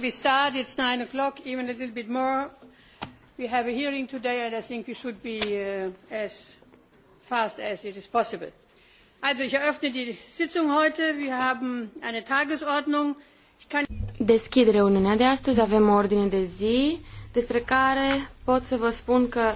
we start. It's nine o'clock, even a little bit more. We have a hearing today, and I think we should be uh, as fast as it is possible. Also, ich eröffne die Sitzung heute. Wir haben eine Tagesordnung. Ich kann... Deschid reuniunea de astăzi. Avem o ordine de zi despre care pot să vă spun că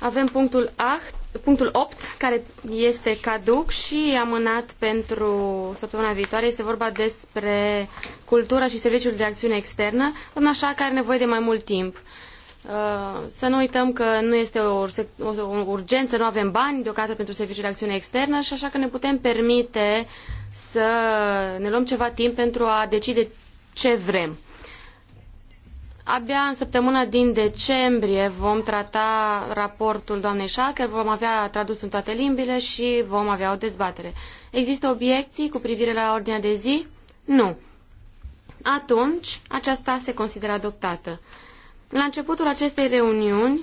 avem punctul 8, punctul 8, care este caduc și amânat pentru săptămâna viitoare. Este vorba despre cultura și serviciul de acțiune externă, în așa care are nevoie de mai mult timp. Uh, să nu uităm că nu este o, o urgență, nu avem bani deocamdată pentru serviciul de acțiune externă și așa că ne putem permite să ne luăm ceva timp pentru a decide ce vrem. Abia în săptămâna din decembrie vom trata raportul doamnei Șacher, vom avea tradus în toate limbile și vom avea o dezbatere. Există obiecții cu privire la ordinea de zi? Nu. Atunci, aceasta se consideră adoptată. La începutul acestei reuniuni,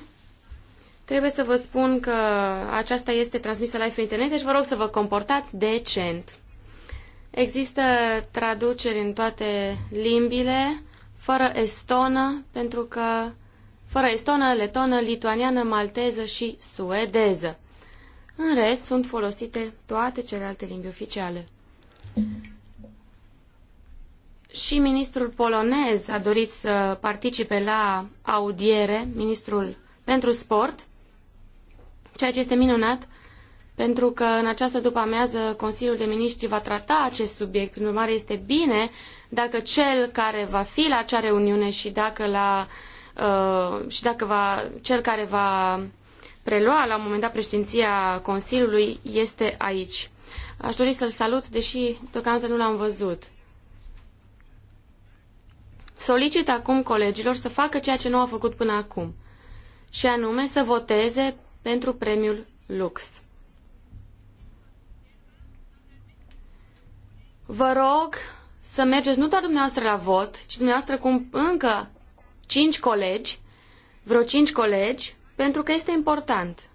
trebuie să vă spun că aceasta este transmisă la pe internet, deci vă rog să vă comportați decent. Există traduceri în toate limbile fără estonă, pentru că fără estonă, letonă, lituaniană, malteză și suedeză. În rest, sunt folosite toate celelalte limbi oficiale. Și ministrul polonez a dorit să participe la audiere, ministrul pentru sport, ceea ce este minunat, pentru că în această după-amiază Consiliul de Ministri va trata acest subiect. Prin urmare, este bine dacă cel care va fi la acea reuniune și dacă, la, uh, și dacă va, cel care va prelua la un moment dat președinția Consiliului este aici. Aș dori să-l salut, deși deocamdată nu l-am văzut. Solicit acum colegilor să facă ceea ce nu au făcut până acum, și anume să voteze pentru premiul Lux. Vă rog să mergeți nu doar dumneavoastră la vot, ci dumneavoastră cu încă cinci colegi, vreo cinci colegi, pentru că este important.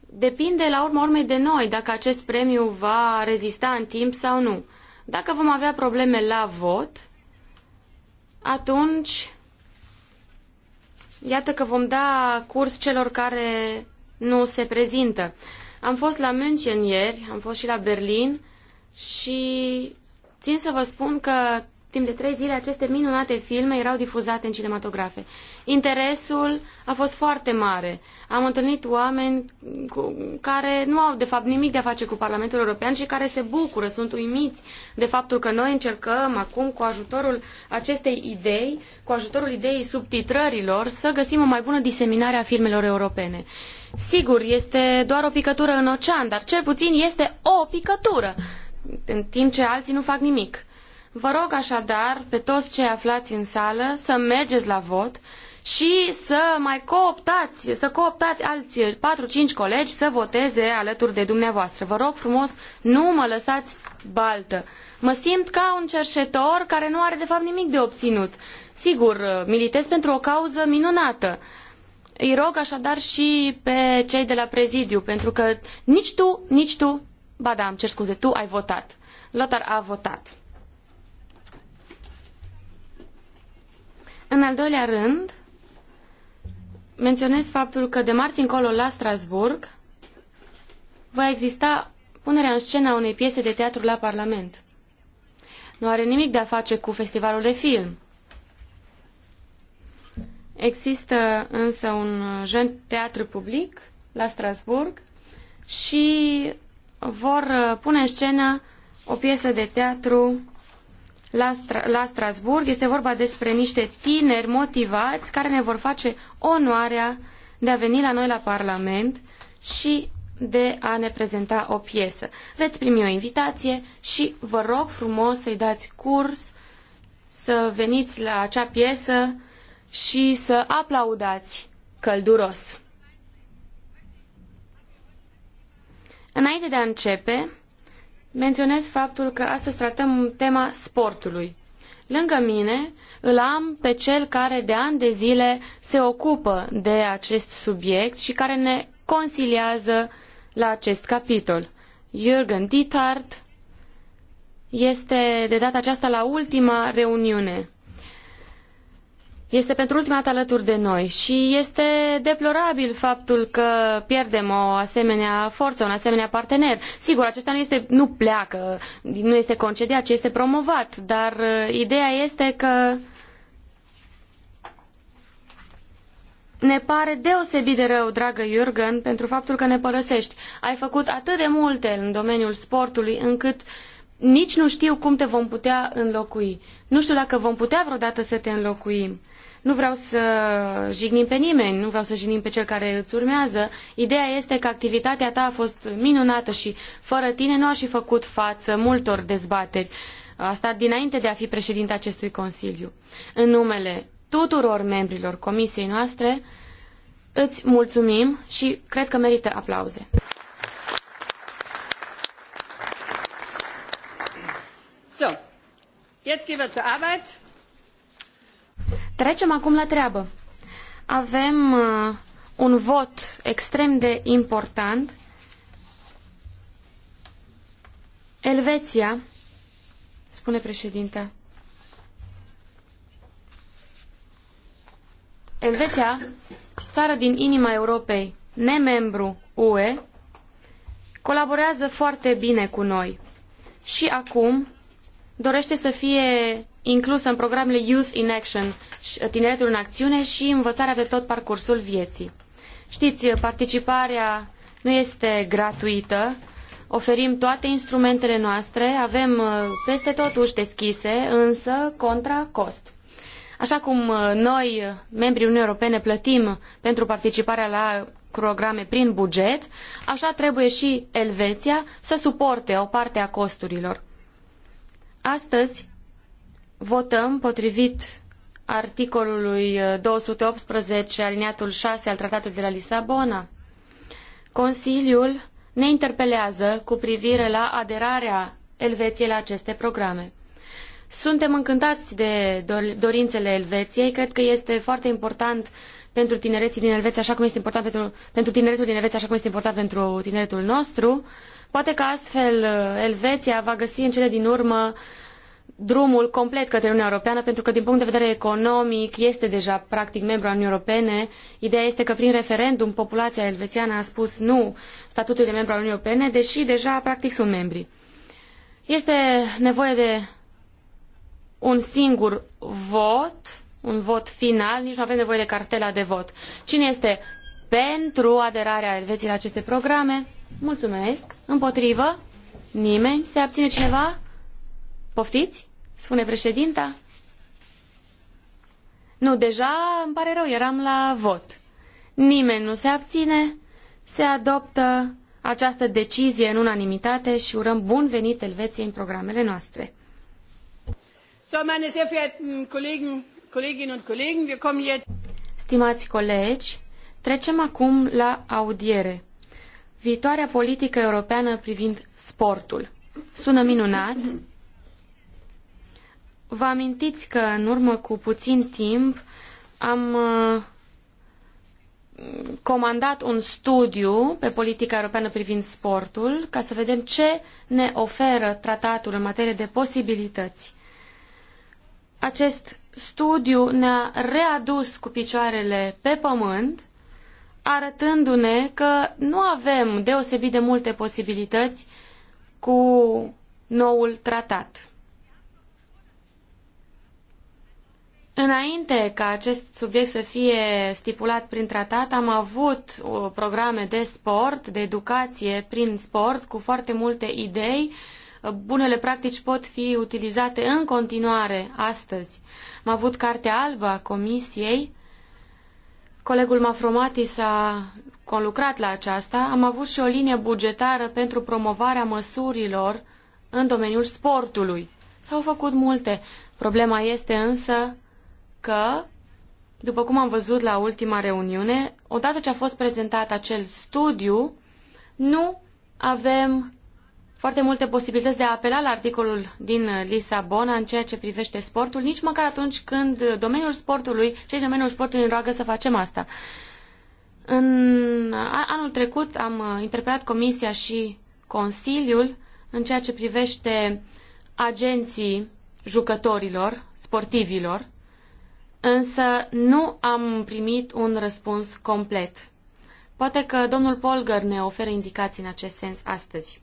Depinde la urma urmei de noi dacă acest premiu va rezista în timp sau nu. Dacă vom avea probleme la vot, atunci iată că vom da curs celor care nu se prezintă. Am fost la München ieri, am fost și la Berlin și Țin să vă spun că timp de trei zile aceste minunate filme erau difuzate în cinematografe. Interesul a fost foarte mare. Am întâlnit oameni cu, care nu au de fapt nimic de a face cu Parlamentul European și care se bucură, sunt uimiți de faptul că noi încercăm acum cu ajutorul acestei idei, cu ajutorul ideii subtitrărilor, să găsim o mai bună diseminare a filmelor europene. Sigur, este doar o picătură în ocean, dar cel puțin este o picătură în timp ce alții nu fac nimic. Vă rog așadar pe toți cei aflați în sală să mergeți la vot și să mai cooptați, să cooptați alți patru-cinci colegi să voteze alături de dumneavoastră. Vă rog frumos, nu mă lăsați baltă. Mă simt ca un cerșetor care nu are de fapt nimic de obținut. Sigur, militez pentru o cauză minunată. Îi rog așadar și pe cei de la prezidiu, pentru că nici tu, nici tu Ba da, îmi cer scuze, tu ai votat. Lothar a votat. În al doilea rând, menționez faptul că de marți încolo la Strasburg va exista punerea în scenă a unei piese de teatru la Parlament. Nu are nimic de a face cu festivalul de film. Există însă un jeune teatru public la Strasburg și vor uh, pune în scenă o piesă de teatru la, Stra la Strasburg. Este vorba despre niște tineri motivați care ne vor face onoarea de a veni la noi la Parlament și de a ne prezenta o piesă. Veți primi o invitație și vă rog frumos să-i dați curs, să veniți la acea piesă și să aplaudați călduros. Înainte de a începe, menționez faptul că astăzi tratăm tema sportului. Lângă mine îl am pe cel care de ani de zile se ocupă de acest subiect și care ne consiliază la acest capitol. Jürgen Dietart este de data aceasta la ultima reuniune este pentru ultima dată alături de noi și este deplorabil faptul că pierdem o asemenea forță, un asemenea partener. Sigur, acesta nu, este, nu pleacă, nu este concediat, ci este promovat, dar uh, ideea este că ne pare deosebit de rău, dragă Jurgen, pentru faptul că ne părăsești. Ai făcut atât de multe în domeniul sportului încât nici nu știu cum te vom putea înlocui. Nu știu dacă vom putea vreodată să te înlocuim. Nu vreau să jignim pe nimeni, nu vreau să jignim pe cel care îți urmează. Ideea este că activitatea ta a fost minunată și fără tine nu aș fi făcut față multor dezbateri. Asta dinainte de a fi președinte acestui Consiliu. În numele tuturor membrilor comisiei noastre, îți mulțumim și cred că merită aplauze. So, jetzt gehen wir zur Arbeit. Trecem acum la treabă. Avem uh, un vot extrem de important. Elveția, spune președinta. Elveția, țară din inima Europei, nemembru UE, colaborează foarte bine cu noi. Și acum dorește să fie inclusă în programele Youth in Action, uh, Tineretul în Acțiune și învățarea pe tot parcursul vieții. Știți, uh, participarea nu este gratuită, oferim toate instrumentele noastre, avem uh, peste tot uși deschise, însă contra cost. Așa cum noi, membrii Uniunii Europene, plătim pentru participarea la programe prin buget, așa trebuie și Elveția să suporte o parte a costurilor. Astăzi, votăm potrivit articolului 218, uh, aliniatul 6 al Tratatului de la Lisabona. Consiliul ne interpelează cu privire la aderarea Elveției la aceste programe. Suntem încântați de dorințele Elveției. Cred că este foarte important pentru tinereții din Elveția, așa cum este important pentru, pentru tineretul din Elveția, așa cum este important pentru tineretul nostru. Poate că astfel uh, Elveția va găsi în cele din urmă uh, drumul complet către Uniunea Europeană, pentru că din punct de vedere economic este deja practic membru al Uniunii Europene. Ideea este că prin referendum populația elvețiană a spus nu statutului de membru al Uniunii Europene, deși deja practic sunt membri. Este nevoie de un singur vot, un vot final, nici nu avem nevoie de cartela de vot. Cine este pentru aderarea Elveției la aceste programe? Mulțumesc. Împotrivă? Nimeni? Se abține cineva? Poftiți? spune președinta. Nu, deja îmi pare rău, eram la vot. Nimeni nu se abține, se adoptă această decizie în unanimitate și urăm bun venit Elveției în programele noastre. So, meine sehr verehrten Kollegen, Kolleginnen und Kollegen, wir kommen jetzt... Stimați colegi, trecem acum la audiere. Viitoarea politică europeană privind sportul. Sună minunat, Vă amintiți că în urmă cu puțin timp am uh, comandat un studiu pe politica europeană privind sportul ca să vedem ce ne oferă tratatul în materie de posibilități. Acest studiu ne-a readus cu picioarele pe pământ, arătându-ne că nu avem deosebit de multe posibilități cu noul tratat. Înainte ca acest subiect să fie stipulat prin tratat, am avut uh, programe de sport, de educație prin sport, cu foarte multe idei. Uh, bunele practici pot fi utilizate în continuare astăzi. Am avut cartea albă a Comisiei. Colegul Mafromatis a conlucrat la aceasta. Am avut și o linie bugetară pentru promovarea măsurilor în domeniul sportului. S-au făcut multe. Problema este însă că, după cum am văzut la ultima reuniune, odată ce a fost prezentat acel studiu, nu avem foarte multe posibilități de a apela la articolul din Lisabona în ceea ce privește sportul, nici măcar atunci când domeniul sportului, cei din domeniul sportului îi roagă să facem asta. În anul trecut am interpelat Comisia și Consiliul în ceea ce privește agenții jucătorilor, sportivilor însă nu am primit un răspuns complet. Poate că domnul Polgar ne oferă indicații în acest sens astăzi.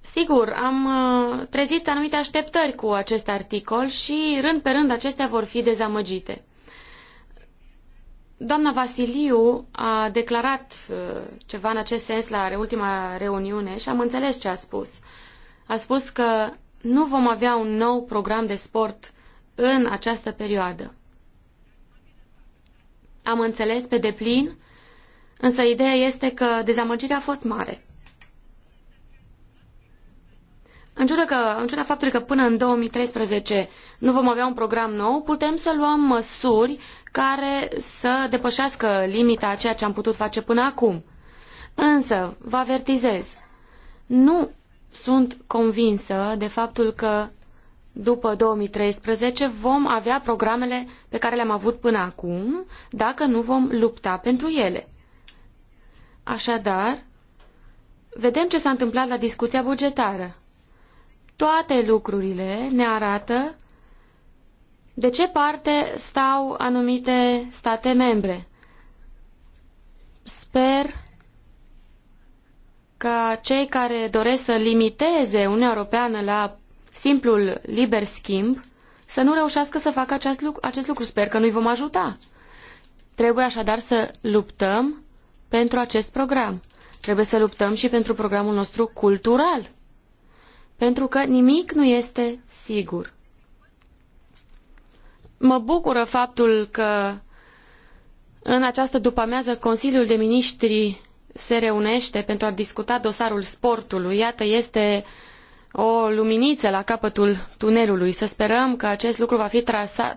Sigur, am uh, trezit anumite așteptări cu acest articol și rând pe rând acestea vor fi dezamăgite. Doamna Vasiliu a declarat uh, ceva în acest sens la ultima reuniune și am înțeles ce a spus. Uh, a spus că nu vom avea un nou program de sport în această perioadă. Am înțeles pe deplin, însă ideea este că dezamăgirea a fost mare. În ciuda, că, în ciuda faptului că până în 2013 nu vom avea un program nou, putem să luăm măsuri care să depășească limita a ceea ce am putut face până acum. Însă, vă avertizez, nu sunt convinsă de faptul că după 2013 vom avea programele pe care le-am avut până acum, dacă nu vom lupta pentru ele. Așadar, vedem ce s-a întâmplat la discuția bugetară. Toate lucrurile ne arată de ce parte stau anumite state membre. Sper ca cei care doresc să limiteze Uniunea Europeană la simplul liber schimb să nu reușească să facă acest lucru, acest lucru. Sper că nu-i vom ajuta. Trebuie așadar să luptăm pentru acest program. Trebuie să luptăm și pentru programul nostru cultural. Pentru că nimic nu este sigur. Mă bucură faptul că în această după-amiază Consiliul de ministrii se reunește pentru a discuta dosarul sportului. Iată, este o luminiță la capătul tunelului. Să sperăm că acest lucru va fi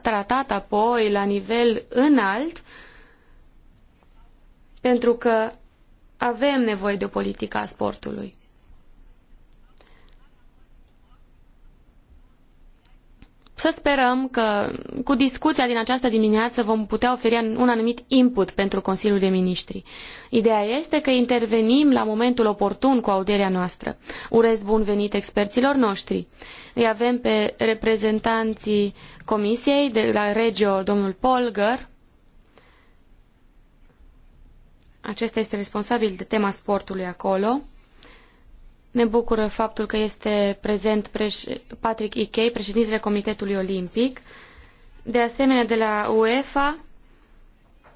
tratat apoi la nivel înalt, pentru că avem nevoie de o politică a sportului. Să sperăm că cu discuția din această dimineață vom putea oferi un anumit input pentru Consiliul de Ministri. Ideea este că intervenim la momentul oportun cu audierea noastră. Urez bun venit experților noștri. Îi avem pe reprezentanții Comisiei de la Regio, domnul Polgar. Acesta este responsabil de tema sportului acolo. Ne bucură faptul că este prezent Patrick Ichei, președintele Comitetului Olimpic. De asemenea, de la UEFA,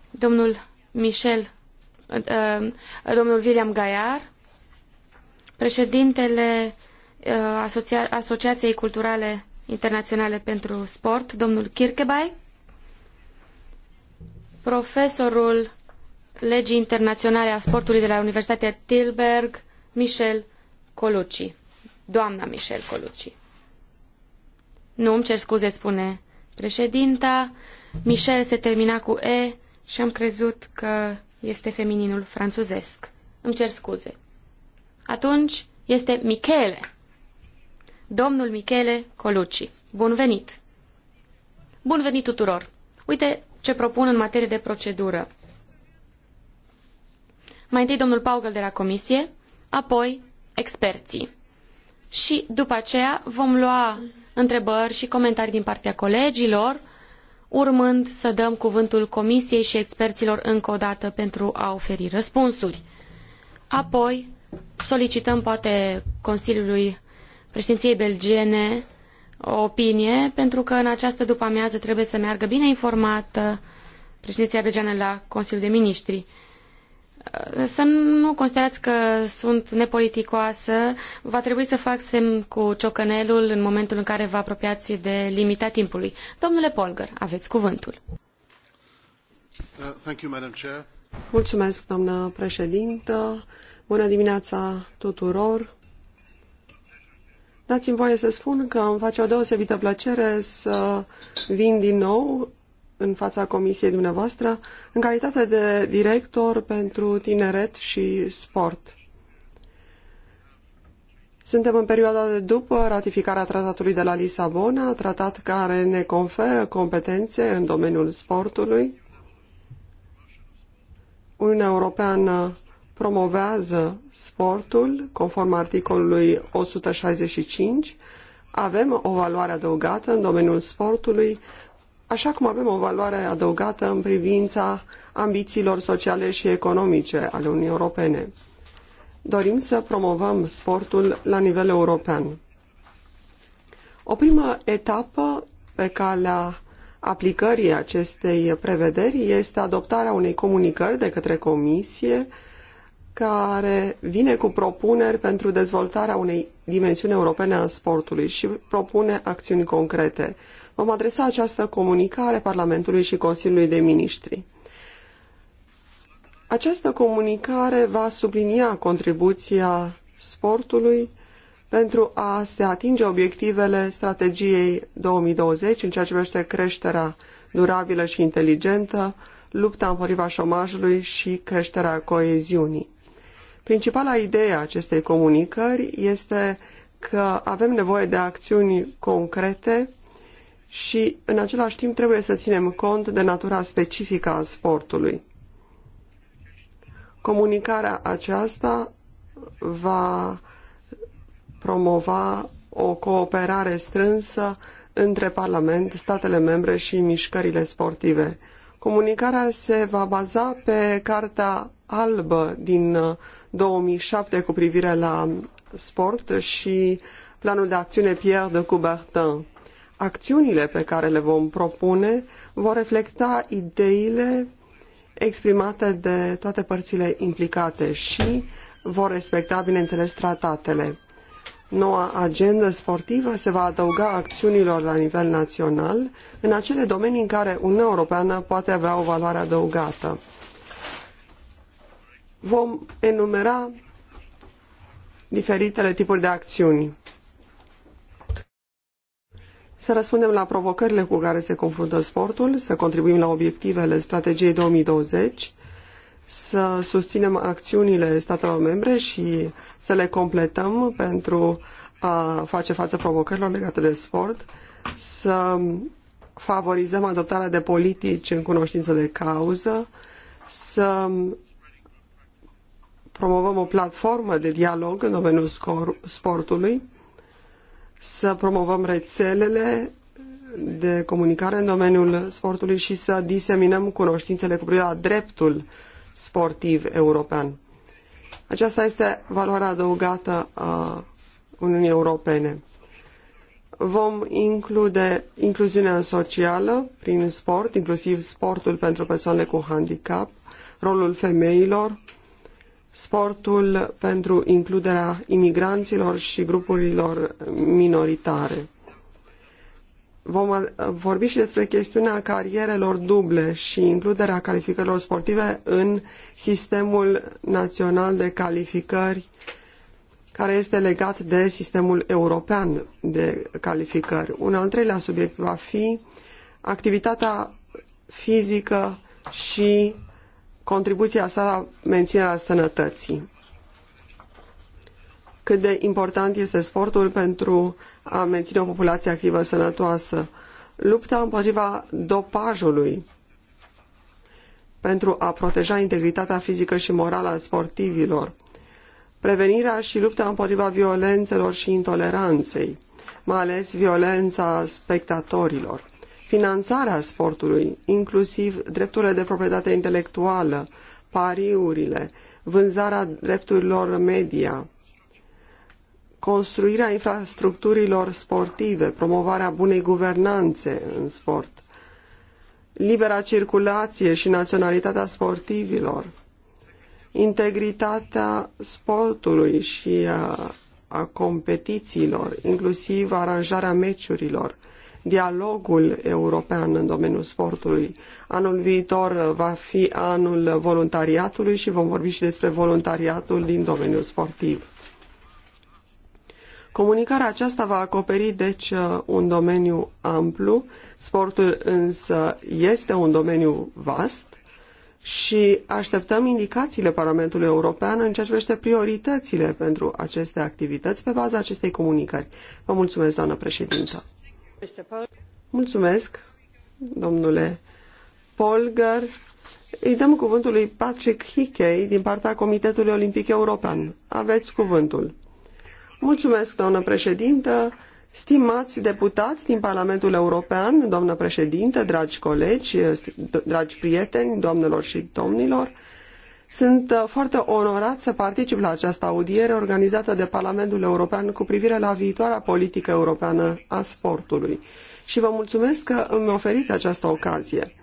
domnul Michel, uh, domnul William Gaiar, președintele uh, Asocia Asociației Culturale Internaționale pentru Sport, domnul Kirkebay, profesorul legii internaționale a sportului de la Universitatea Tilburg, Michel Colucci. Doamna Michel Colucci. Nu, îmi cer scuze, spune președinta. Michel se termina cu E și am crezut că este femininul franțuzesc. Îmi cer scuze. Atunci este Michele. Domnul Michele Colucci. Bun venit! Bun venit tuturor! Uite ce propun în materie de procedură. Mai întâi domnul Paugel de la Comisie, apoi experții. Și după aceea vom lua întrebări și comentarii din partea colegilor, urmând să dăm cuvântul comisiei și experților încă o dată pentru a oferi răspunsuri. Apoi solicităm poate Consiliului președinției belgiene o opinie, pentru că în această după-amiază trebuie să meargă bine informată președinția belgiană la Consiliul de Ministri să nu considerați că sunt nepoliticoasă. Va trebui să fac semn cu ciocănelul în momentul în care vă apropiați de limita timpului. Domnule Polgar, aveți cuvântul. Uh, you, Mulțumesc, doamnă președintă. Bună dimineața tuturor. Dați-mi voie să spun că îmi face o deosebită plăcere să vin din nou în fața comisiei dumneavoastră în calitate de director pentru tineret și sport. Suntem în perioada de după ratificarea tratatului de la Lisabona, tratat care ne conferă competențe în domeniul sportului. Uniunea Europeană promovează sportul conform articolului 165. Avem o valoare adăugată în domeniul sportului Așa cum avem o valoare adăugată în privința ambițiilor sociale și economice ale Uniunii Europene, dorim să promovăm sportul la nivel european. O primă etapă pe calea aplicării acestei prevederi este adoptarea unei comunicări de către Comisie care vine cu propuneri pentru dezvoltarea unei dimensiuni europene a sportului și propune acțiuni concrete – Vom adresa această comunicare Parlamentului și Consiliului de Ministri. Această comunicare va sublinia contribuția sportului pentru a se atinge obiectivele strategiei 2020 în ceea ce privește creșterea durabilă și inteligentă, lupta împotriva șomajului și creșterea coeziunii. Principala idee a acestei comunicări este că avem nevoie de acțiuni concrete și, în același timp, trebuie să ținem cont de natura specifică a sportului. Comunicarea aceasta va promova o cooperare strânsă între Parlament, statele membre și mișcările sportive. Comunicarea se va baza pe Cartea Albă din 2007 uh, cu privire la sport și planul de acțiune Pierre de Coubertin. Acțiunile pe care le vom propune vor reflecta ideile exprimate de toate părțile implicate și vor respecta, bineînțeles, tratatele. Noua agendă sportivă se va adăuga acțiunilor la nivel național în acele domenii în care Uniunea Europeană poate avea o valoare adăugată. Vom enumera diferitele tipuri de acțiuni să răspundem la provocările cu care se confruntă sportul, să contribuim la obiectivele strategiei 2020, să susținem acțiunile statelor membre și să le completăm pentru a face față provocărilor legate de sport, să favorizăm adoptarea de politici în cunoștință de cauză, să promovăm o platformă de dialog în domeniul sportului, să promovăm rețelele de comunicare în domeniul sportului și să diseminăm cunoștințele cu privire la dreptul sportiv european. Aceasta este valoarea adăugată a Uniunii Europene. Vom include incluziunea socială prin sport, inclusiv sportul pentru persoanele cu handicap, rolul femeilor, sportul pentru includerea imigranților și grupurilor minoritare. Vom vorbi și despre chestiunea carierelor duble și includerea calificărilor sportive în sistemul național de calificări care este legat de sistemul european de calificări. Un al treilea subiect va fi activitatea fizică și contribuția sa la menținerea sănătății. Cât de important este sportul pentru a menține o populație activă sănătoasă. Lupta împotriva dopajului pentru a proteja integritatea fizică și morală a sportivilor. Prevenirea și lupta împotriva violențelor și intoleranței, mai ales violența spectatorilor finanțarea sportului, inclusiv drepturile de proprietate intelectuală, pariurile, vânzarea drepturilor media, construirea infrastructurilor sportive, promovarea bunei guvernanțe în sport, libera circulație și naționalitatea sportivilor, integritatea sportului și a, a competițiilor, inclusiv aranjarea meciurilor, dialogul european în domeniul sportului. Anul viitor va fi anul voluntariatului și vom vorbi și despre voluntariatul din domeniul sportiv. Comunicarea aceasta va acoperi, deci, un domeniu amplu. Sportul însă este un domeniu vast și așteptăm indicațiile Parlamentului European în ceea ce privește prioritățile pentru aceste activități pe baza acestei comunicări. Vă mulțumesc, doamnă președintă. Mulțumesc, domnule Polgar. Îi dăm cuvântul lui Patrick Hickey din partea Comitetului Olimpic European. Aveți cuvântul. Mulțumesc, doamnă președintă. Stimați deputați din Parlamentul European, doamnă președintă, dragi colegi, dragi prieteni, doamnelor și domnilor, sunt uh, foarte onorat să particip la această audiere organizată de Parlamentul European cu privire la viitoarea politică europeană a sportului și vă mulțumesc că îmi oferiți această ocazie.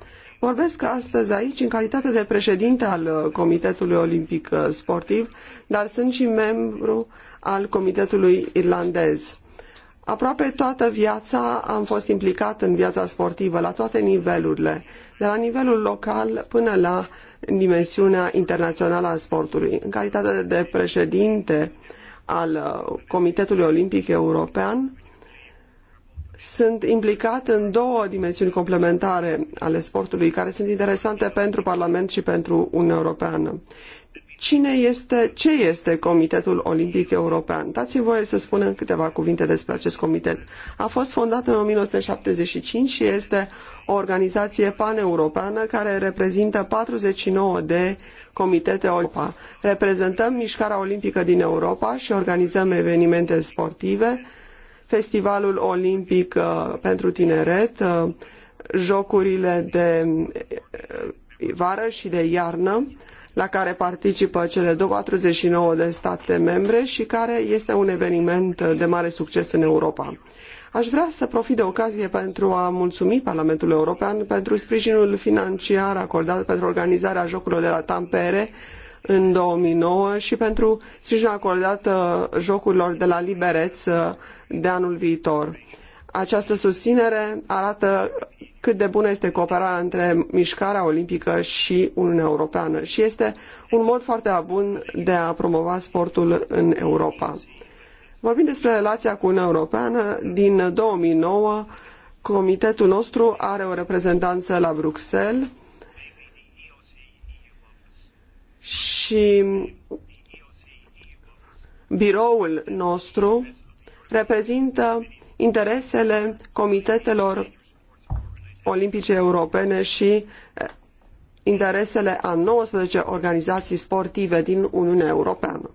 Vorbesc astăzi aici în calitate de președinte al uh, Comitetului Olimpic uh, Sportiv, dar sunt și membru al Comitetului Irlandez. Aproape toată viața am fost implicat în viața sportivă, la toate nivelurile, de la nivelul local până la dimensiunea internațională a sportului. În calitate de președinte al uh, Comitetului Olimpic European, sunt implicat în două dimensiuni complementare ale sportului care sunt interesante pentru Parlament și pentru Uniunea Europeană cine este, ce este Comitetul Olimpic European. Dați-mi voie să spun câteva cuvinte despre acest comitet. A fost fondat în 1975 și este o organizație paneuropeană care reprezintă 49 de comitete Europa. Reprezentăm mișcarea olimpică din Europa și organizăm evenimente sportive, festivalul olimpic uh, pentru tineret, uh, jocurile de uh, vară și de iarnă, la care participă cele 49 de state membre și care este un eveniment de mare succes în Europa. Aș vrea să profit de ocazie pentru a mulțumi Parlamentul European pentru sprijinul financiar acordat pentru organizarea jocurilor de la Tampere în 2009 și pentru sprijinul acordat uh, jocurilor de la Libereț uh, de anul viitor. Această susținere arată cât de bună este cooperarea între mișcarea olimpică și Uniunea Europeană și este un mod foarte bun de a promova sportul în Europa. Vorbim despre relația cu Uniunea Europeană, din 2009 comitetul nostru are o reprezentanță la Bruxelles și biroul nostru reprezintă interesele comitetelor olimpice europene și eh, interesele a 19 organizații sportive din Uniunea Europeană.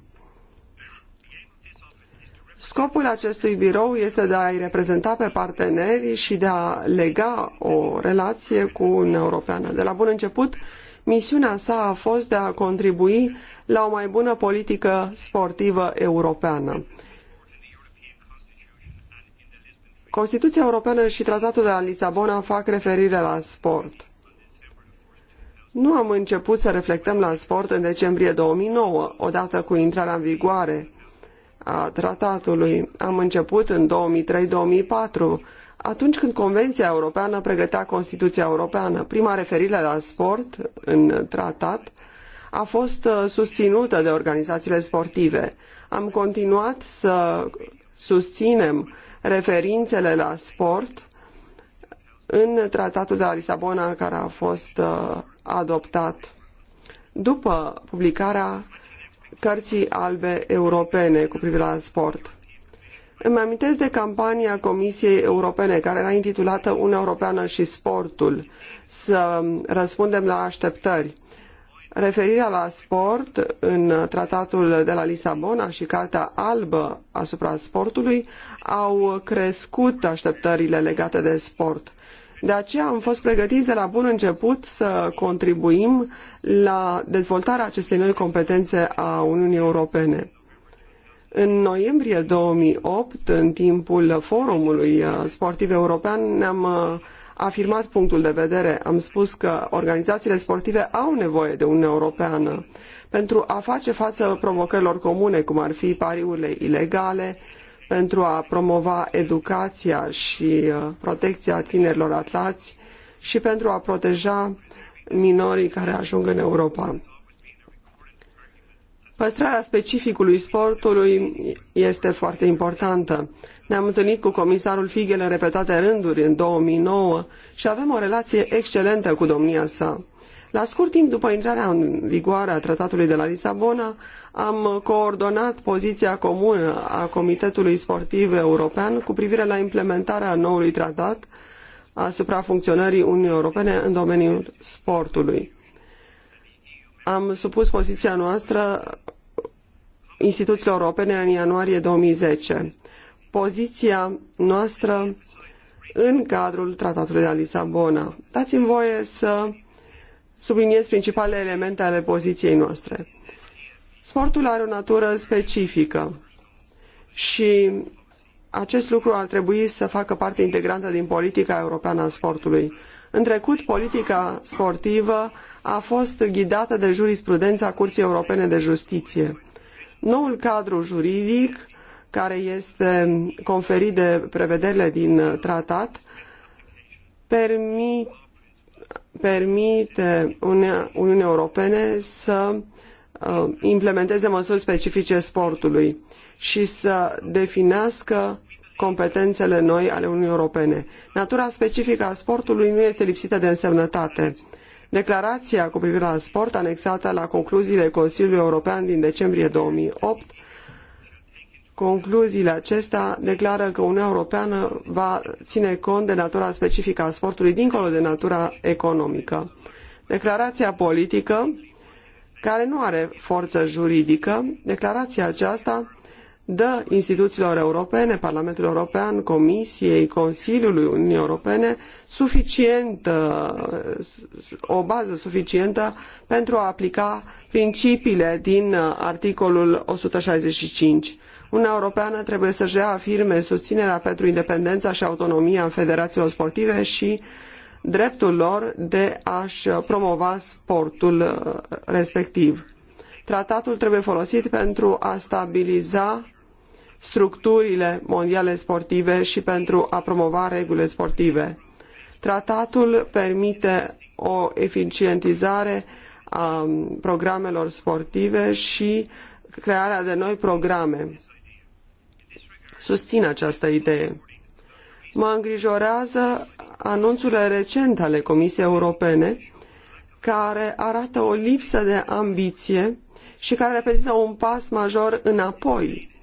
Scopul acestui birou este de a-i reprezenta pe parteneri și de a lega o relație cu Uniunea Europeană. De la bun început, misiunea sa a fost de a contribui la o mai bună politică sportivă europeană. Constituția Europeană și Tratatul de la Lisabona fac referire la sport. Nu am început să reflectăm la sport în decembrie 2009, odată cu intrarea în vigoare a tratatului. Am început în 2003-2004, atunci când Convenția Europeană pregătea Constituția Europeană. Prima referire la sport în tratat a fost uh, susținută de organizațiile sportive. Am continuat să susținem referințele la sport în tratatul de la Lisabona care a fost uh, adoptat după publicarea cărții albe europene cu privire la sport. Îmi amintesc de campania Comisiei Europene, care era intitulată Uniunea Europeană și Sportul, să răspundem la așteptări referirea la sport în tratatul de la Lisabona și cartea Albă asupra sportului au crescut așteptările legate de sport. De aceea am fost pregătiți de la bun început să contribuim la dezvoltarea acestei noi competențe a Uniunii Europene. În noiembrie 2008, în timpul forumului sportiv european, ne-am afirmat punctul de vedere. Am spus că organizațiile sportive au nevoie de Uniunea Europeană pentru a face față provocărilor comune, cum ar fi pariurile ilegale, pentru a promova educația și uh, protecția tinerilor atlați și pentru a proteja minorii care ajung în Europa. Păstrarea specificului sportului este foarte importantă. Ne-am întâlnit cu comisarul Figel în repetate rânduri în 2009 și avem o relație excelentă cu domnia sa. La scurt timp după intrarea în vigoare a tratatului de la Lisabona, am coordonat poziția comună a Comitetului Sportiv European cu privire la implementarea noului tratat asupra funcționării Uniunii Europene în domeniul sportului. Am supus poziția noastră instituțiilor europene în ianuarie 2010 poziția noastră în cadrul Tratatului de la Lisabona. Dați-mi voie să subliniez principalele elemente ale poziției noastre. Sportul are o natură specifică și acest lucru ar trebui să facă parte integrantă din politica europeană a sportului. În trecut, politica sportivă a fost ghidată de jurisprudența Curții Europene de Justiție. Noul cadru juridic care este conferit de prevederile din uh, tratat permit, permite Uniunii Europene să uh, implementeze măsuri specifice sportului și să definească competențele noi ale Uniunii Europene. Natura specifică a sportului nu este lipsită de însemnătate. Declarația cu privire la sport, anexată la concluziile Consiliului European din decembrie 2008, Concluziile acestea declară că Uniunea Europeană va ține cont de natura specifică a sportului dincolo de natura economică. Declarația politică, care nu are forță juridică, declarația aceasta dă instituțiilor europene, Parlamentul European, Comisiei, Consiliului Uniunii Europene, suficientă, o bază suficientă pentru a aplica principiile din articolul 165 Uniunea Europeană trebuie să-și reafirme susținerea pentru independența și autonomia federațiilor sportive și dreptul lor de a-și promova sportul uh, respectiv. Tratatul trebuie folosit pentru a stabiliza structurile mondiale sportive și pentru a promova regulile sportive. Tratatul permite o eficientizare a um, programelor sportive și crearea de noi programe susțin această idee. Mă îngrijorează anunțurile recente ale Comisiei Europene care arată o lipsă de ambiție și care reprezintă un pas major înapoi.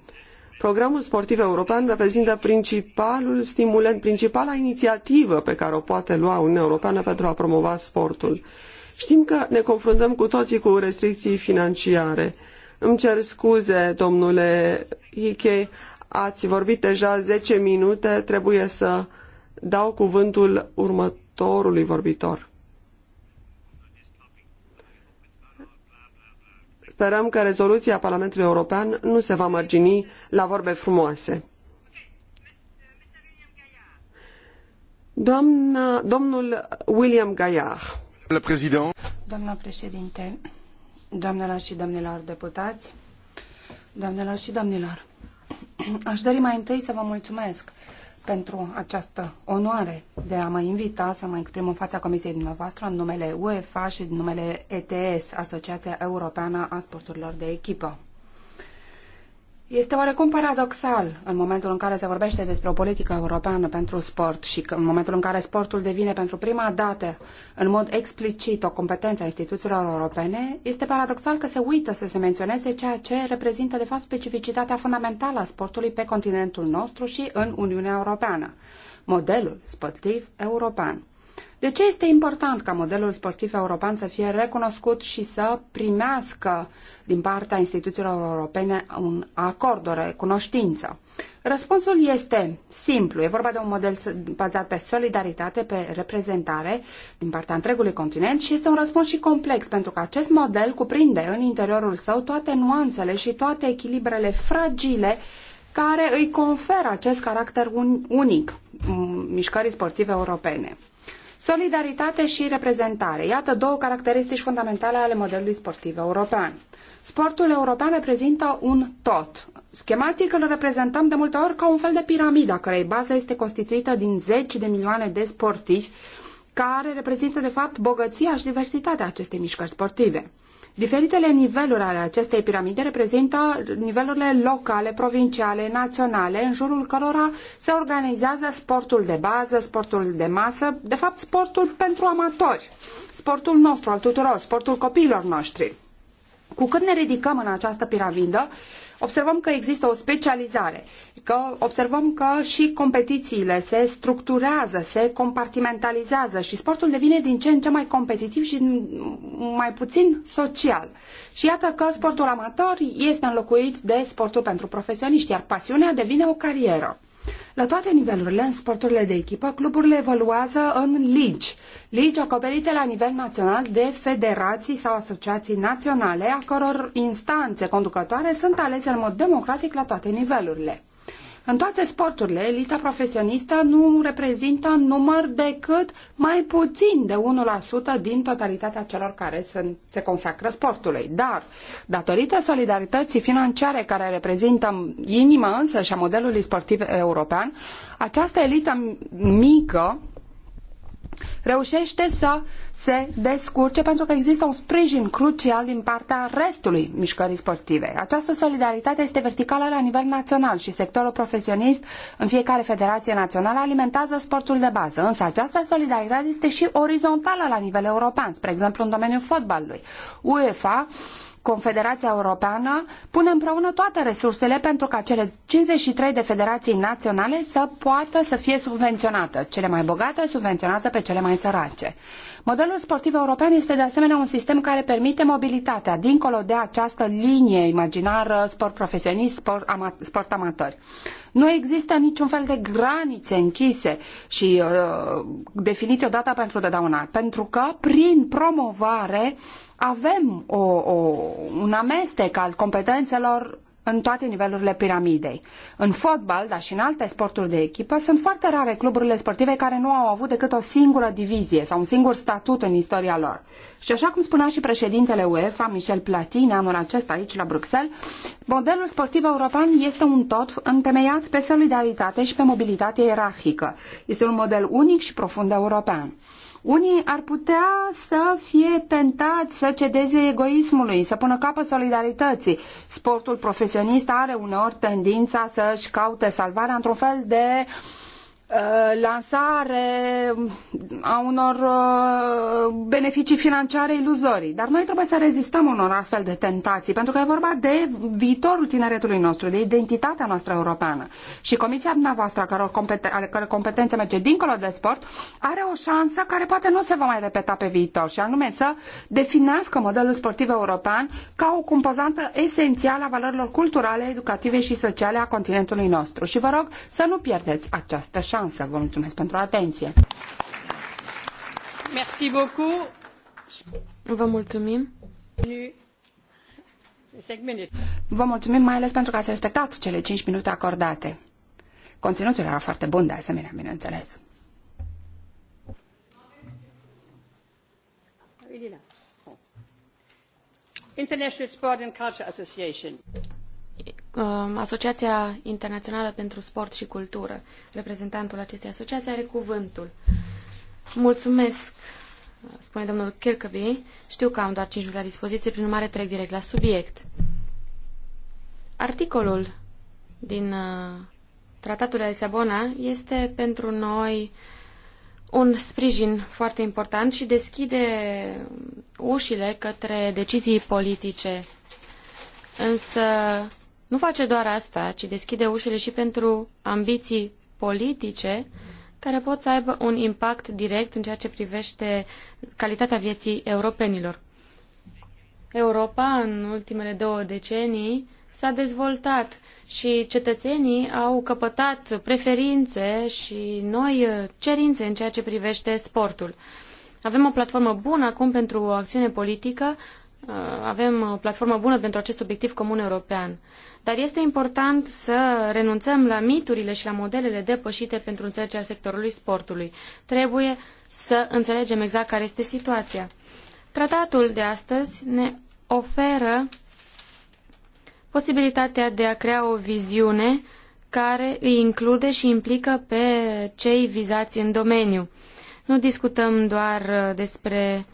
Programul sportiv european reprezintă principalul stimulent, principala inițiativă pe care o poate lua Uniunea Europeană pentru a promova sportul. Știm că ne confruntăm cu toții cu restricții financiare. Îmi cer scuze, domnule Hickey. Ați vorbit deja 10 minute, trebuie să dau cuvântul următorului vorbitor. Sperăm că rezoluția Parlamentului European nu se va mărgini la vorbe frumoase. Doamna, domnul William Gaillard. Doamna președinte, doamnelor și domnilor deputați, doamnelor și domnilor, Aș dori mai întâi să vă mulțumesc pentru această onoare de a mă invita să mă exprim în fața Comisiei dumneavoastră în numele UEFA și în numele ETS, Asociația Europeană a Sporturilor de Echipă. Este oarecum paradoxal în momentul în care se vorbește despre o politică europeană pentru sport și în momentul în care sportul devine pentru prima dată în mod explicit o competență a instituțiilor europene, este paradoxal că se uită să se menționeze ceea ce reprezintă de fapt specificitatea fundamentală a sportului pe continentul nostru și în Uniunea Europeană, modelul sportiv european. De ce este important ca modelul sportiv european să fie recunoscut și să primească din partea instituțiilor europene un acord, o recunoștință? Răspunsul este simplu. E vorba de un model bazat pe solidaritate, pe reprezentare din partea întregului continent și este un răspuns și complex, pentru că acest model cuprinde în interiorul său toate nuanțele și toate echilibrele fragile care îi conferă acest caracter unic mișcării sportive europene. Solidaritate și reprezentare. Iată două caracteristici fundamentale ale modelului sportiv european. Sportul european reprezintă un tot. Schematic îl reprezentăm de multe ori ca un fel de piramidă, a cărei bază este constituită din zeci de milioane de sportivi, care reprezintă de fapt bogăția și diversitatea acestei mișcări sportive. Diferitele niveluri ale acestei piramide reprezintă nivelurile locale, provinciale, naționale, în jurul cărora se organizează sportul de bază, sportul de masă, de fapt sportul pentru amatori, sportul nostru, al tuturor, sportul copiilor noștri. Cu cât ne ridicăm în această piramidă, observăm că există o specializare practică, observăm că și competițiile se structurează, se compartimentalizează și sportul devine din ce în ce mai competitiv și mai puțin social. Și iată că sportul amator este înlocuit de sportul pentru profesioniști, iar pasiunea devine o carieră. La toate nivelurile, în sporturile de echipă, cluburile evoluează în ligi. Ligi acoperite la nivel național de federații sau asociații naționale, a căror instanțe conducătoare sunt alese în mod democratic la toate nivelurile. În toate sporturile, elita profesionistă nu reprezintă în număr decât mai puțin de 1% din totalitatea celor care se, se consacră sportului. Dar, datorită solidarității financiare care reprezintă inima însă și a modelului sportiv european, această elită mică reușește să se descurce pentru că există un sprijin crucial din partea restului mișcării sportive. Această solidaritate este verticală la nivel național și sectorul profesionist în fiecare federație națională alimentează sportul de bază, însă această solidaritate este și orizontală la nivel european, spre exemplu în domeniul fotbalului. UEFA Confederația Europeană pune împreună toate resursele pentru ca cele 53 de federații naționale să poată să fie subvenționate. Cele mai bogate subvenționează pe cele mai sărace. Modelul sportiv european este de asemenea un sistem care permite mobilitatea dincolo de această linie imaginară sport profesionist, sport, ama, sport amator. Nu există niciun fel de granițe închise și uh, definite odată pentru totdeauna, pentru că prin promovare avem o, o, un amestec al competențelor în toate nivelurile piramidei. În fotbal, dar și în alte sporturi de echipă, sunt foarte rare cluburile sportive care nu au avut decât o singură divizie sau un singur statut în istoria lor. Și așa cum spunea și președintele UEFA, Michel Platini, anul acesta aici la Bruxelles, modelul sportiv european este un tot întemeiat pe solidaritate și pe mobilitate ierarhică. Este un model unic și profund european. Unii ar putea să fie tentați să cedeze egoismului, să pună capăt solidarității. Sportul profesionist are uneori tendința să-și caute salvarea într-un fel de uh, Uh, lansare mm, a unor uh, beneficii financiare iluzorii. Dar noi trebuie să rezistăm unor astfel de tentații, pentru că e vorba de viitorul tineretului nostru, de identitatea noastră europeană. Și Comisia dumneavoastră, care, competen- ale merge dincolo de sport, are o șansă care poate nu se va mai repeta pe viitor, și anume să definească modelul sportiv european ca o compozantă esențială a valorilor culturale, educative și sociale a continentului nostru. Și vă rog să nu pierdeți această șansă șansă. Vă mulțumesc pentru atenție. Merci beaucoup. Vă mulțumim. Vă mulțumim mai ales pentru că ați respectat cele 5 minute acordate. Conținutul era foarte bun de asemenea, bineînțeles. International Sport and Culture Association. Um, Asociația Internațională pentru Sport și Cultură. Reprezentantul acestei asociații are cuvântul. Mulțumesc, spune domnul Kirkby. Știu că am doar 5 minute la dispoziție, prin urmare trec direct la subiect. Articolul din uh, Tratatul de Lisabona este pentru noi un sprijin foarte important și deschide ușile către decizii politice. Însă nu face doar asta, ci deschide ușile și pentru ambiții politice care pot să aibă un impact direct în ceea ce privește calitatea vieții europenilor. Europa, în ultimele două decenii, s-a dezvoltat și cetățenii au căpătat preferințe și noi cerințe în ceea ce privește sportul. Avem o platformă bună acum pentru o acțiune politică, uh, avem o platformă bună pentru acest obiectiv comun european. Dar este important să renunțăm la miturile și la modelele depășite pentru înțelegerea sectorului sportului. Trebuie să înțelegem exact care este situația. Tratatul de astăzi ne oferă posibilitatea de a crea o viziune care îi include și implică pe cei vizați în domeniu. Nu discutăm doar uh, despre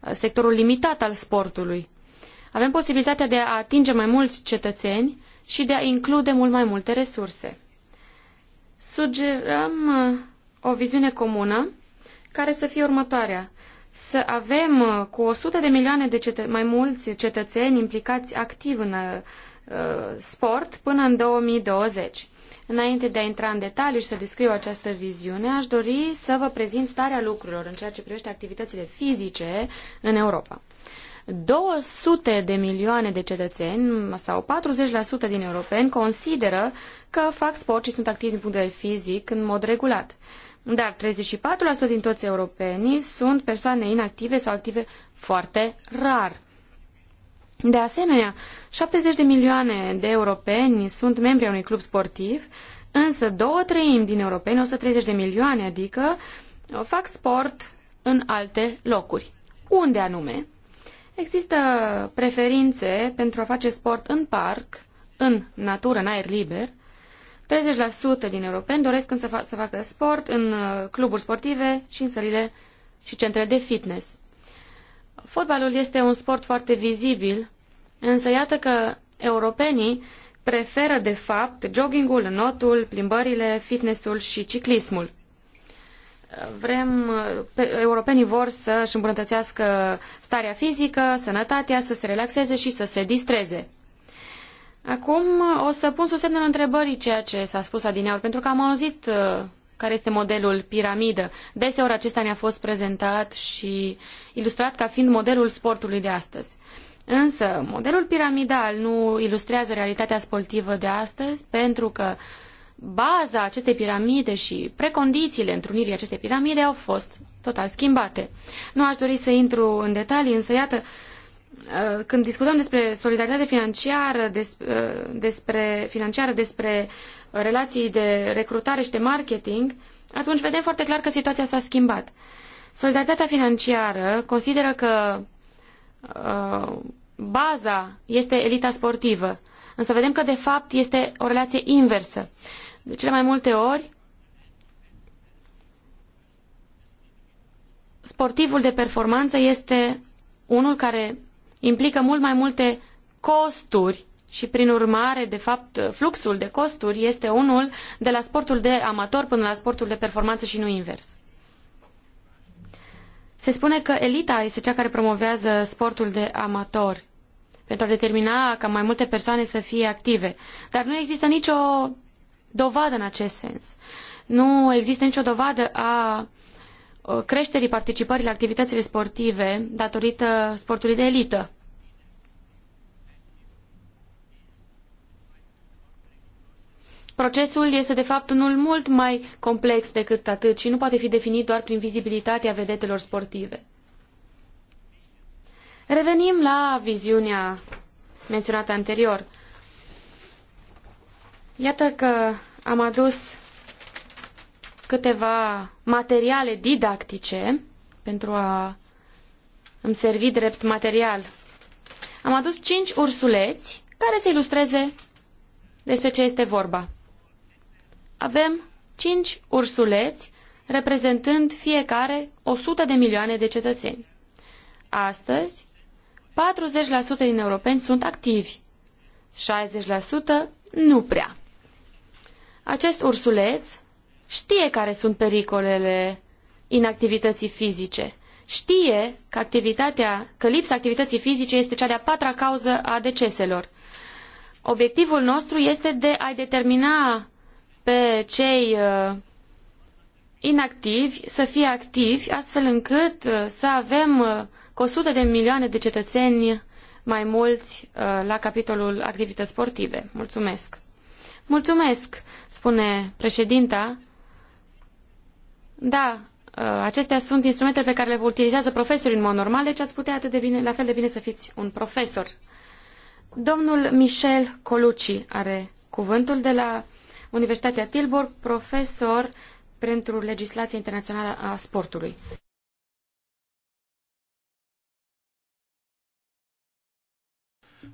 uh, sectorul limitat al sportului. Avem posibilitatea de a atinge mai mulți cetățeni și de a include mult mai multe resurse. Sugerăm uh, o viziune comună care să fie următoarea. Să avem uh, cu 100 de milioane de cetă- mai mulți cetățeni implicați activ în uh, sport până în 2020. Înainte de a intra în detaliu și să descriu această viziune, aș dori să vă prezint starea lucrurilor în ceea ce privește activitățile fizice în Europa. 200 de milioane de cetățeni sau 40% din europeni consideră că fac sport și sunt activi din punct de vedere fizic în mod regulat. Dar 34% din toți europenii sunt persoane inactive sau active foarte rar. De asemenea, 70 de milioane de europeni sunt membri ai unui club sportiv, însă două treimi din europeni, 130 de milioane, adică, fac sport în alte locuri. Unde anume? Există preferințe pentru a face sport în parc, în natură, în aer liber. 30% din europeni doresc să, fac, să facă sport în uh, cluburi sportive și în sălile și centrele de fitness. Fotbalul este un sport foarte vizibil, însă iată că europenii preferă de fapt joggingul, notul, plimbările, fitnessul și ciclismul vrem, europenii vor să își îmbunătățească starea fizică, sănătatea, să se relaxeze și să se distreze. Acum o să pun sub semnul întrebării ceea ce s-a spus adineaur, pentru că am auzit uh, care este modelul piramidă. Deseori acesta ne-a fost prezentat și ilustrat ca fiind modelul sportului de astăzi. Însă, modelul piramidal nu ilustrează realitatea sportivă de astăzi, pentru că baza acestei piramide și precondițiile întrunirii acestei piramide au fost total schimbate. Nu aș dori să intru în detalii, însă iată, uh, când discutăm despre solidaritate financiară, uh, despre, financiară, despre relații de recrutare și de marketing, atunci vedem foarte clar că situația s-a schimbat. Solidaritatea financiară consideră că uh, baza este elita sportivă, însă vedem că de fapt este o relație inversă. De cele mai multe ori, sportivul de performanță este unul care implică mult mai multe costuri și prin urmare, de fapt, fluxul de costuri este unul de la sportul de amator până la sportul de performanță și nu invers. Se spune că elita este cea care promovează sportul de amator pentru a determina ca mai multe persoane să fie active. Dar nu există nicio dovadă în acest sens. Nu există nicio dovadă a creșterii participării la activitățile sportive datorită sportului de elită. Procesul este de fapt unul mult mai complex decât atât și nu poate fi definit doar prin vizibilitatea vedetelor sportive. Revenim la viziunea menționată anterior. Iată că am adus câteva materiale didactice pentru a îmi servi drept material. Am adus cinci ursuleți care să ilustreze despre ce este vorba. Avem cinci ursuleți reprezentând fiecare 100 de milioane de cetățeni. Astăzi, 40% din europeni sunt activi, 60% nu prea. Acest ursuleț știe care sunt pericolele inactivității fizice. Știe că, activitatea, că lipsa activității fizice este cea de-a patra cauză a deceselor. Obiectivul nostru este de a-i determina pe cei uh, inactivi să fie activi, astfel încât uh, să avem uh, cu 100 de milioane de cetățeni mai mulți la capitolul activități sportive. Mulțumesc! Mulțumesc, spune președinta. Da, ă, acestea sunt instrumente pe care le utilizează profesorii în mod normal, deci ați putea atât de bine, la fel de bine să fiți un profesor. Domnul Michel Colucci are cuvântul de la Universitatea Tilburg, profesor pentru legislația internațională a sportului.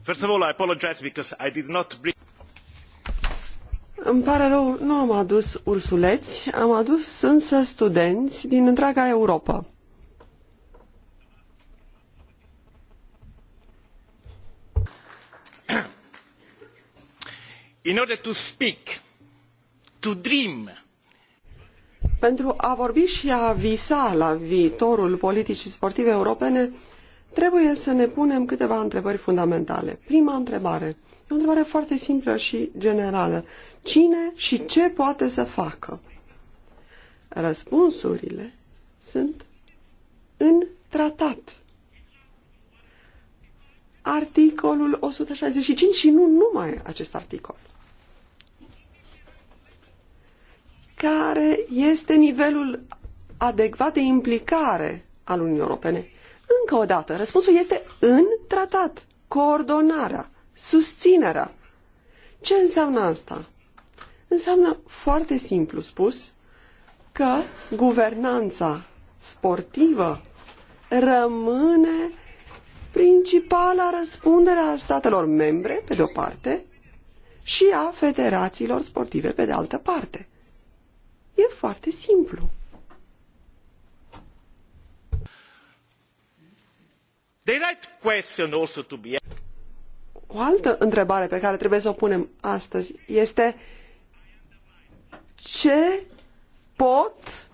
First of all, I apologize because I did not bring... Îmi pare rău, nu am adus ursuleți, am adus însă studenți din întreaga Europa. In order to speak, to dream. Pentru a vorbi și a visa la viitorul politicii sportive europene, trebuie să ne punem câteva întrebări fundamentale. Prima întrebare – E o întrebare foarte simplă și generală. Cine și ce poate să facă? Răspunsurile sunt în tratat. Articolul 165 și nu numai acest articol. Care este nivelul adecvat de implicare al Uniunii Europene? Încă o dată, răspunsul este în tratat. Coordonarea susținerea. Ce înseamnă asta? Înseamnă, foarte simplu spus, că guvernanța sportivă rămâne principala răspundere a statelor membre, pe de-o parte, și a federațiilor sportive, pe de altă parte. E foarte simplu. The right question also to be o altă întrebare pe care trebuie să o punem astăzi este ce pot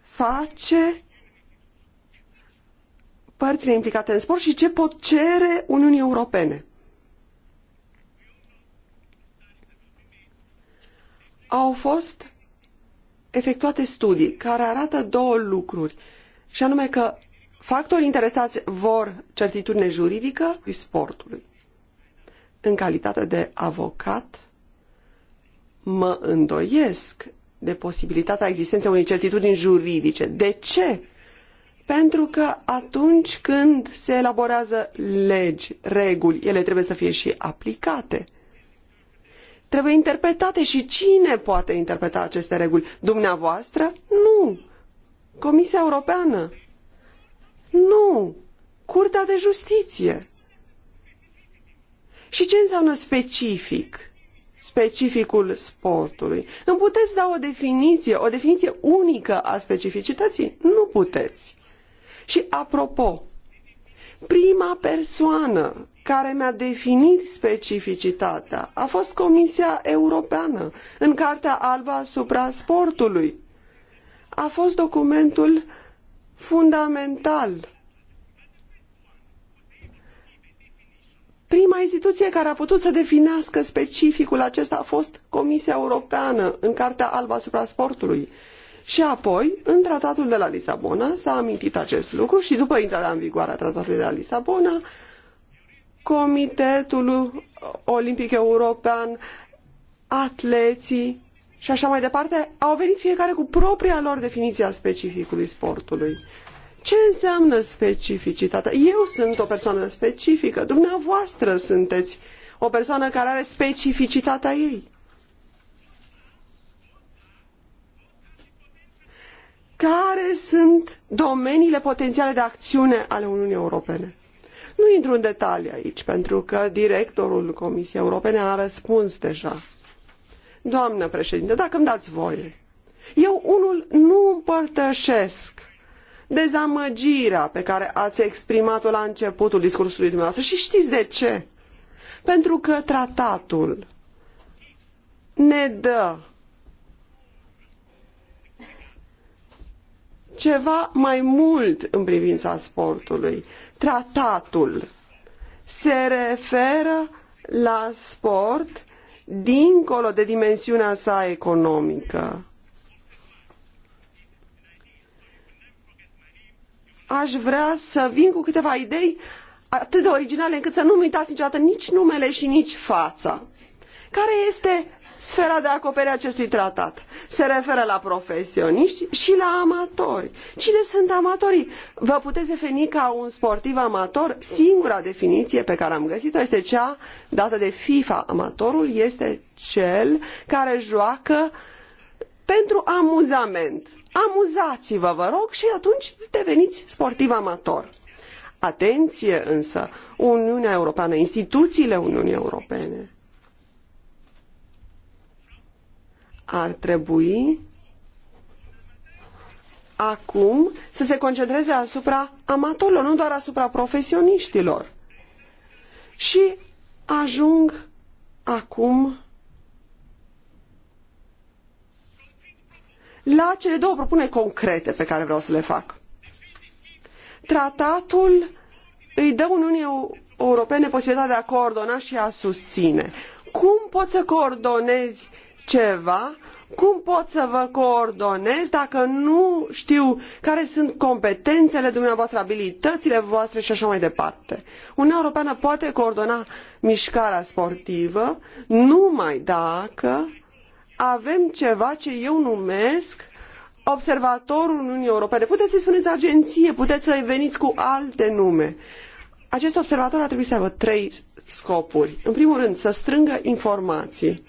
face părțile implicate în sport și ce pot cere Uniunii Europene. Au fost efectuate studii care arată două lucruri, și anume că Factorii interesați vor certitudine juridică sportului. În calitate de avocat, mă îndoiesc de posibilitatea existenței unei certitudini juridice. De ce? Pentru că atunci când se elaborează legi, reguli, ele trebuie să fie și aplicate. Trebuie interpretate și cine poate interpreta aceste reguli? Dumneavoastră? Nu. Comisia Europeană nu! Curtea de Justiție. Și ce înseamnă specific? Specificul sportului. Îmi puteți da o definiție, o definiție unică a specificității? Nu puteți. Și apropo, prima persoană care mi-a definit specificitatea a fost Comisia Europeană în Cartea Alba asupra sportului. A fost documentul uh, fundamental. Prima instituție care a putut să definească specificul acesta a fost Comisia Europeană în Cartea Albă asupra sportului. Și apoi, în tratatul de la Lisabona, s-a amintit acest lucru și după intrarea în vigoare a tratatului de la Lisabona, Comitetul Olimpic European, atleții, și așa mai departe, au venit fiecare cu propria lor definiție a specificului sportului. Ce înseamnă specificitatea? Eu sunt o persoană specifică, dumneavoastră sunteți o persoană care are specificitatea ei. Care sunt domeniile potențiale de acțiune ale Uniunii Europene? Nu intru în detalii aici, pentru că directorul Comisiei Europene a răspuns deja Doamnă președinte, dacă îmi dați voie, eu unul nu împărtășesc dezamăgirea pe care ați exprimat-o la începutul discursului dumneavoastră și știți de ce? Pentru că tratatul ne dă ceva mai mult în privința sportului. Tratatul se referă la sport dincolo de dimensiunea sa economică. Aș vrea să vin cu câteva idei atât de originale încât să nu-mi uitați niciodată nici numele și nici fața. Care este Sfera de acoperire a acestui tratat se referă la profesioniști și la amatori. Cine sunt amatorii? Vă puteți defini ca un sportiv amator? Singura definiție pe care am găsit-o este cea dată de FIFA. Amatorul este cel care joacă pentru amuzament. Amuzați-vă, vă rog, și atunci deveniți sportiv amator. Atenție însă, Uniunea Europeană, instituțiile Uniunii Europene ar trebui acum să se concentreze asupra amatorilor, nu doar asupra profesioniștilor. Și ajung acum la cele două propuneri concrete pe care vreau să le fac. Tratatul îi dă Uniunii Europene posibilitatea de a coordona și a susține. Cum poți să coordonezi ceva, cum pot să vă coordonez dacă nu știu care sunt competențele dumneavoastră, abilitățile voastre și așa mai departe? Uniunea Europeană poate coordona mișcarea sportivă numai dacă avem ceva ce eu numesc observatorul Uniunii Europene. Puteți să-i spuneți agenție, puteți să veniți cu alte nume. Acest observator ar trebui să aibă trei scopuri. În primul rând, să strângă informații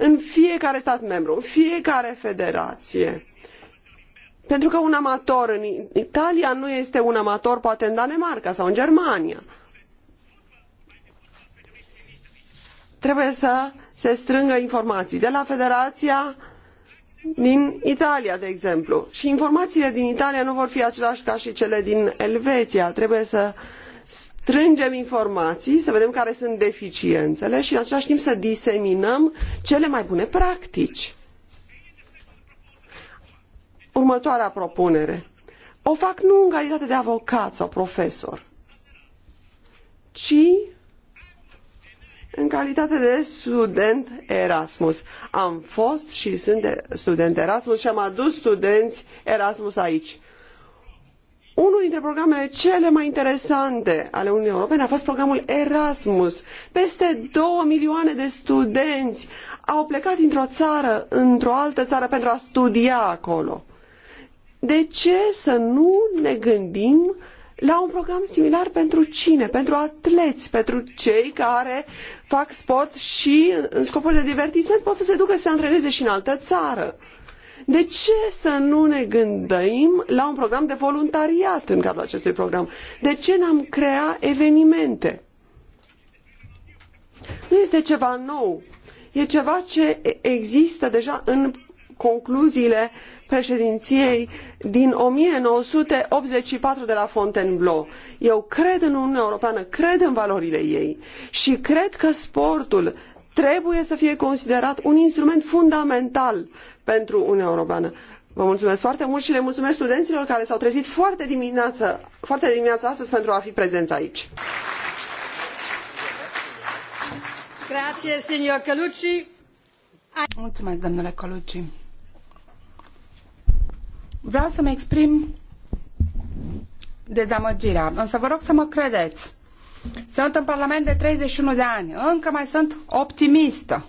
în fiecare stat membru, în fiecare federație. Pentru că un amator în Italia nu este un amator poate în Danemarca sau în Germania. Trebuie să se strângă informații de la federația din Italia, de exemplu. Și informațiile din Italia nu vor fi aceleași ca și cele din Elveția. Trebuie să strângem informații, să vedem care sunt deficiențele și în același timp să diseminăm cele mai bune practici. Următoarea propunere. O fac nu în calitate de avocat sau profesor, ci în calitate de student Erasmus. Am fost și sunt student Erasmus și am adus studenți Erasmus aici. Unul dintre programele cele mai interesante ale Uniunii Europene a fost programul Erasmus. Peste 2 milioane de studenți au plecat dintr-o țară într-o altă țară pentru a studia acolo. De ce să nu ne gândim la un program similar pentru cine? Pentru atleți, pentru cei care fac sport și în scopuri de divertisment pot să se ducă să se antreneze și în altă țară. De ce să nu ne gândim la un program de voluntariat în cadrul acestui program? De ce n-am crea evenimente? Nu este ceva nou. E ceva ce există deja în concluziile președinției din 1984 de la Fontainebleau. Eu cred în Uniunea Europeană, cred în valorile ei și cred că sportul trebuie să fie considerat un instrument fundamental pentru Uniunea Europeană. Vă mulțumesc foarte mult și le mulțumesc studenților care s-au trezit foarte dimineața, foarte dimineața astăzi pentru a fi prezenți aici. Grazie, signor Mulțumesc, domnule Căluci. Vreau să-mi exprim dezamăgirea, însă vă rog să mă credeți. Sunt în Parlament de 31 de ani. Încă mai sunt optimistă.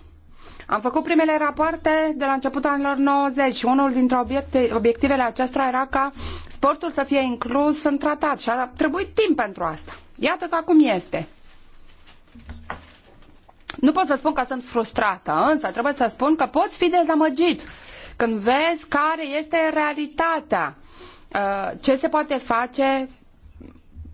Am făcut primele rapoarte de la începutul anilor 90 și unul dintre obiecte, obiectivele acestora era ca sportul să fie inclus în tratat și a trebuit timp pentru asta. Iată că acum este. Nu pot să spun că sunt frustrată, însă trebuie să spun că poți fi dezamăgit când vezi care este realitatea, uh, ce se poate face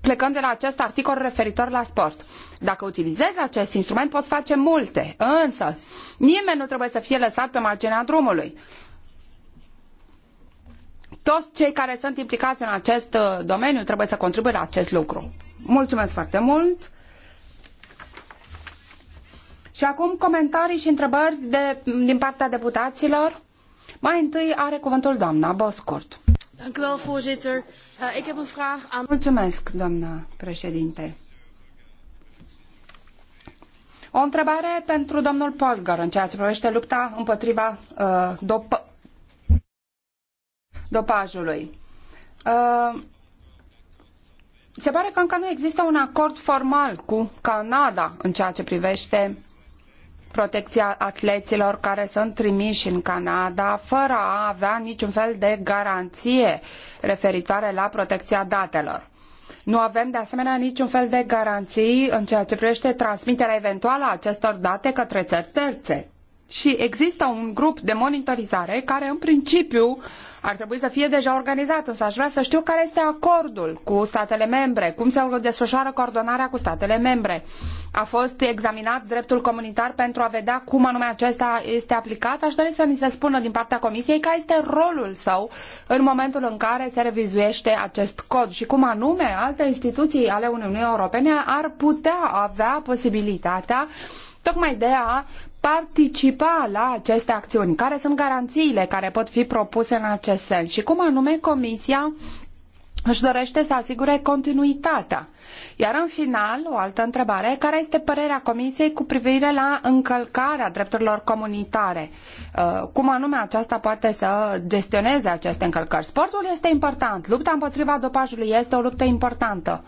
plecăm de la acest articol referitor la sport. Dacă utilizezi acest instrument, poți face multe, însă nimeni nu trebuie să fie lăsat pe marginea drumului toți cei care sunt implicați în acest uh, domeniu trebuie să contribuie la acest lucru. Mulțumesc foarte mult! Și acum comentarii și întrebări de, din partea deputaților. Mai întâi are cuvântul doamna Boscort. Mulțumesc, doamnă președinte. O întrebare pentru domnul Polgar în ceea ce privește lupta împotriva uh, dop dopajului. Uh, se pare că încă nu există un acord formal cu Canada în ceea ce privește protecția atleților care sunt trimiși în Canada fără a avea niciun fel de garanție referitoare la protecția datelor. Nu avem de asemenea niciun fel de garanții în ceea ce privește transmiterea eventuală a acestor date către țări terțe și există un grup de monitorizare care în principiu ar trebui să fie deja organizat, însă aș vrea să știu care este acordul cu statele membre, cum se desfășoară coordonarea cu statele membre. A fost examinat dreptul comunitar pentru a vedea cum anume acesta este aplicat. Aș dori să ni se spună din partea Comisiei care este rolul său în momentul în care se revizuiește acest cod și cum anume alte instituții ale Uniunii Europene ar putea avea posibilitatea tocmai de a participa la aceste acțiuni? Care sunt garanțiile care pot fi propuse în acest sens? Și cum anume Comisia își dorește să asigure continuitatea. Iar în final, o altă întrebare, care este părerea Comisiei cu privire la încălcarea drepturilor comunitare? Uh, cum anume aceasta poate să gestioneze aceste încălcări? Sportul este important, lupta împotriva dopajului este o luptă importantă.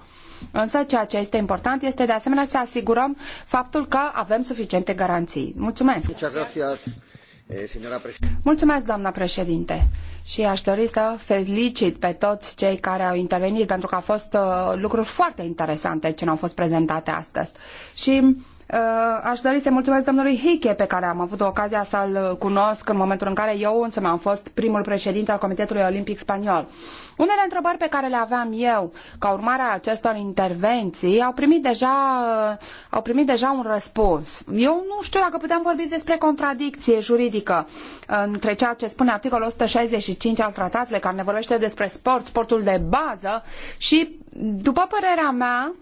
Însă ceea ce este important este de asemenea să asigurăm faptul că avem suficiente garanții. Mulțumesc! Eh, Mulțumesc, doamna președinte. Și aș dori să felicit pe toți cei care au intervenit, pentru că au fost uh, lucruri foarte interesante ce ne-au fost prezentate astăzi. Și Uh, aș dori să mulțumesc domnului Hiche, pe care am avut ocazia să-l cunosc în momentul în care eu însă am fost primul președinte al Comitetului Olimpic Spaniol. Unele întrebări pe care le aveam eu, ca urmare a acestor intervenții, au primit deja, uh, au primit deja un răspuns. Eu nu știu dacă putem vorbi despre contradicție juridică uh, între ceea ce spune articolul 165 al tratatului, care ne vorbește despre sport, sportul de bază, și, după părerea mea,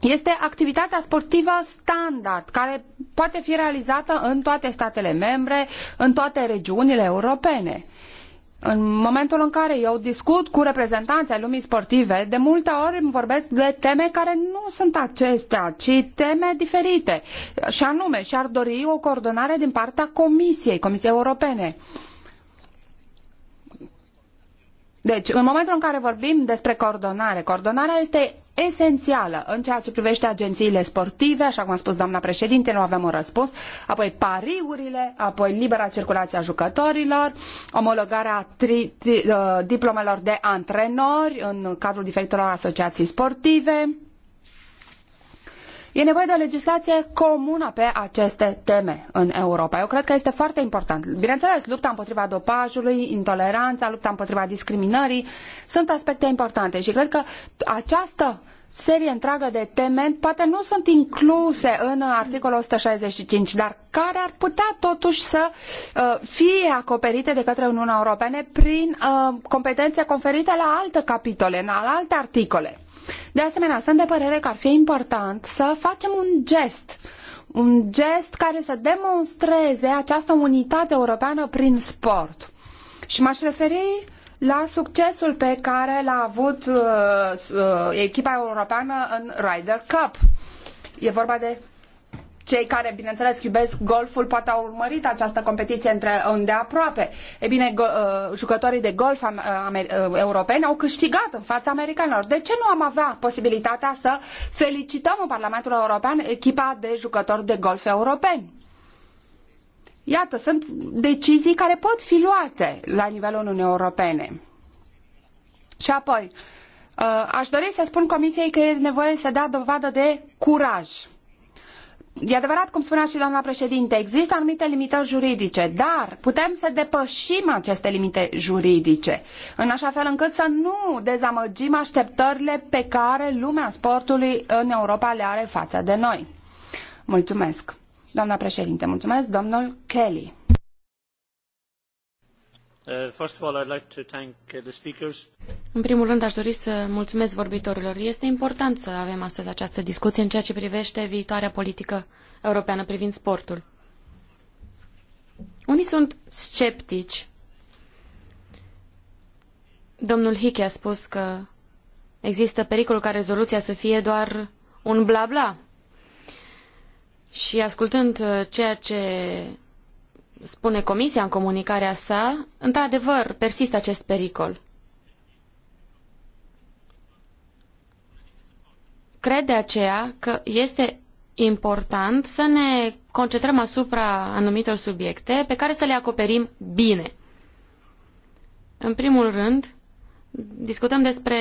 este activitatea sportivă standard, care poate fi realizată în toate statele membre, în toate regiunile europene. În momentul în care eu discut cu reprezentanții ai lumii sportive, de multe ori îmi vorbesc de teme care nu sunt acestea, ci teme diferite. Și anume, și-ar dori o coordonare din partea Comisiei, Comisiei Europene. Deci, în momentul în care vorbim despre coordonare, coordonarea este esențială în ceea ce privește agențiile sportive, așa cum a spus doamna președinte, nu avem un răspuns, apoi pariurile, apoi libera circulație a jucătorilor, omologarea tri, tri, uh, diplomelor de antrenori în cadrul diferitelor asociații sportive, E nevoie de o legislație comună pe aceste teme în Europa. Eu cred că este foarte important. Bineînțeles, lupta împotriva dopajului, intoleranța, lupta împotriva discriminării sunt aspecte importante și cred că această serie întreagă de teme poate nu sunt incluse în articolul 165, dar care ar putea totuși să uh, fie acoperite de către Uniunea Europeană prin uh, competențe conferite la alte capitole, la alte articole. De asemenea, sunt de părere că ar fi important să facem un gest un gest care să demonstreze această unitate europeană prin sport. Și m-aș referi la succesul pe care l-a avut uh, uh echipa europeană în Ryder Cup. E vorba de cei care, bineînțeles, iubesc golful poate au urmărit această competiție între îndeaproape. E bine, uh, jucătorii de golf uh, uh, europeni au câștigat în fața americanilor. De ce nu am avea posibilitatea să felicităm în Parlamentul European echipa de jucători de golf europeni? Iată, sunt decizii care pot fi luate la nivelul Uniunii Europene. Și apoi, aș dori să spun Comisiei că e nevoie să dea dovadă de curaj. E adevărat, cum spunea și doamna președinte, există anumite limitări juridice, dar putem să depășim aceste limite juridice, în așa fel încât să nu dezamăgim așteptările pe care lumea sportului în Europa le are față de noi. Mulțumesc. Doamna președinte, mulțumesc. Domnul Kelly în primul rând a dori să mulumesc vorbitorilor. Este important să avem astăzi această discuie în ceea ce privete viitoarea politică europeană privind sportul. Unii sunt sceptici. Domnul Hickey a spus că există pericolul ca rezoluția să fie doar un bla bla. Și ascultând uh, ceea ce spune Comisia în comunicarea sa, într-adevăr persistă acest pericol. Cred de aceea că este important să ne concentrăm asupra anumitor subiecte pe care să le acoperim bine. În primul rând, discutăm despre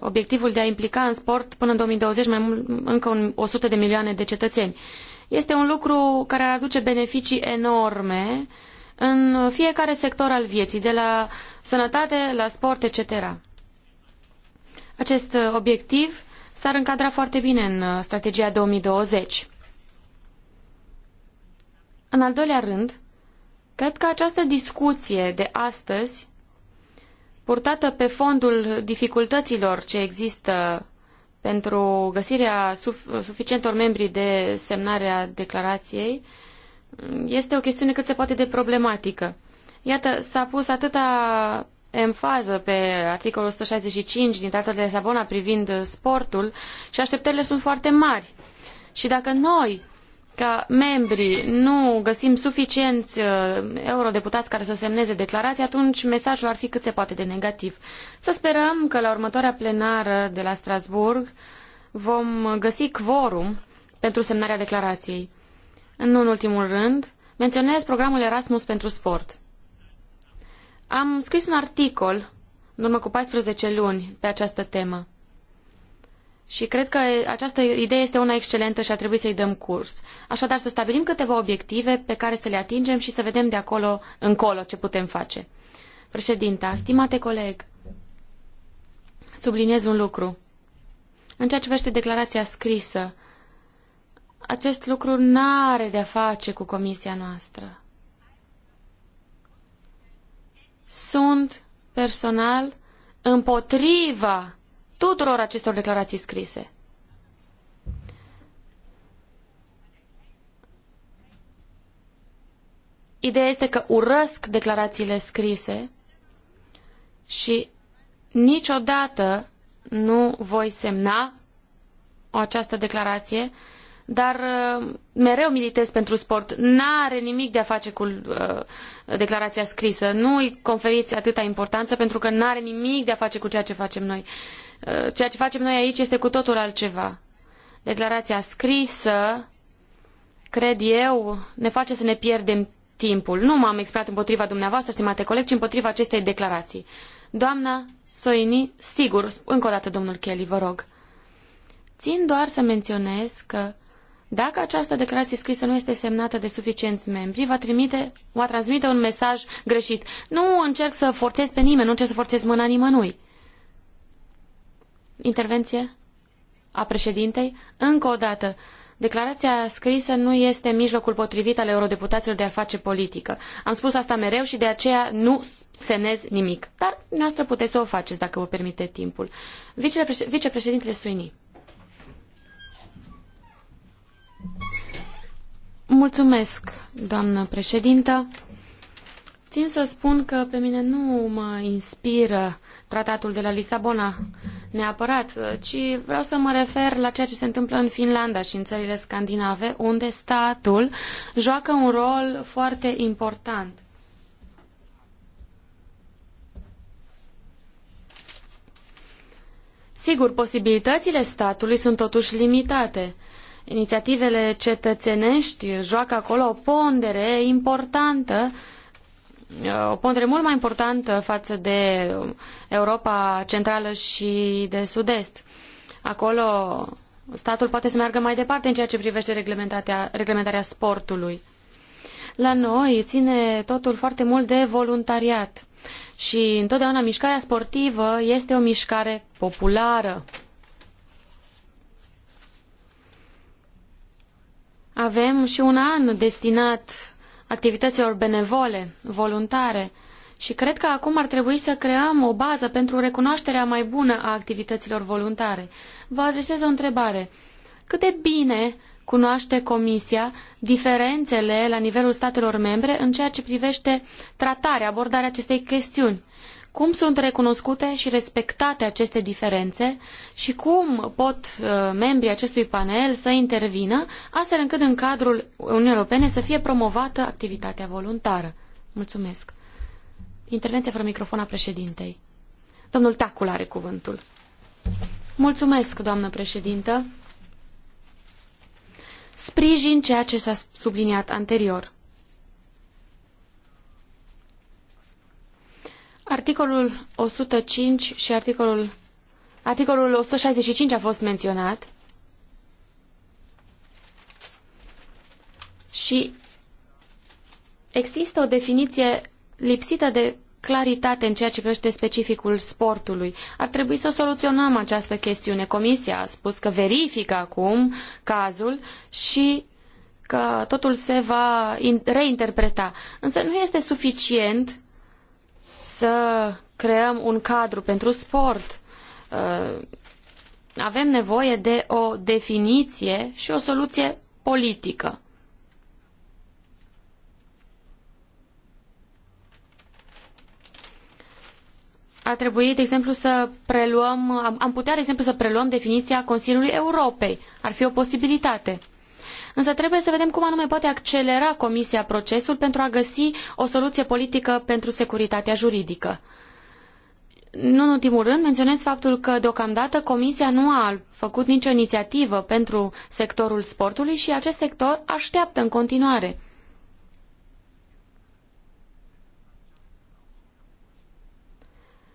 obiectivul de a implica în sport până în 2020 mai mult, încă un, 100 de milioane de cetățeni este un lucru care ar aduce beneficii enorme în fiecare sector al vieții, de la sănătate, la sport, etc. Acest obiectiv s-ar încadra foarte bine în strategia 2020. În al doilea rând, cred că această discuție de astăzi, purtată pe fondul dificultăților ce există pentru găsirea suf- suficientor membri de semnare a declarației este o chestiune cât se poate de problematică. Iată, s-a pus atâta fază pe articolul 165 din Tratatul de Lisabona privind sportul și așteptările sunt foarte mari. Și dacă noi ca membri nu găsim suficienți uh, eurodeputați care să semneze declarații, atunci mesajul ar fi cât se poate de negativ. Să sperăm că la următoarea plenară de la Strasbourg vom găsi quorum pentru semnarea declarației. Nu în ultimul rând, menționez programul Erasmus pentru sport. Am scris un articol în urmă cu 14 luni pe această temă. Și cred că această idee este una excelentă și ar trebui să-i dăm curs. Așadar, să stabilim câteva obiective pe care să le atingem și să vedem de acolo încolo ce putem face. Președinta, stimate coleg, subliniez un lucru. În ceea ce vește declarația scrisă, acest lucru nu are de-a face cu comisia noastră. Sunt personal împotriva tuturor acestor declarații scrise. Ideea este că urăsc declarațiile scrise și niciodată nu voi semna această declarație, dar uh, mereu militez pentru sport. N-are nimic de a face cu uh, declarația scrisă. Nu îi conferiți atâta importanță pentru că n-are nimic de a face cu ceea ce facem noi. Uh, ceea ce facem noi aici este cu totul altceva. Declarația scrisă, cred eu, ne face să ne pierdem timpul. Nu m-am exprimat împotriva dumneavoastră, stimate colegi, ci împotriva acestei declarații. Doamna Soini, sigur, încă o dată, domnul Kelly, vă rog. Țin doar să menționez că dacă această declarație scrisă nu este semnată de suficienți membri, va, trimite, va transmite un mesaj greșit. Nu încerc să forțez pe nimeni, nu încerc să forțez mâna nimănui intervenție a președintei. Încă o dată, declarația scrisă nu este mijlocul potrivit al eurodeputaților de a face politică. Am spus asta mereu și de aceea nu senez nimic. Dar noastră puteți să o faceți dacă vă permite timpul. Vicepreședintele Suini. Mulțumesc, doamnă președintă. Țin să spun că pe mine nu mă inspiră tratatul de la Lisabona. Uh, neapărat, uh, ci vreau să mă refer la ceea ce se întâmplă în Finlanda și în țările scandinave, unde statul joacă un rol foarte important. Sigur, posibilitățile statului sunt totuși limitate. Inițiativele cetățenești joacă acolo o pondere importantă uh, Uh, o pondere mult mai importantă față de Europa Centrală și de Sud-Est. Acolo statul poate să meargă mai departe în ceea ce privește reglementarea, reglementarea sportului. La noi ține totul foarte mult de voluntariat și întotdeauna mișcarea sportivă este o mișcare populară. Avem și un an destinat activităților benevole, voluntare și cred că acum ar trebui să creăm o bază pentru recunoașterea mai bună a activităților voluntare. Vă adresez o întrebare. Cât de bine cunoaște Comisia diferențele la nivelul statelor membre în ceea ce privește tratarea, abordarea acestei chestiuni? cum sunt recunoscute și respectate aceste diferențe și cum pot uh, membrii acestui panel să intervină astfel încât în cadrul Uniunii Europene să fie promovată activitatea voluntară. Mulțumesc. Intervenție fără microfon a președintei. Domnul Tacul are cuvântul. Mulțumesc, doamnă președintă. Sprijin ceea ce s-a subliniat anterior. Articolul 105 și articolul articolul 165 a fost menționat. Și există o definiție lipsită de claritate în ceea ce privește specificul sportului. Ar trebui să soluționăm această chestiune. Comisia a spus că verifică acum cazul și că totul se va reinterpreta. Însă nu este suficient să creăm un cadru pentru sport. Uh, avem nevoie de o definiție și o soluție politică. ar trebui, de exemplu, să preluăm, am putea, de exemplu, să preluăm definiția Consiliului Europei. Ar fi o posibilitate. Însă trebuie să vedem cum anume poate accelera Comisia procesul pentru a găsi o soluție politică pentru securitatea juridică. Nu în ultimul rând, menționez faptul că deocamdată Comisia nu a făcut nicio inițiativă pentru sectorul sportului și acest sector așteaptă în continuare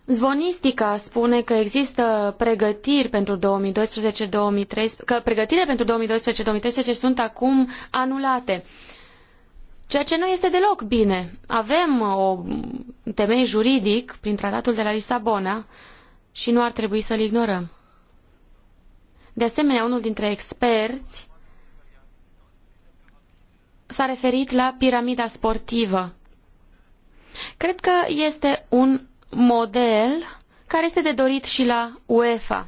Zvonistica spune că există pregătiri pentru 2012 2013, că pregătirile pentru 2012-2013 sunt acum anulate. Ceea ce nu este deloc bine. Avem uh, o temei juridic prin tratatul de la Lisabona și nu ar trebui să-l ignorăm. De asemenea, unul dintre experți s-a referit la piramida sportivă. Cred că este un model care este de dorit și la UEFA.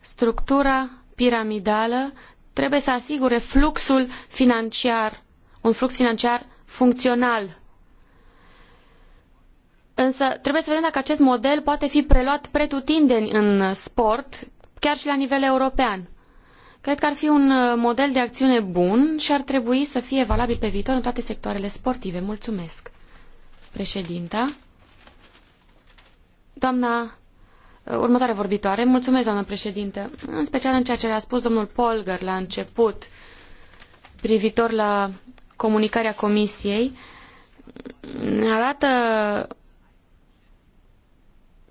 Structura piramidală trebuie să asigure fluxul financiar, un flux financiar funcțional. Însă trebuie să vedem dacă acest model poate fi preluat pretutindeni în sport, chiar și la nivel european. Cred că ar fi un uh, model de acțiune bun și ar trebui să fie valabil pe viitor în toate sectoarele sportive. Mulțumesc! Președinta. Doamna uh, următoare vorbitoare, mulțumesc, doamnă președinte, în special în ceea ce a spus domnul Polgar la început privitor la comunicarea comisiei, arată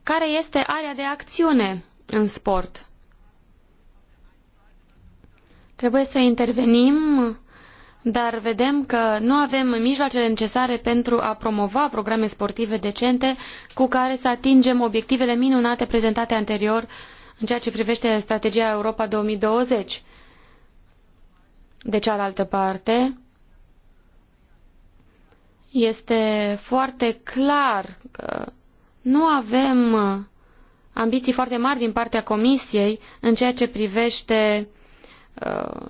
care este area de acțiune în sport. Trebuie să intervenim dar vedem că nu avem mijloacele necesare pentru a promova programe sportive decente cu care să atingem obiectivele minunate prezentate anterior în ceea ce privește strategia Europa 2020. De cealaltă parte, este foarte clar că nu avem ambiții foarte mari din partea Comisiei în ceea ce privește uh,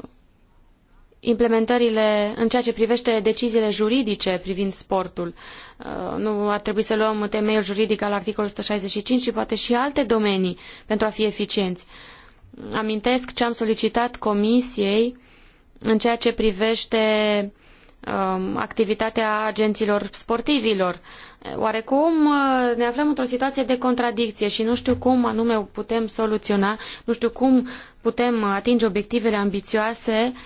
implementările în ceea ce privește deciziile juridice privind sportul. Uh, nu ar trebui să luăm temeiul juridic al articolului 165 și poate și alte domenii pentru a fi eficienți. Amintesc ce am solicitat comisiei în ceea ce privește um, activitatea agenților sportivilor. Oarecum uh, ne aflăm într-o situație de contradicție și nu știu cum anume o putem soluționa, nu știu cum putem atinge obiectivele ambițioase uh,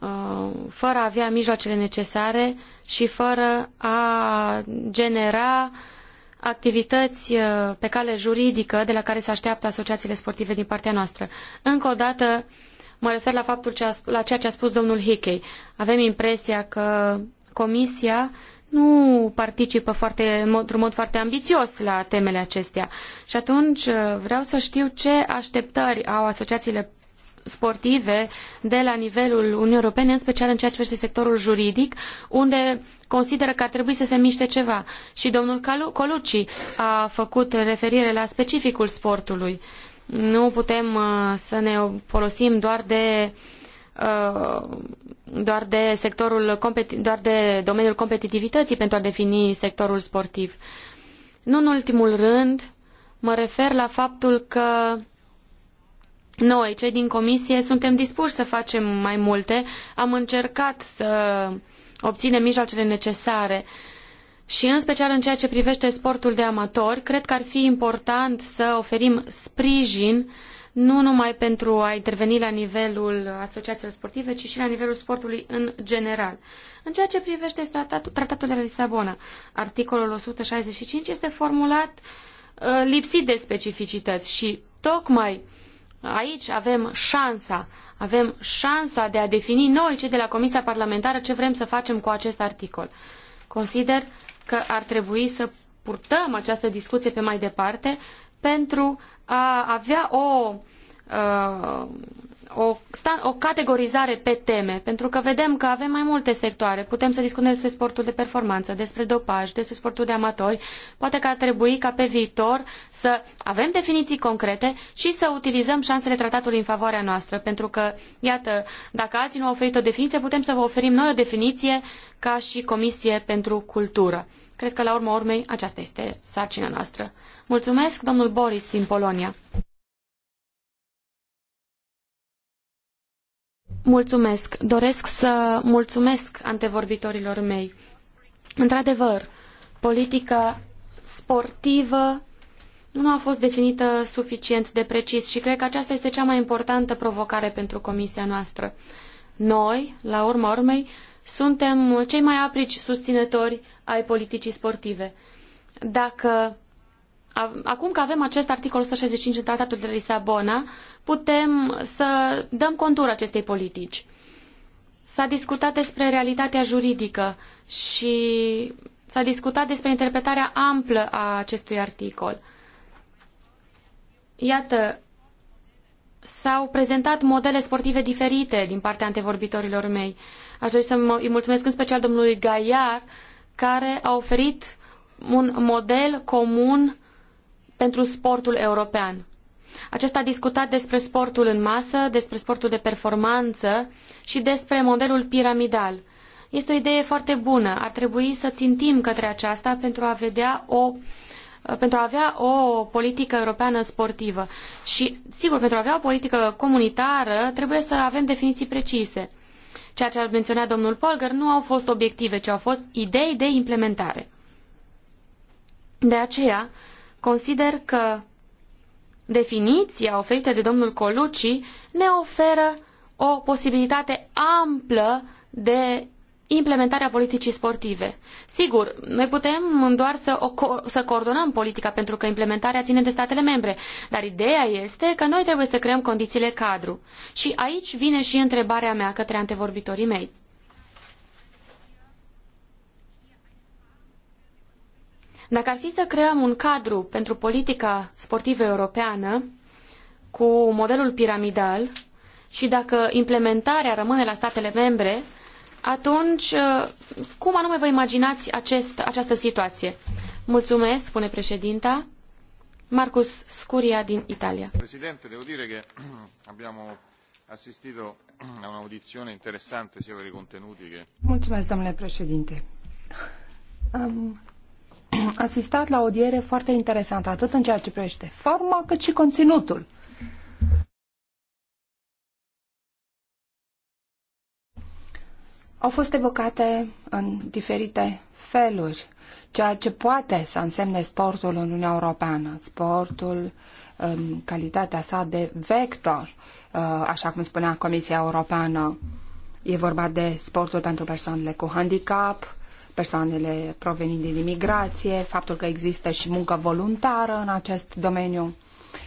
Uh, fără a avea mijloacele necesare și fără a genera activități uh, pe cale juridică de la care se așteaptă asociațiile sportive din partea noastră. Încă o dată mă refer la, faptul ce a, la ceea ce a spus domnul Hickey. Avem impresia că Comisia nu participă foarte, într-un mod foarte ambițios la temele acestea. Și atunci uh, vreau să știu ce așteptări au asociațiile sportive de la nivelul Uniunii Europene, în special în ceea ce privește sectorul juridic, unde consideră că ar trebui să se miște ceva. Și domnul Colucci a făcut referire la specificul sportului. Nu putem uh, să ne folosim doar de uh, doar de sectorul doar de domeniul competitivității pentru a defini sectorul sportiv. Nu în ultimul rând, mă refer la faptul că noi, cei din comisie, suntem dispuși să facem mai multe. Am încercat să obținem mijloacele necesare și în special în ceea ce privește sportul de amatori, cred că ar fi important să oferim sprijin nu numai pentru a interveni la nivelul asociațiilor sportive, ci și la nivelul sportului în general. În ceea ce privește tratatul, de la Lisabona, articolul 165 este formulat uh, lipsit de specificități și tocmai uh, Aici avem șansa, avem șansa de a defini noi, cei de la Comisia Parlamentară, ce vrem să facem cu acest articol. Consider că ar trebui să purtăm această discuție pe mai departe pentru a avea o uh, o, o categorizare pe teme, pentru că vedem că avem mai multe sectoare. Putem să discutăm despre sportul de performanță, despre dopaj, despre sportul de amatori. Poate că ar trebui ca pe viitor să avem definiții concrete și să utilizăm șansele tratatului în favoarea noastră, pentru că, iată, dacă alții nu au oferit o definiție, putem să vă oferim noi o definiție ca și Comisie pentru Cultură. Cred că, la urma urmei, aceasta este sarcina noastră. Mulțumesc, domnul Boris din Polonia. Mulțumesc. Doresc să mulțumesc antevorbitorilor mei. Într-adevăr, politica sportivă nu a fost definită suficient de precis și cred că aceasta este cea mai importantă provocare pentru comisia noastră. Noi, la urma urmei, suntem cei mai aprici susținători ai politicii sportive. Dacă acum că avem acest articol 165 în Tratatul de Lisabona, putem să dăm contur acestei politici. S-a discutat despre realitatea juridică și s-a discutat despre interpretarea amplă a acestui articol. Iată, s-au prezentat modele sportive diferite din partea antevorbitorilor mei. Aș dori să îi mulțumesc în special domnului Gaiar, care a oferit un model comun pentru sportul european. Acesta a discutat despre sportul în masă, despre sportul de performanță și despre modelul piramidal. Este o idee foarte bună. Ar trebui să țintim către aceasta pentru a vedea o pentru a avea o politică europeană sportivă. Și, sigur, pentru a avea o politică comunitară, trebuie să avem definiții precise. Ceea ce a menționat domnul Polgar nu au fost obiective, ci au fost idei de implementare. De aceea, Consider că definiția oferită de domnul Colucci ne oferă o posibilitate amplă de implementarea politicii sportive. Sigur, noi putem doar să, o, să coordonăm politica pentru că implementarea ține de statele membre, dar ideea este că noi trebuie să creăm condițiile cadru. Și aici vine și întrebarea mea către antevorbitorii mei. Dacă ar fi să creăm un cadru pentru politica sportivă europeană cu modelul piramidal și dacă implementarea rămâne la statele membre, atunci uh, cum anume vă imaginați acest, această situație? Mulțumesc, spune președinta. Marcus Scuria din Italia. Presidente, devo dire che abbiamo assistito a un'audizione interessante sia per i contenuti che... Mulțumesc, domnule președinte. Am asistat la o audiere foarte interesantă, atât în ceea ce privește forma, cât și conținutul. Au fost evocate în diferite feluri ceea ce poate să însemne sportul în Uniunea Europeană. Sportul în um, calitatea sa de vector, uh, așa cum spunea Comisia Europeană. E vorba de sportul pentru persoanele cu handicap, persoanele provenind din imigrație, faptul că există și muncă voluntară în acest domeniu.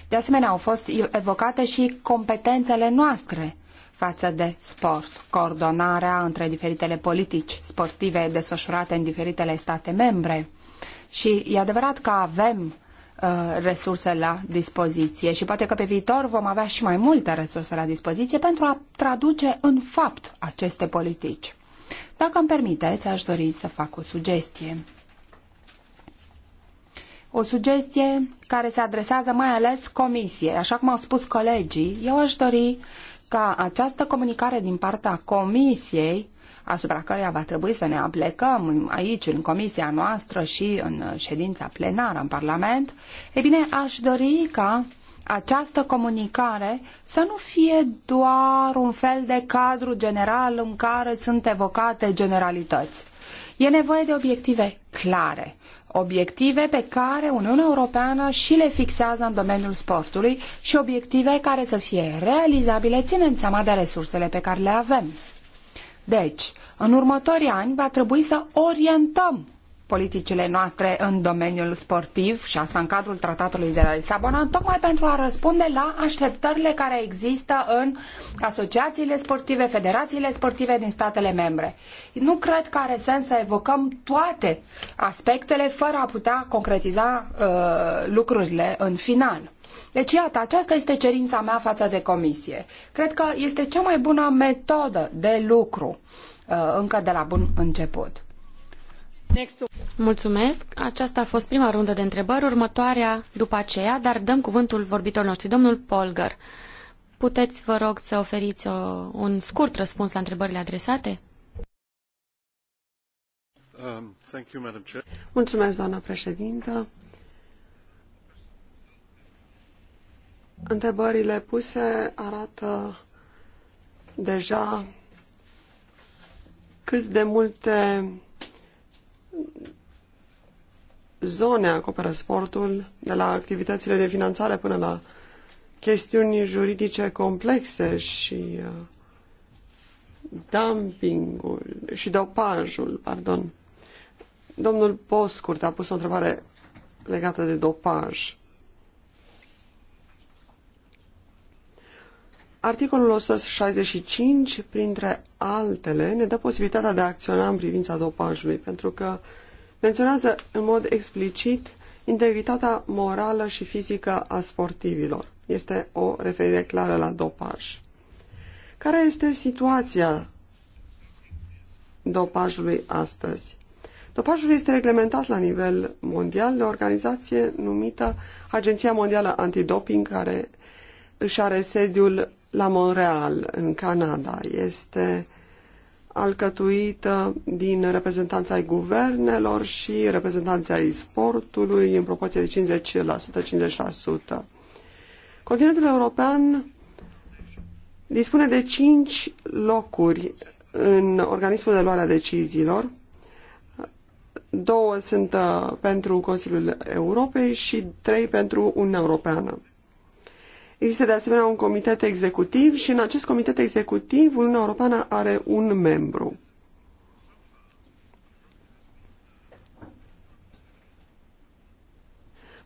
De asemenea, au fost evocate și competențele noastre față de sport, coordonarea între diferitele politici sportive desfășurate în diferitele state membre. Și e adevărat că avem uh, resurse la dispoziție și poate că pe viitor vom avea și mai multe resurse la dispoziție pentru a traduce în fapt aceste politici. Dacă îmi permiteți, aș dori să fac o sugestie. O sugestie care se adresează mai ales comisiei. Așa cum au spus colegii, eu aș dori ca această comunicare din partea comisiei asupra căreia va trebui să ne aplecăm aici, în comisia noastră și în ședința plenară în Parlament, e bine, aș dori ca această comunicare să nu fie doar un fel de cadru general în care sunt evocate generalități. E nevoie de obiective clare, obiective pe care Uniunea Europeană și le fixează în domeniul sportului și obiective care să fie realizabile ținând seama de resursele pe care le avem. Deci, în următorii ani va trebui să orientăm politicile noastre în domeniul sportiv și asta în cadrul Tratatului de la Lisabona, tocmai pentru a răspunde la așteptările care există în asociațiile sportive, federațiile sportive din statele membre. Nu cred că are sens să evocăm toate aspectele fără a putea concretiza uh, lucrurile în final. Deci, iată, aceasta este cerința mea față de comisie. Cred că este cea mai bună metodă de lucru uh, încă de la bun început. Mulțumesc. Aceasta a fost prima rundă de întrebări, următoarea după aceea, dar dăm cuvântul vorbitorilor noștri, domnul Polgar. Puteți, vă rog, să oferiți o, un scurt răspuns la întrebările adresate? Um, you, Mulțumesc, doamnă președintă. Întrebările puse arată deja cât de multe zone acoperă sportul, de la activitățile de finanțare până la chestiuni juridice complexe și uh, dumpingul și dopajul, pardon. Domnul Poscurt a pus o întrebare legată de dopaj. Articolul 165, printre altele, ne dă posibilitatea de a acționa în privința dopajului, pentru că menționează în mod explicit integritatea morală și fizică a sportivilor. Este o referire clară la dopaj. Care este situația dopajului astăzi? Dopajul este reglementat la nivel mondial de o organizație numită Agenția Mondială Antidoping, care își are sediul la Montreal, în Canada. Este alcătuită din reprezentanța ai guvernelor și reprezentanța ai sportului în proporție de 50%-50%. Continentul european dispune de 5 locuri în organismul de luare a deciziilor. Două sunt uh, pentru Consiliul Europei și trei pentru Uniunea Europeană. Există de asemenea un comitet executiv și în acest comitet executiv Uniunea Europeană are un membru.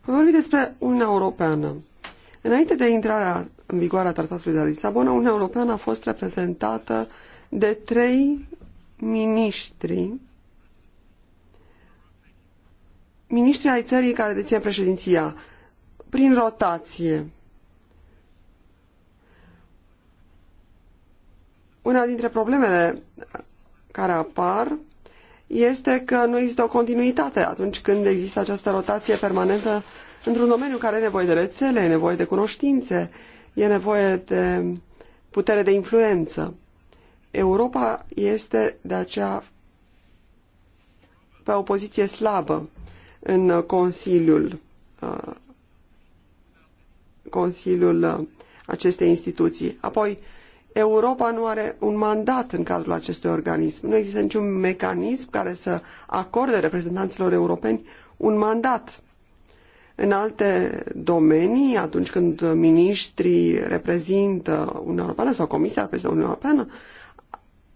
Vom vorbi despre Uniunea Europeană. Înainte de intrarea în vigoare a Tratatului de la Lisabona, Uniunea Europeană a fost reprezentată de trei miniștri, miniștri ai țării care deține președinția, prin rotație. Una dintre problemele care apar este că nu există o continuitate atunci când există această rotație permanentă într-un domeniu care e nevoie de rețele, e nevoie de cunoștințe, e nevoie de putere de influență. Europa este de aceea pe o poziție slabă în Consiliul, uh, Consiliul uh, acestei instituții. Apoi, Europa nu are un mandat în cadrul acestui organism. Nu există niciun mecanism care să acorde reprezentanților europeni un mandat. În alte domenii, atunci când miniștrii reprezintă Uniunea Europeană sau Comisia reprezintă Uniunea Europeană,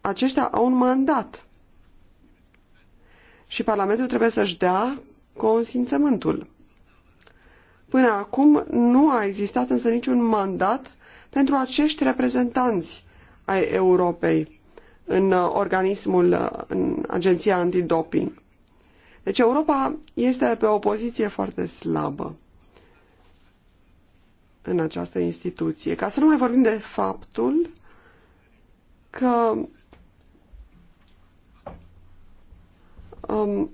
aceștia au un mandat. Și Parlamentul trebuie să-și dea consimțământul. Până acum nu a existat însă niciun mandat pentru acești reprezentanți ai Europei în uh, organismul, uh, în agenția antidoping. Deci Europa este pe o poziție foarte slabă în această instituție. Ca să nu mai vorbim de faptul că um,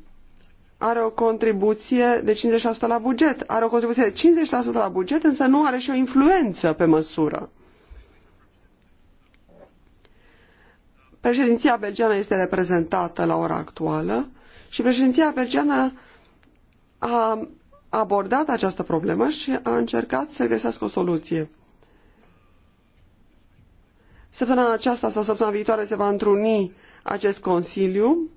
are o contribuție de 50% la buget. Are o contribuție de 50% la buget, însă nu are și o influență pe măsură. Președinția belgeană este reprezentată la ora actuală și președinția belgeană a abordat această problemă și a încercat să găsească o soluție. Săptămâna aceasta sau săptămâna viitoare se va întruni acest Consiliu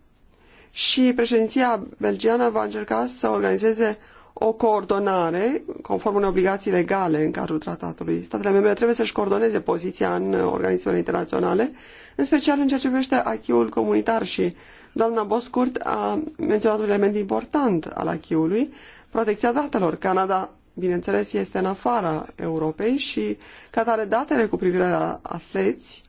și președinția belgiană va încerca să organizeze o coordonare conform unei obligații legale în cadrul tratatului. Statele membre trebuie să-și coordoneze poziția în organismele internaționale, în special în ceea ce privește achiul comunitar și doamna Boscurt a menționat un element important al achiului, protecția datelor. Canada, bineînțeles, este în afara Europei și, ca tare, datele cu privire la atleți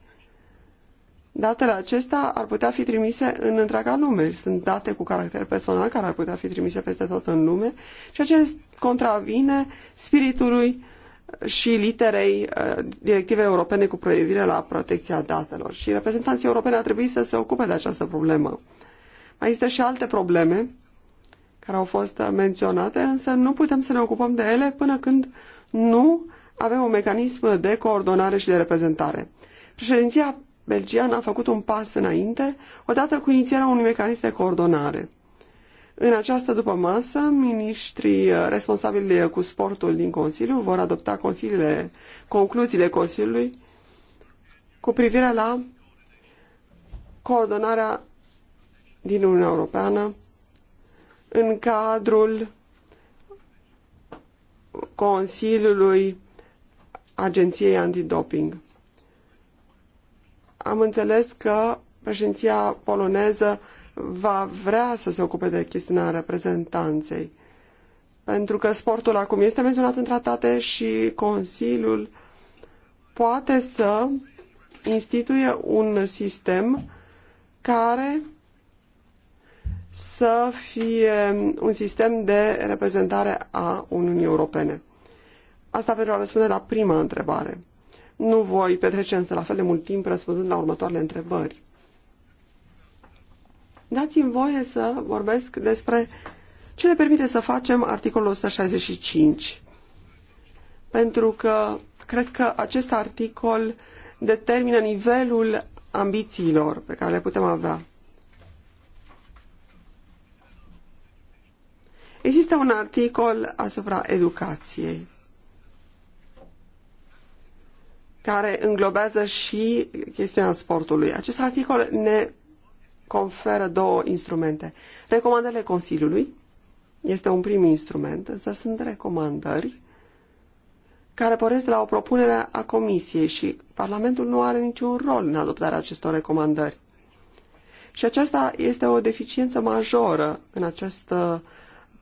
Datele acestea ar putea fi trimise în întreaga lume. Sunt date cu caracter personal care ar putea fi trimise peste tot în lume, ceea ce contravine spiritului și literei uh, directive europene cu privire la protecția datelor. Și reprezentanții europene ar trebui să se ocupe de această problemă. Mai există și alte probleme care au fost uh, menționate, însă nu putem să ne ocupăm de ele până când nu avem un mecanism de coordonare și de reprezentare. Președinția belgian a făcut un pas înainte, odată cu inițierea unui mecanism de coordonare. În această după masă, ministrii uh, responsabili uh, cu sportul din Consiliu vor adopta consiliile, concluziile Consiliului cu privire la coordonarea din Uniunea Europeană în cadrul Consiliului Agenției Antidoping. Am înțeles că președinția poloneză va vrea să se ocupe de chestiunea reprezentanței. Pentru că sportul acum este menționat în tratate și Consiliul poate să instituie un sistem care să fie un sistem de reprezentare a Uniunii Europene. Asta pentru a răspunde la prima întrebare. Nu voi petrece însă la fel de mult timp răspunzând la următoarele întrebări. Dați-mi voie să vorbesc despre ce ne permite să facem articolul 165. Pentru că cred că acest articol determină nivelul ambițiilor pe care le putem avea. Există un articol asupra educației. care înglobează și chestiunea sportului. Acest articol ne conferă două instrumente. Recomandările Consiliului este un prim instrument, însă sunt recomandări care poresc de la o propunere a Comisiei și Parlamentul nu are niciun rol în adoptarea acestor recomandări. Și aceasta este o deficiență majoră în această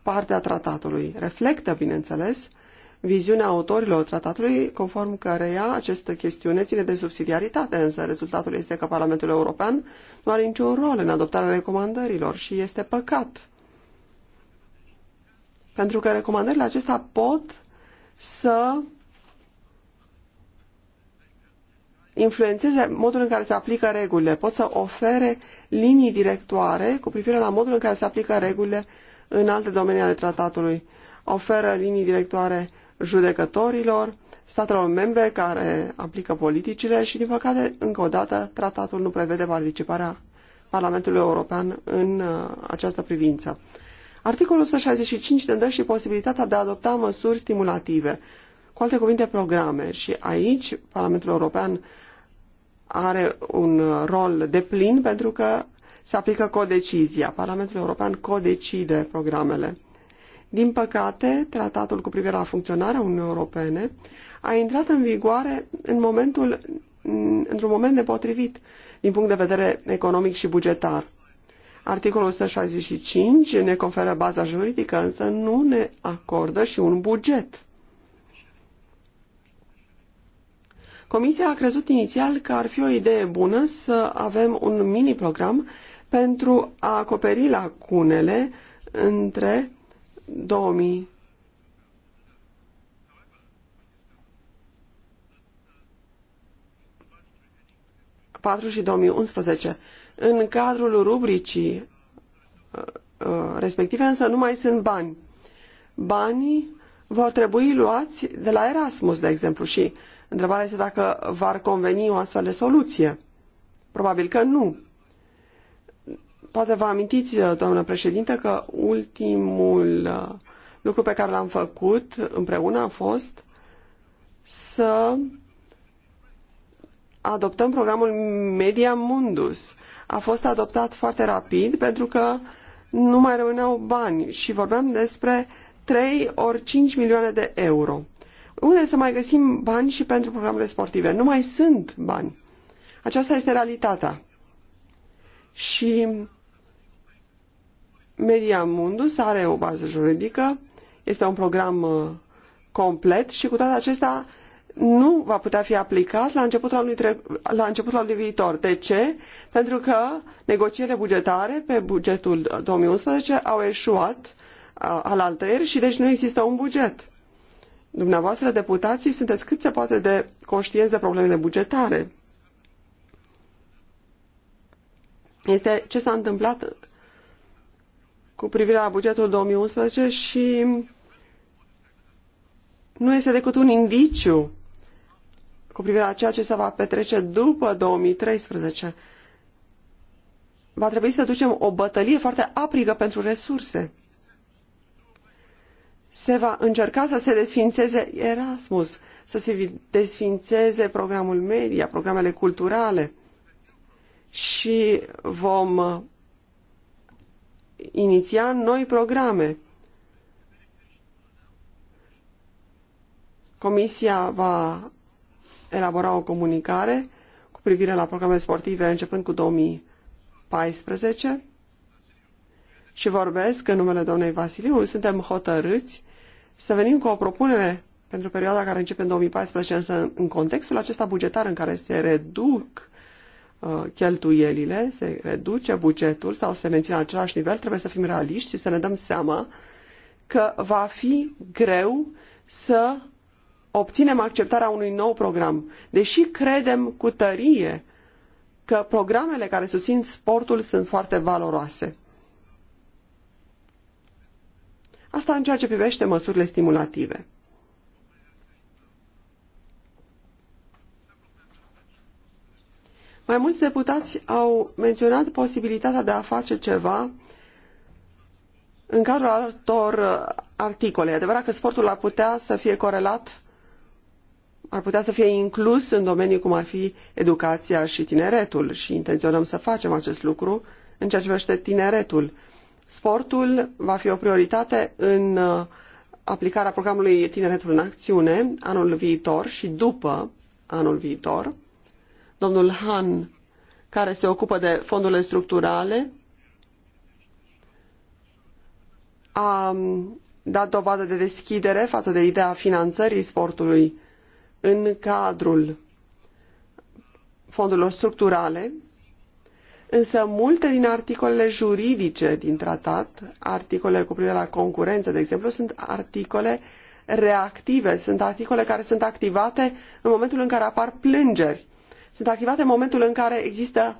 parte a tratatului. Reflectă, bineînțeles, uh, viziunea autorilor tratatului, conform căreia această chestiune ține de subsidiaritate, însă rezultatul este că Parlamentul European nu are niciun rol în adoptarea recomandărilor și este păcat. Pentru că recomandările acestea pot să influențeze modul în care se aplică regulile, pot să ofere linii directoare cu privire la modul în care se aplică regulile în alte domenii ale tratatului. Oferă linii directoare judecătorilor, statelor membre care aplică politicile și, din păcate, încă o dată, tratatul nu prevede participarea Parlamentului European în uh, această privință. Articolul 165 ne dă și posibilitatea de a adopta măsuri stimulative, cu alte cuvinte, programe. Și aici Parlamentul European are un uh, rol de plin pentru că se aplică codecizia. Parlamentul European codecide programele. Din păcate, tratatul cu privire la funcționarea Uniunii Europene a intrat în vigoare în momentul, într-un moment nepotrivit din punct de vedere economic și bugetar. Articolul 165 ne conferă baza juridică, însă nu ne acordă și un buget. Comisia a crezut inițial că ar fi o idee bună să avem un mini-program pentru a acoperi lacunele între 2000 și 2011. În cadrul rubricii uh, uh, respective însă nu mai sunt bani. Banii vor trebui luați de la Erasmus, de exemplu, și întrebarea este dacă va conveni o astfel de soluție. Probabil că nu. Poate vă amintiți, doamnă președinte, că ultimul uh, lucru pe care l-am făcut împreună a fost să adoptăm programul Media Mundus. A fost adoptat foarte rapid pentru că nu mai rămâneau bani și vorbeam despre 3 ori 5 milioane de euro. Unde să mai găsim bani și pentru programele sportive? Nu mai sunt bani. Aceasta este realitatea. Și Media Mundus are o bază juridică, este un program uh, complet și cu toate acestea nu va putea fi aplicat la începutul anului, tre- la începutul anului viitor. De ce? Pentru că negocierile bugetare pe bugetul 2011 au eșuat uh, al altăieri și deci nu există un buget. Dumneavoastră, deputații, sunteți cât se poate de conștienți de problemele bugetare. Este ce s-a întâmplat cu privire la bugetul 2011 și nu este decât un indiciu cu privire la ceea ce se va petrece după 2013. Va trebui să ducem o bătălie foarte aprigă pentru resurse. Se va încerca să se desfințeze Erasmus, să se desfințeze programul media, programele culturale și vom iniția noi programe. Comisia va elabora o comunicare cu privire la programe sportive începând cu 2014 și vorbesc în numele doamnei Vasiliu. Suntem hotărâți să venim cu o propunere pentru perioada care începe în 2014, însă în contextul acesta bugetar în care se reduc Uh, cheltuielile, se reduce bugetul sau se menține la același nivel, trebuie să fim realiști și să ne dăm seama că va fi greu să obținem acceptarea unui nou program. Deși credem cu tărie că programele care susțin sportul sunt foarte valoroase. Asta în ceea ce privește măsurile stimulative. Mai mulți deputați au menționat posibilitatea de a face ceva în cadrul altor uh, articole. E adevărat că sportul ar putea să fie corelat, ar putea să fie inclus în domenii cum ar fi educația și tineretul și intenționăm să facem acest lucru în ceea ce privește tineretul. Sportul va fi o prioritate în uh, aplicarea programului Tineretul în Acțiune anul viitor și după anul viitor domnul Han, care se ocupă de fondurile structurale, a dat dovadă de deschidere față de ideea finanțării sportului în cadrul fondurilor structurale, însă multe din articolele juridice din tratat, articole cu privire la concurență, de exemplu, sunt articole reactive, sunt articole care sunt activate în momentul în care apar plângeri sunt activate în momentul în care există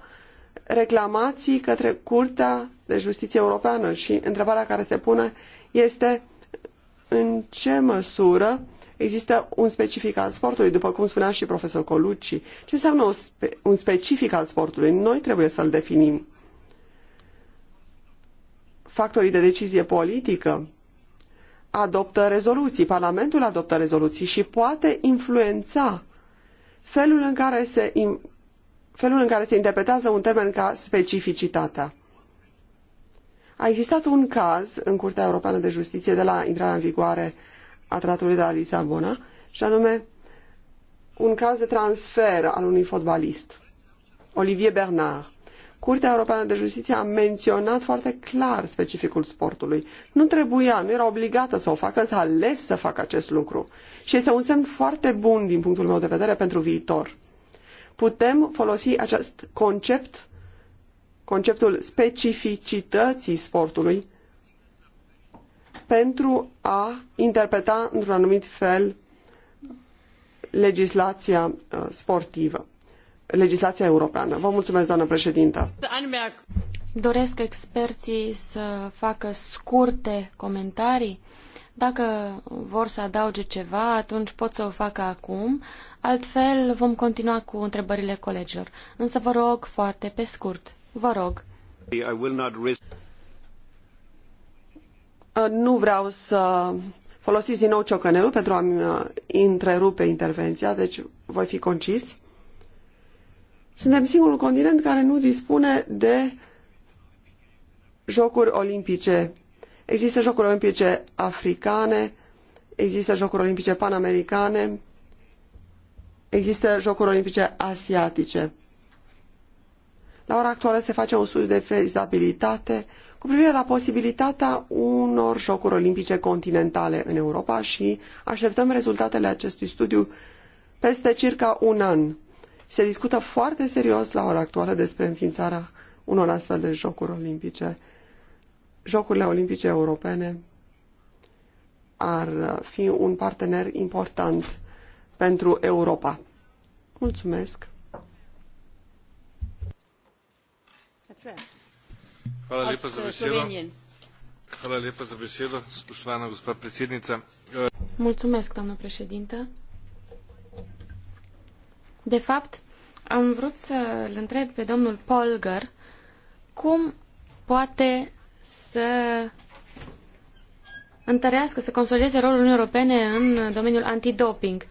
reclamații către Curtea de Justiție Europeană și întrebarea care se pune este în ce măsură există un specific al sportului, după cum spunea și profesor Colucci. Ce înseamnă un specific al sportului? Noi trebuie să-l definim. Factorii de decizie politică adoptă rezoluții, Parlamentul adoptă rezoluții și poate influența uh, felul în care se, felul în care se interpretează un termen ca specificitatea. A existat un caz în Curtea Europeană de Justiție de la intrarea în vigoare a Tratului de la Lisabona, și anume un caz de transfer al unui fotbalist, Olivier Bernard. Curtea Europeană de Justiție a menționat foarte clar specificul sportului. Nu trebuia, nu era obligată să o facă, să ales să facă acest lucru. Și este un semn foarte bun din punctul meu de vedere pentru viitor. Putem folosi acest concept, conceptul specificității sportului, pentru a interpreta într-un anumit fel legislația uh, sportivă legislația europeană. Vă mulțumesc, doamnă președintă. Doresc experții să facă scurte comentarii. Dacă vor să adauge ceva, atunci pot să o facă acum, altfel vom continua cu întrebările colegilor. Însă vă rog foarte pe scurt. Vă rog. Ă, nu vreau să folosiți din nou ciocănelul pentru a-mi ă, întrerupe intervenția, deci voi fi concis. Suntem singurul continent care nu dispune de jocuri olimpice. Există jocuri olimpice africane, există jocuri olimpice panamericane, există jocuri olimpice asiatice. La ora actuală se face un studiu de fezabilitate cu privire la posibilitatea unor jocuri olimpice continentale în Europa și așteptăm rezultatele acestui studiu peste circa un an. Se discută foarte serios la ora actuală despre înființarea unor astfel de jocuri olimpice. Jocurile olimpice europene ar fi un partener important pentru Europa. Mulțumesc! Hvala lepa za eh, besedo. Hvala lepa za besedo, spoštovana gospa predsednica. Mulțumesc, doamnă președintă. De fapt, am vrut să îl întreb pe domnul Polgar cum poate să întărească, să consolideze rolul Uniunii Europene în domeniul antidoping.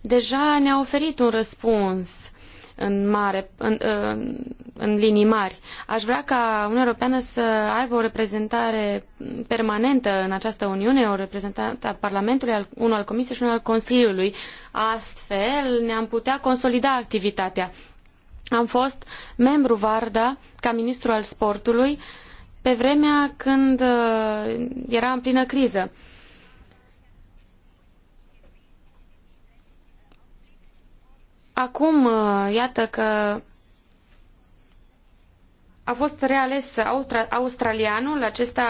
Deja ne-a oferit un răspuns în, mare, în, în, în linii mari. Aș vrea ca Uniunea Europeană să aibă o reprezentare permanentă în această Uniune, o reprezentare a Parlamentului, unul al Comisiei și unul al Consiliului. Astfel ne-am putea consolida activitatea. Am fost membru Varda ca ministru al sportului pe vremea când uh, era în plină criză. Acum, uh, iată că a fost reales australianul, acesta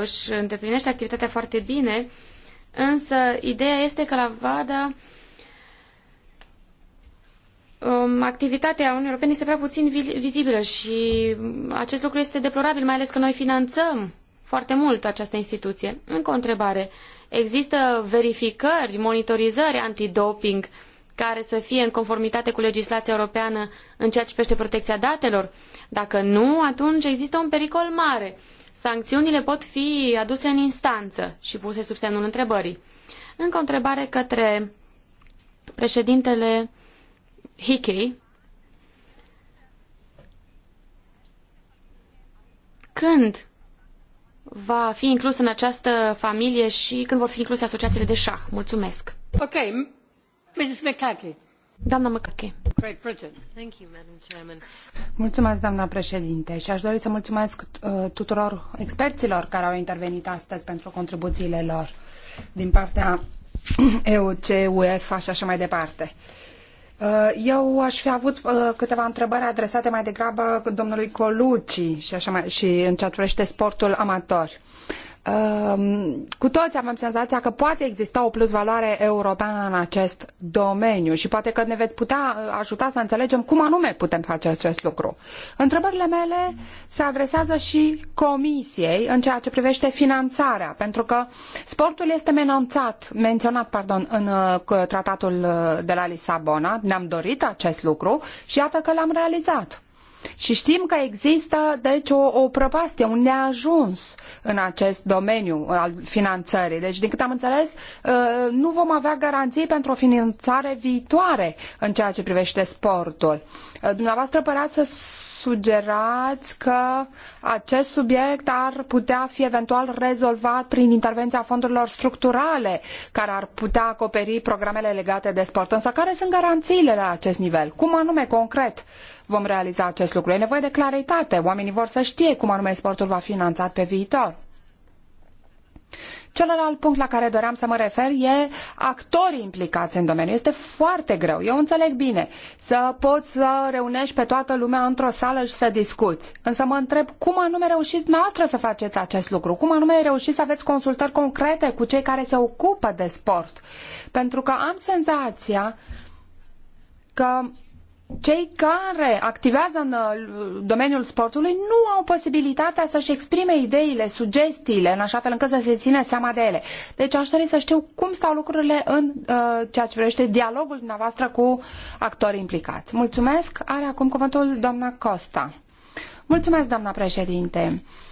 își îndeplinește activitatea foarte bine, însă ideea este că la VADA um, activitatea Uniunii Europene este prea puțin vizibilă și acest lucru este deplorabil, mai ales că noi finanțăm foarte mult această instituție. Încă o întrebare. Există verificări, monitorizări antidoping doping care să fie în conformitate cu legislația europeană în ceea ce privește protecția datelor? Dacă nu, atunci există un pericol mare. Sancțiunile pot fi aduse în instanță și puse sub semnul întrebării. Încă o întrebare către președintele Hickey. Când va fi inclus în această familie și când vor fi incluse asociațiile de șah? Mulțumesc! Okay. Mrs. McCarthy. Great Britain. Thank you, Madam Mulțumesc, președinte, și aș dori să mulțumesc uh, tuturor experților care au intervenit astăzi pentru contribuțiile lor din partea EUC, UEFA și așa mai departe. Uh, eu aș fi avut uh, câteva întrebări adresate mai degrabă domnului Colucci și, așa mai, și în ceea ce privește sportul amator. Ehm, cu toți avem senzația că poate exista o plusvaloare europeană în acest domeniu și poate că ne veți putea uh, ajuta să înțelegem cum anume putem face acest lucru. Întrebările mele se adresează și Comisiei în ceea ce privește finanțarea, pentru că sportul este menunțat, menționat pardon, în uh, tratatul uh, de la Lisabona, ne-am dorit acest lucru și iată că l-am realizat. Și știm că există, deci, o, o prăpastie, un neajuns în acest domeniu al finanțării. Deci, din câte am înțeles, ă, nu vom avea garanții pentru o finanțare viitoare în ceea ce privește sportul. Ă, dumneavoastră păreați să sugerați că acest subiect ar putea fi eventual rezolvat prin intervenția fondurilor structurale care ar putea acoperi programele legate de sport. Însă care sunt garanțiile la acest nivel? Cum anume, concret, vom realiza acest lucru. E nevoie de claritate. Oamenii vor să știe cum anume sportul va fi finanțat pe viitor. Celălalt punct la care doream să mă refer e actorii implicați în domeniu. Este foarte greu, eu înțeleg bine, să poți să reunești pe toată lumea într-o sală și să discuți. Însă mă întreb cum anume reușiți noastră să faceți acest lucru, cum anume reușiți să aveți consultări concrete cu cei care se ocupă de sport. Pentru că am senzația că cei care activează în uh, domeniul sportului nu au posibilitatea să-și exprime ideile, sugestiile, în așa fel încât să se țină seama de ele. Deci aș dori să știu cum stau lucrurile în uh, ceea ce privește dialogul dumneavoastră cu actorii implicați. Mulțumesc. Are acum cuvântul doamna Costa. Mulțumesc, doamna președinte. Uh,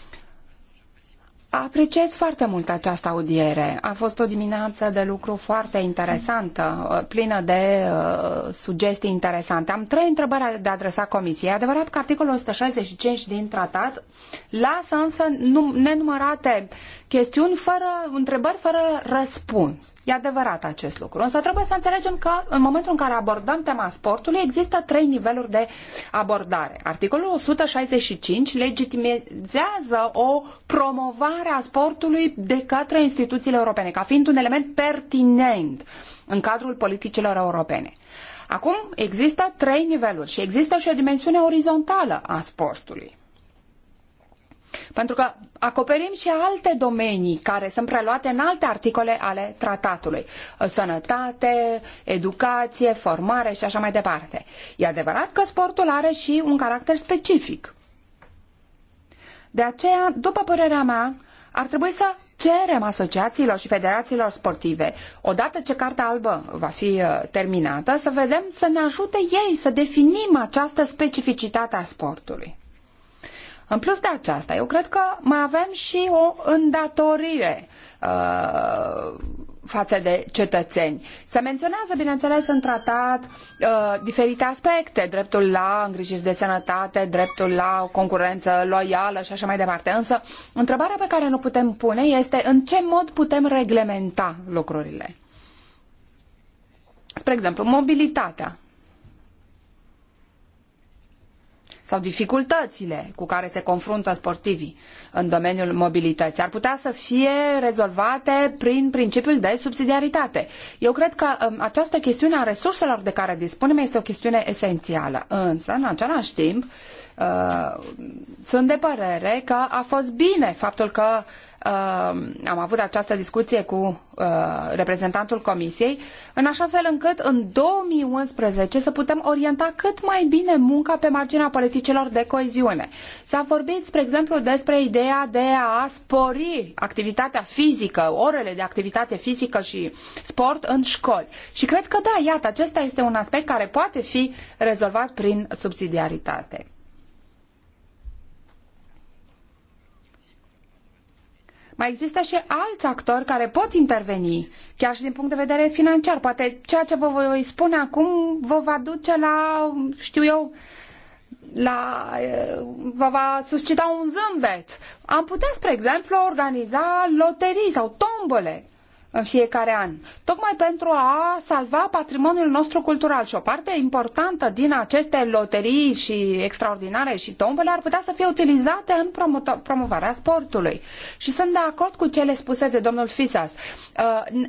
Apreciez foarte mult această audiere. A fost o dimineață de lucru foarte interesantă, plină de uh, sugestii interesante. Am trei întrebări de adresat Comisiei. E adevărat că articolul 165 din tratat lasă însă num- nenumărate chestiuni fără întrebări, fără răspuns. E adevărat acest lucru. Însă trebuie să înțelegem că în momentul în care abordăm tema sportului există trei niveluri de abordare. Articolul 165 legitimizează o promovare a sportului de către instituțiile europene, ca fiind un element pertinent în cadrul politicilor europene. Acum există trei niveluri și există și o dimensiune orizontală a sportului. Pentru că acoperim și alte domenii care sunt preluate în alte articole ale tratatului. Sănătate, educație, formare și așa mai departe. E adevărat că sportul are și un caracter specific. De aceea, după părerea mea, ar trebui să cerem asociațiilor și federațiilor sportive, odată ce Carta Albă va fi uh, terminată, să vedem să ne ajute ei să definim această specificitate a sportului. În plus de aceasta, eu cred că mai avem și o îndatorire uh, față de cetățeni. Se menționează, bineînțeles, în tratat uh, diferite aspecte, dreptul la îngrijiri de sănătate, dreptul la o concurență loială și așa mai departe. Însă, întrebarea pe care nu putem pune este în ce mod putem reglementa lucrurile. Spre exemplu, mobilitatea. sau dificultățile cu care se confruntă sportivii în domeniul mobilității ar putea să fie rezolvate prin principiul de subsidiaritate. Eu cred că um, această chestiune a resurselor de care dispunem este o chestiune esențială. Însă, în același timp, uh, sunt de părere că a fost bine faptul că Um, am avut această discuție cu uh, reprezentantul Comisiei, în așa fel încât în 2011 să putem orienta cât mai bine munca pe marginea politicilor de coeziune. S-a vorbit, spre exemplu, despre ideea de a spori activitatea fizică, orele de activitate fizică și sport în școli. Și cred că da, iată, acesta este un aspect care poate fi rezolvat prin subsidiaritate. mai există și alți actori care pot interveni, chiar și din punct de vedere financiar. Poate ceea ce vă voi spune acum vă va duce la, știu eu, la, vă va suscita un zâmbet. Am putea, spre exemplu, organiza loterii sau tombole în fiecare an, tocmai pentru a salva patrimoniul nostru cultural. Și o parte importantă din aceste loterii și extraordinare și tombele ar putea să fie utilizate în promo promovarea sportului. Și sunt de acord cu cele spuse de domnul Fisas. Uh,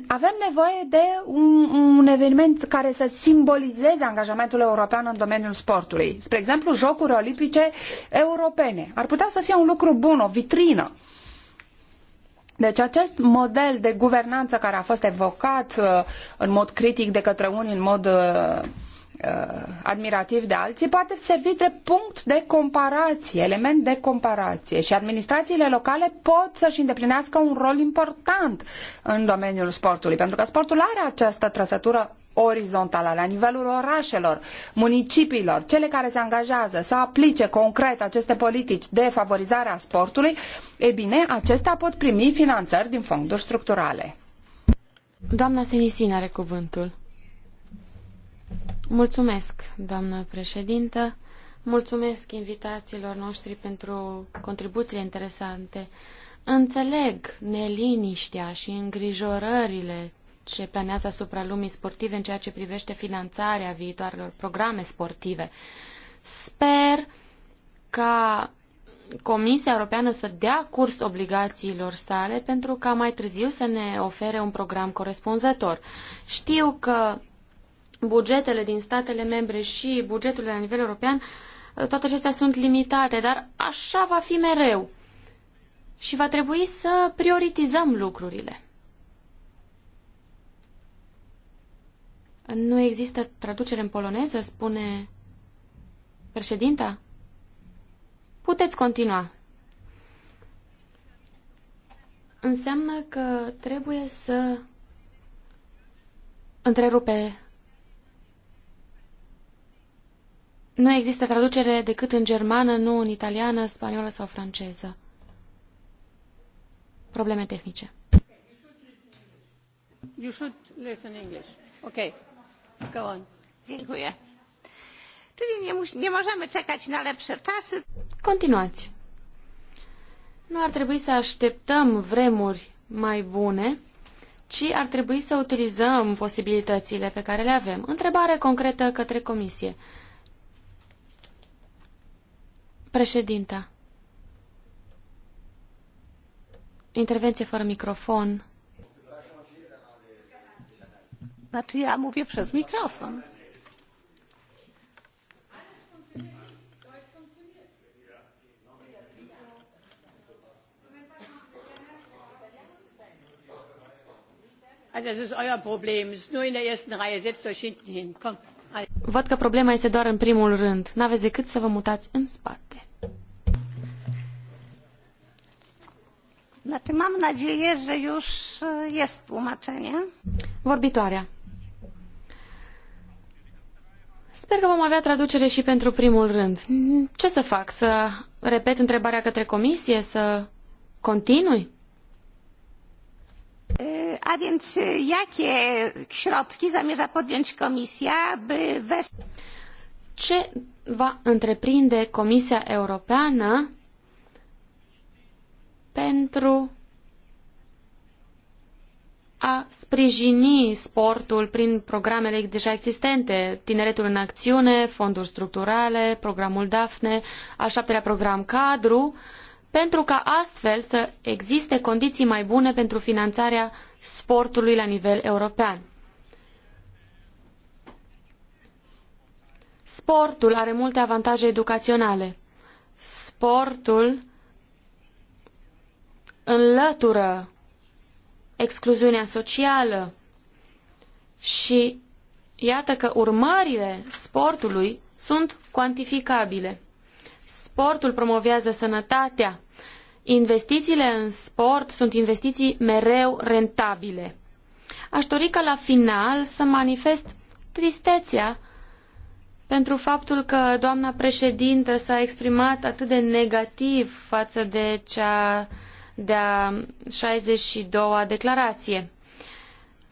avem nevoie de un, un eveniment care să simbolizeze angajamentul european în domeniul sportului. Spre exemplu, Jocuri Olimpice Europene. Ar putea să fie un lucru bun, o vitrină. Deci acest model de guvernanță care a fost evocat uh, în mod critic de către unii, în mod uh, uh, admirativ de alții, poate servi drept punct de comparație, element de comparație. Și administrațiile locale pot să-și îndeplinească un rol important în domeniul sportului, pentru că sportul are această trăsătură orizontală, la nivelul orașelor, municipiilor, cele care se angajează să aplice concret aceste politici de favorizare a sportului, e bine, acestea pot primi finanțări din fonduri structurale. Doamna Senisin are cuvântul. Mulțumesc, doamnă președintă. Mulțumesc invitațiilor noștri pentru contribuțiile interesante. Înțeleg neliniștea și îngrijorările ce planează asupra lumii sportive în ceea ce privește finanțarea viitoarelor programe sportive. Sper ca Comisia Europeană să dea curs obligațiilor sale pentru ca mai târziu să ne ofere un program corespunzător. Știu că bugetele din statele membre și bugetul la nivel european, toate acestea sunt limitate, dar așa va fi mereu. Și va trebui să prioritizăm lucrurile. Nu există traducere în poloneză, spune președinta? Puteți continua. Înseamnă că trebuie să întrerupe. Nu există traducere decât în germană, nu în italiană, spaniolă sau franceză. Probleme tehnice. You should listen English. Okay. Czyli nie, nie możemy czekać na lepsze czasy. Continuați. Nu ar trebui să așteptăm vremuri mai bune, ci ar trebui să utilizăm posibilitățile pe care le avem. Întrebare concretă către comisie. Președinta. Intervenție fără microfon. Znaczy ja mówię przez mikrofon. Văd că problema este doar în primul rând. N-aveți decât să vă mutați în spate. Znaczy mam nadzieję, że już jest tłumaczenie. Vorbitoarea. Sper că vom avea traducere și pentru primul rând. Ce să fac? Să repet întrebarea către comisie? Să continui? A więc jakie środki zamierza podjąć komisja, by wes... Ce va întreprinde Comisia Europeană pentru a sprijini sportul prin programele deja existente, Tineretul în Acțiune, Fonduri Structurale, Programul DAFNE, al șaptelea program Cadru, pentru ca astfel să existe condiții mai bune pentru finanțarea sportului la nivel european. Sportul are multe avantaje educaționale. Sportul înlătură excluziunea socială. Și iată că urmările sportului sunt cuantificabile. Sportul promovează sănătatea. Investițiile în sport sunt investiții mereu rentabile. Aș dori ca la final să manifest tristețea pentru faptul că doamna președintă s-a exprimat atât de negativ față de cea de-a 62-a declarație.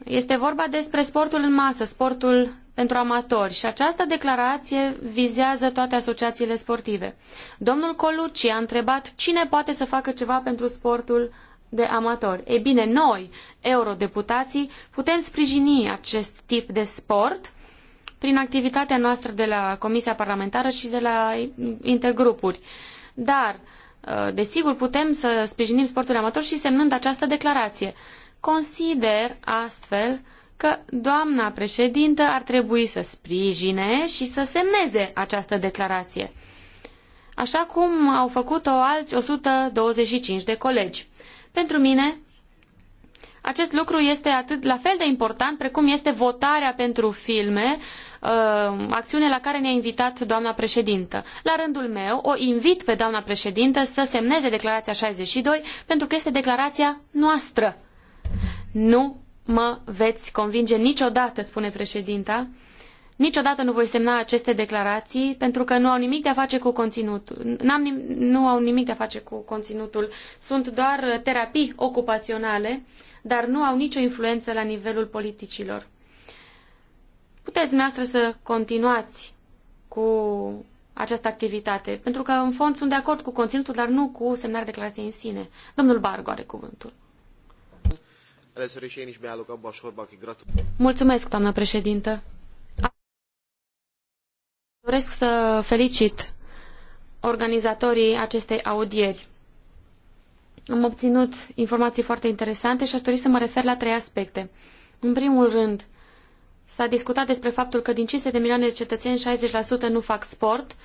Este vorba despre sportul în masă, sportul pentru amatori și această declarație vizează toate asociațiile sportive. Domnul Colucci a întrebat cine poate să facă ceva pentru sportul de amatori. Ei bine, noi, eurodeputații, putem sprijini acest tip de sport prin activitatea noastră de la Comisia Parlamentară și de la intergrupuri. Dar Uh, desigur, putem să sprijinim sportul amator și semnând această declarație. Consider astfel că doamna președintă ar trebui să sprijine și să semneze această declarație, așa cum au făcut-o alți 125 de colegi. Pentru mine, acest lucru este atât la fel de important precum este votarea pentru filme, uh, acțiune la care ne-a invitat doamna președintă. La rândul meu, o invit pe doamna președintă să semneze declarația 62 pentru că este declarația noastră. Nu mă veți convinge niciodată, spune președinta, Niciodată nu voi semna aceste declarații pentru că nu au nimic de a face cu conținutul. Nim nu au nimic de a face cu conținutul. Sunt doar terapii ocupaționale, dar nu au nicio influență la nivelul politicilor puteți dumneavoastră să continuați cu această activitate, pentru că în fond sunt de acord cu conținutul, dar nu cu semnarea declarației în sine. Domnul Bargo are cuvântul. Mulțumesc, doamnă președintă. Doresc să felicit organizatorii acestei audieri. Am obținut informații foarte interesante și aș dori să mă refer la trei aspecte. În primul rând, S-a discutat despre faptul că din 500 de milioane de cetățeni, 60% nu fac sport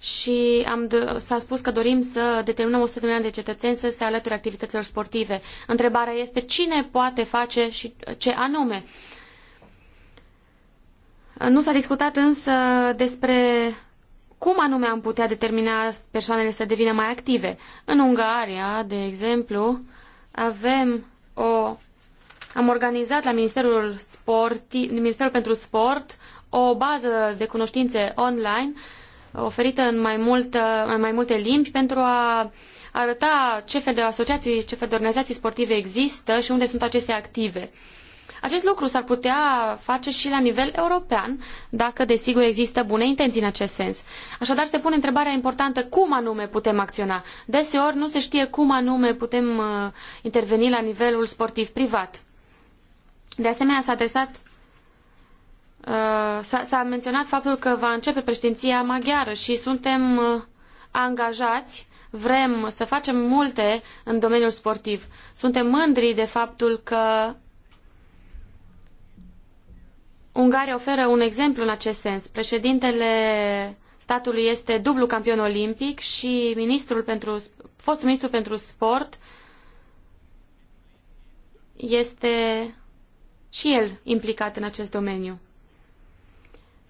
și am, s-a spus că dorim să determinăm 100 de milioane de cetățeni să se alăture activităților sportive. Întrebarea este cine poate face și ce anume. Nu s-a discutat însă despre cum anume am putea determina persoanele să devină mai active. În Ungaria, de exemplu, avem o am organizat la Ministerul, Sporti, Ministerul pentru Sport o bază de cunoștințe online oferită în mai, mult, în mai multe limbi pentru a arăta ce fel de asociații, ce fel de organizații sportive există și unde sunt acestea active. Acest lucru s-ar putea face și la nivel european, dacă desigur există bune intenții în acest sens. Așadar se pune întrebarea importantă cum anume putem acționa. Deseori nu se știe cum anume putem uh, interveni la nivelul sportiv privat. De asemenea, s-a adresat uh, s-a menționat faptul că va începe președinția maghiară și suntem uh, angajați, vrem să facem multe în domeniul sportiv. Suntem mândri de faptul că Ungaria oferă un exemplu în acest sens. Președintele statului este dublu campion olimpic și ministrul pentru, fostul ministru pentru sport este și el implicat în acest domeniu.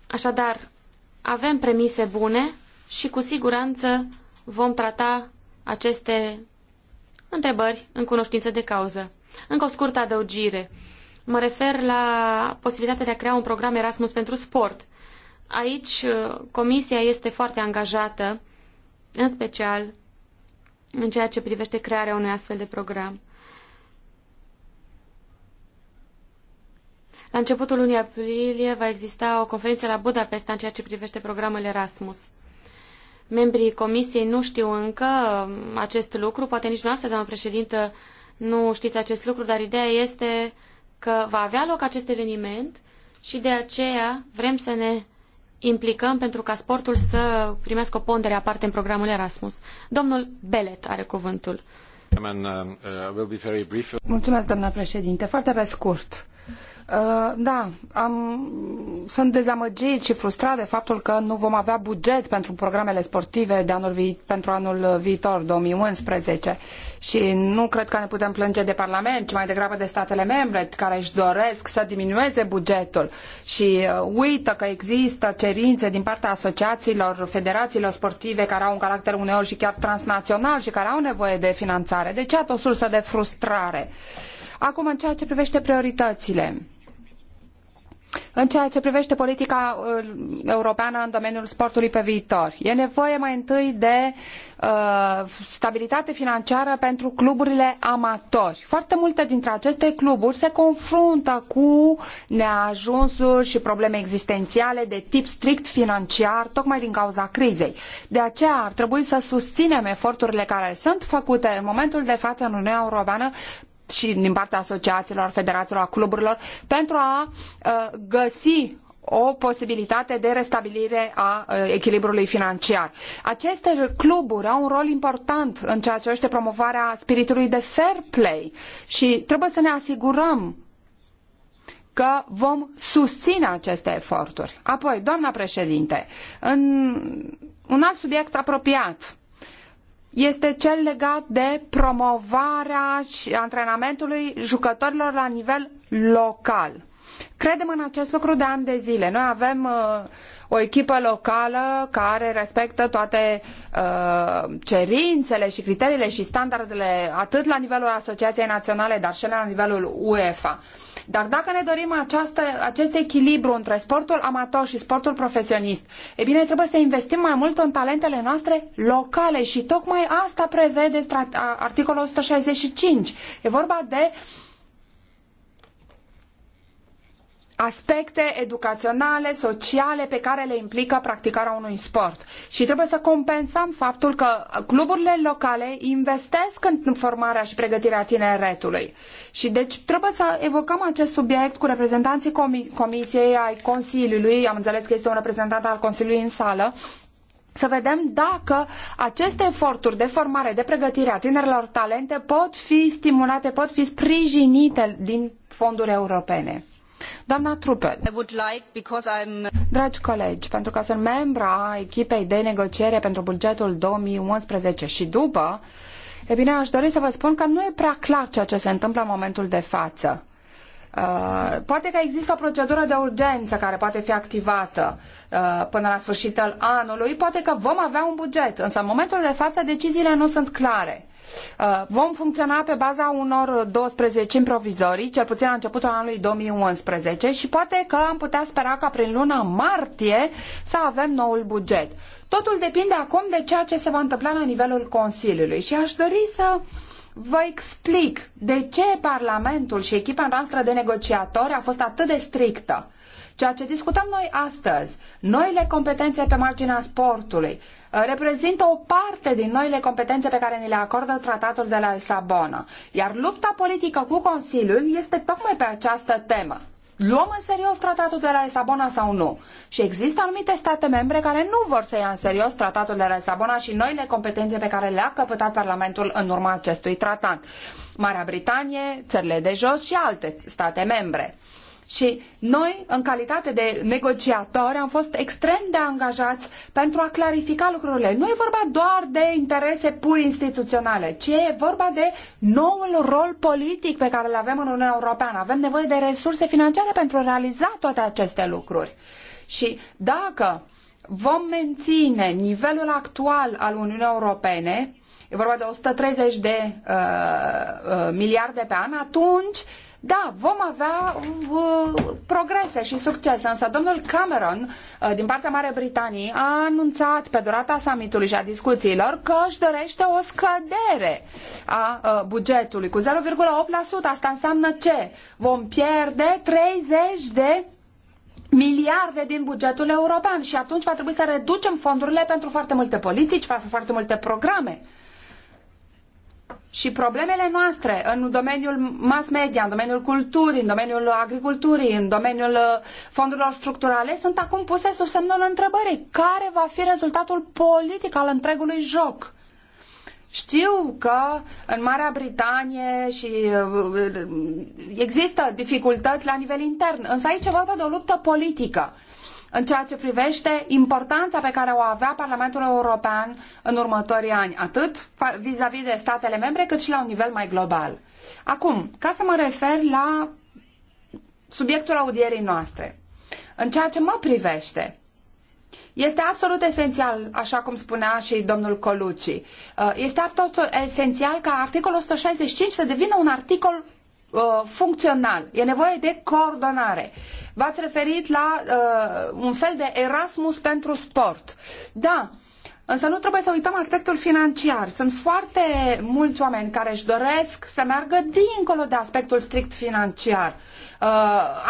Așadar, avem premise bune și cu siguranță vom trata aceste întrebări în cunoștință de cauză. Încă o scurtă adăugire. Mă refer la posibilitatea de a crea un program Erasmus pentru sport. Aici uh, comisia este foarte angajată, în special în ceea ce privește crearea unui astfel de program. La începutul lunii aprilie va exista o conferință la Budapesta în ceea ce privește programul Erasmus. Membrii comisiei nu știu încă um, acest lucru, poate nici dumneavoastră, doamnă președintă, nu știți acest lucru, dar ideea este că va avea loc acest eveniment și de aceea vrem să ne implicăm pentru ca sportul să primească o pondere aparte în programul Erasmus. Domnul Belet are cuvântul. Um, uh, Mulțumesc, doamna președinte. Foarte pe scurt. Uh, da, am, sunt dezamăgit și frustrat de faptul că nu vom avea buget pentru programele sportive de anul vi- pentru anul viitor, 2011. Și nu cred că ne putem plânge de Parlament, ci mai degrabă de statele membre care își doresc să diminueze bugetul și uh, uită că există cerințe din partea asociațiilor, federațiilor sportive care au un caracter uneori și chiar transnațional și care au nevoie de finanțare. Deci, iată o sursă de frustrare. Acum, în ceea ce privește prioritățile în ceea ce privește politica uh, europeană în domeniul sportului pe viitor, e nevoie mai întâi de uh, stabilitate financiară pentru cluburile amatori. Foarte multe dintre aceste cluburi se confruntă cu neajunsuri și probleme existențiale de tip strict financiar, tocmai din cauza crizei. De aceea ar trebui să susținem eforturile care sunt făcute în momentul de față în Uniunea Europeană și din partea asociațiilor, federațiilor, a cluburilor, pentru a uh, găsi o posibilitate de restabilire a uh, echilibrului financiar. Aceste cluburi au un rol important în ceea ce este promovarea spiritului de fair play și trebuie să ne asigurăm că vom susține aceste eforturi. Apoi, doamna președinte, un alt subiect apropiat este cel legat de promovarea și antrenamentului jucătorilor la nivel local. Credem în acest lucru de ani de zile. Noi avem uh, o echipă locală care respectă toate uh, cerințele și criteriile și standardele atât la nivelul Asociației Naționale, dar și la nivelul UEFA. Dar dacă ne dorim această, acest echilibru între sportul amator și sportul profesionist, e bine, trebuie să investim mai mult în talentele noastre locale și tocmai asta prevede articolul 165. E vorba de uh, aspecte educaționale, sociale pe care le implică practicarea unui sport. Și trebuie să compensăm faptul că cluburile locale investesc în formarea și pregătirea tineretului. Și deci trebuie să evocăm acest subiect cu reprezentanții comi Comisiei, ai Consiliului, am înțeles că este un reprezentant al Consiliului în sală, să vedem dacă aceste eforturi de formare, de pregătire a tinerilor talente pot fi stimulate, pot fi sprijinite din fonduri europene. Doamna Trupel, dragi colegi, pentru că sunt membra echipei de negociere pentru bugetul 2011 și după, e bine, aș dori să vă spun că nu e prea clar ceea ce se întâmplă în momentul de față Uh, poate că există o procedură de urgență care poate fi activată uh, până la sfârșitul anului, poate că vom avea un buget, însă în momentul de față deciziile nu sunt clare. Uh, vom funcționa pe baza unor 12 improvizorii, cel puțin la începutul anului 2011 și poate că am putea spera ca prin luna martie să avem noul buget. Totul depinde acum de ceea ce se va întâmpla la nivelul Consiliului și aș dori să uh, Vă explic de ce Parlamentul și echipa noastră de negociatori a fost atât de strictă. Ceea ce discutăm noi astăzi, noile competențe pe marginea sportului, uh, reprezintă o parte din noile competențe pe care ni le acordă tratatul de la Lisabona. Iar lupta politică cu Consiliul este tocmai pe această temă luăm în serios tratatul de la Lisabona sau nu. Și există anumite state membre care nu vor să ia în serios tratatul de la Lisabona și noile competențe pe care le-a căpătat Parlamentul în urma acestui tratat. Marea Britanie, țările de jos și alte state membre. Și noi, în calitate de negociatori, am fost extrem de angajați pentru a clarifica lucrurile. Nu e vorba doar de interese pur instituționale, ci e vorba de noul rol politic pe care îl avem în Uniunea Europeană. Avem nevoie de resurse financiare pentru a realiza toate aceste lucruri. Și dacă vom menține nivelul actual al Uniunii Europene, e vorba de 130 de uh, uh, miliarde pe an, atunci da, vom avea uh, progrese și succese, însă domnul Cameron uh, din partea Marii Britanii a anunțat pe durata summitului și a discuțiilor că își dorește o scădere a uh, bugetului cu 0,8%. Asta înseamnă ce? Vom pierde 30 de miliarde din bugetul european și atunci va trebui să reducem fondurile pentru foarte multe politici, foarte multe programe și problemele noastre în domeniul mass media, în domeniul culturii, în domeniul agriculturii, în domeniul uh, fondurilor structurale sunt acum puse sub semnul întrebării. Care va fi rezultatul politic al întregului joc? Știu că în Marea Britanie și uh, uh, există dificultăți la nivel intern, însă aici e vorba de o luptă politică în ceea ce privește importanța pe care o avea Parlamentul European în următorii ani, atât vis-a-vis de statele membre, cât și la un nivel mai global. Acum, ca să mă refer la subiectul audierii noastre, în ceea ce mă privește, este absolut esențial, așa cum spunea și domnul Colucci, uh, este absolut esențial ca articolul 165 să devină un articol Uh, funcțional. E nevoie de coordonare. V-ați referit la uh, un fel de Erasmus pentru sport. Da, uh, Însă nu trebuie să uităm aspectul financiar. Sunt foarte mulți oameni care își doresc să meargă dincolo de aspectul strict financiar. Uh,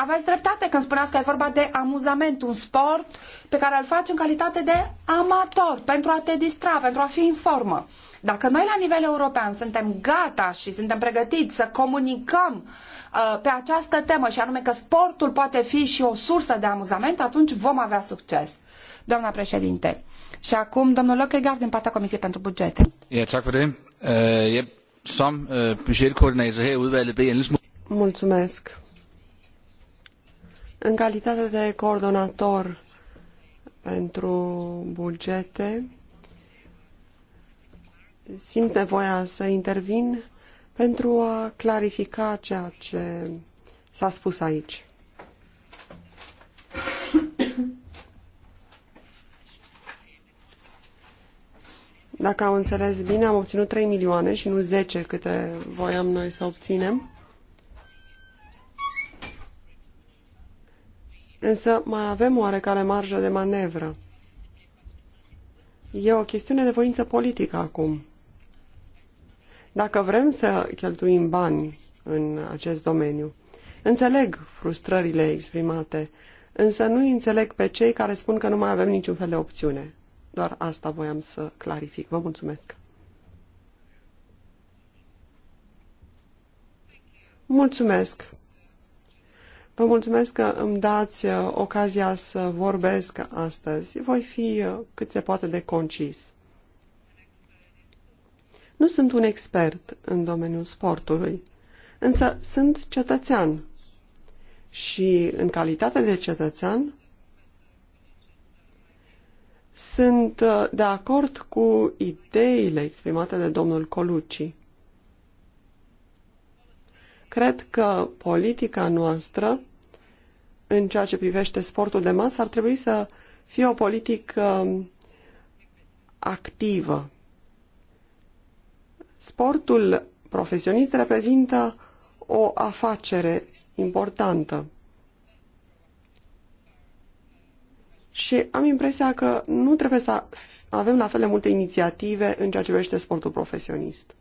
aveți dreptate când spuneați că e vorba de amuzament, un sport pe care îl faci în calitate de amator, pentru a te distra, pentru a fi în formă. Dacă noi la nivel european suntem gata și suntem pregătiți să comunicăm uh, pe această temă și anume că sportul poate fi și o sursă de amuzament, atunci vom avea succes. Doamna președinte, și acum, domnul Lockergard, din partea Comisiei pentru Buget. Øh, øh, Mulțumesc. În calitate de coordonator pentru bugete, simt nevoia să intervin pentru a clarifica ceea ce s-a spus aici. Dacă am înțeles bine, am obținut 3 milioane și nu 10 câte voiam noi să obținem. Însă mai avem oarecare marjă de manevră. E o chestiune de voință politică acum. Dacă vrem să cheltuim bani în acest domeniu, înțeleg frustrările exprimate, însă nu înțeleg pe cei care spun că nu mai avem niciun fel de opțiune. Doar asta voiam să clarific. Vă mulțumesc. Mulțumesc. Vă mulțumesc că îmi dați uh, ocazia să vorbesc astăzi. Voi fi uh, cât se poate de concis. Nu sunt un expert în domeniul sportului, însă sunt cetățean. Și în calitate de cetățean sunt uh, de acord cu ideile exprimate de domnul Colucci. Cred că politica noastră, în ceea ce privește sportul de masă, ar trebui să fie o politică um, activă. Sportul profesionist reprezintă o afacere importantă. și am impresia că nu trebuie să avem la fel de multe inițiative în ceea ce privește sportul profesionist.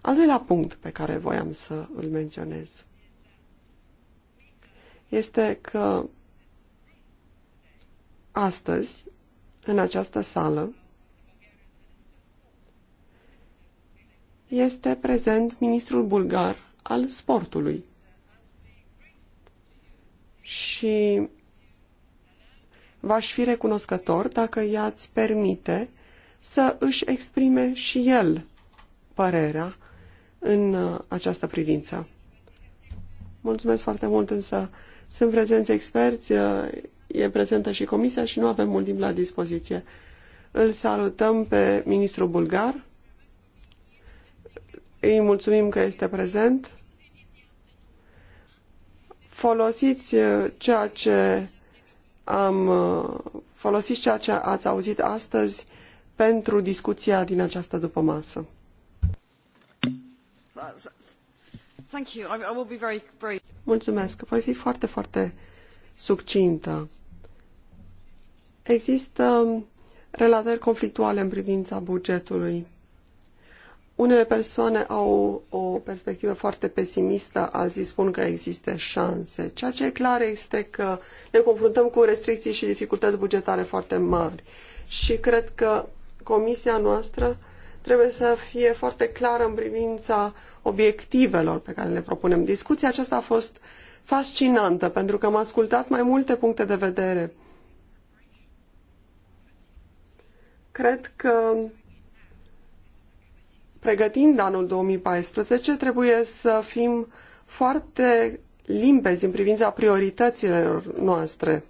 Al doilea punct pe care voiam să îl menționez este că astăzi, în această sală, este prezent ministrul bulgar al sportului. Și v-aș fi recunoscător dacă i-ați permite să își exprime și el părerea în uh, această privință. Mulțumesc foarte mult, însă sunt prezenți experți, uh, e prezentă și comisia și nu avem mult timp la dispoziție. Îl salutăm pe ministrul bulgar. Îi mulțumim că este prezent. Folosiți uh, ceea ce am uh, folosit ceea ce ați auzit astăzi pentru discuția din această dupămasă. Mulțumesc. Voi fi foarte, foarte succintă. Există relatări conflictuale în privința bugetului. Unele persoane au o perspectivă foarte pesimistă, alții spun că există șanse. Ceea ce e clar este că ne confruntăm cu restricții și dificultăți bugetare foarte mari și cred că comisia noastră trebuie să fie foarte clară în privința obiectivelor pe care le propunem. Discuția aceasta a fost fascinantă pentru că am ascultat mai multe puncte de vedere. Cred că pregătind anul 2014, trebuie să fim foarte limpezi în privința priorităților noastre.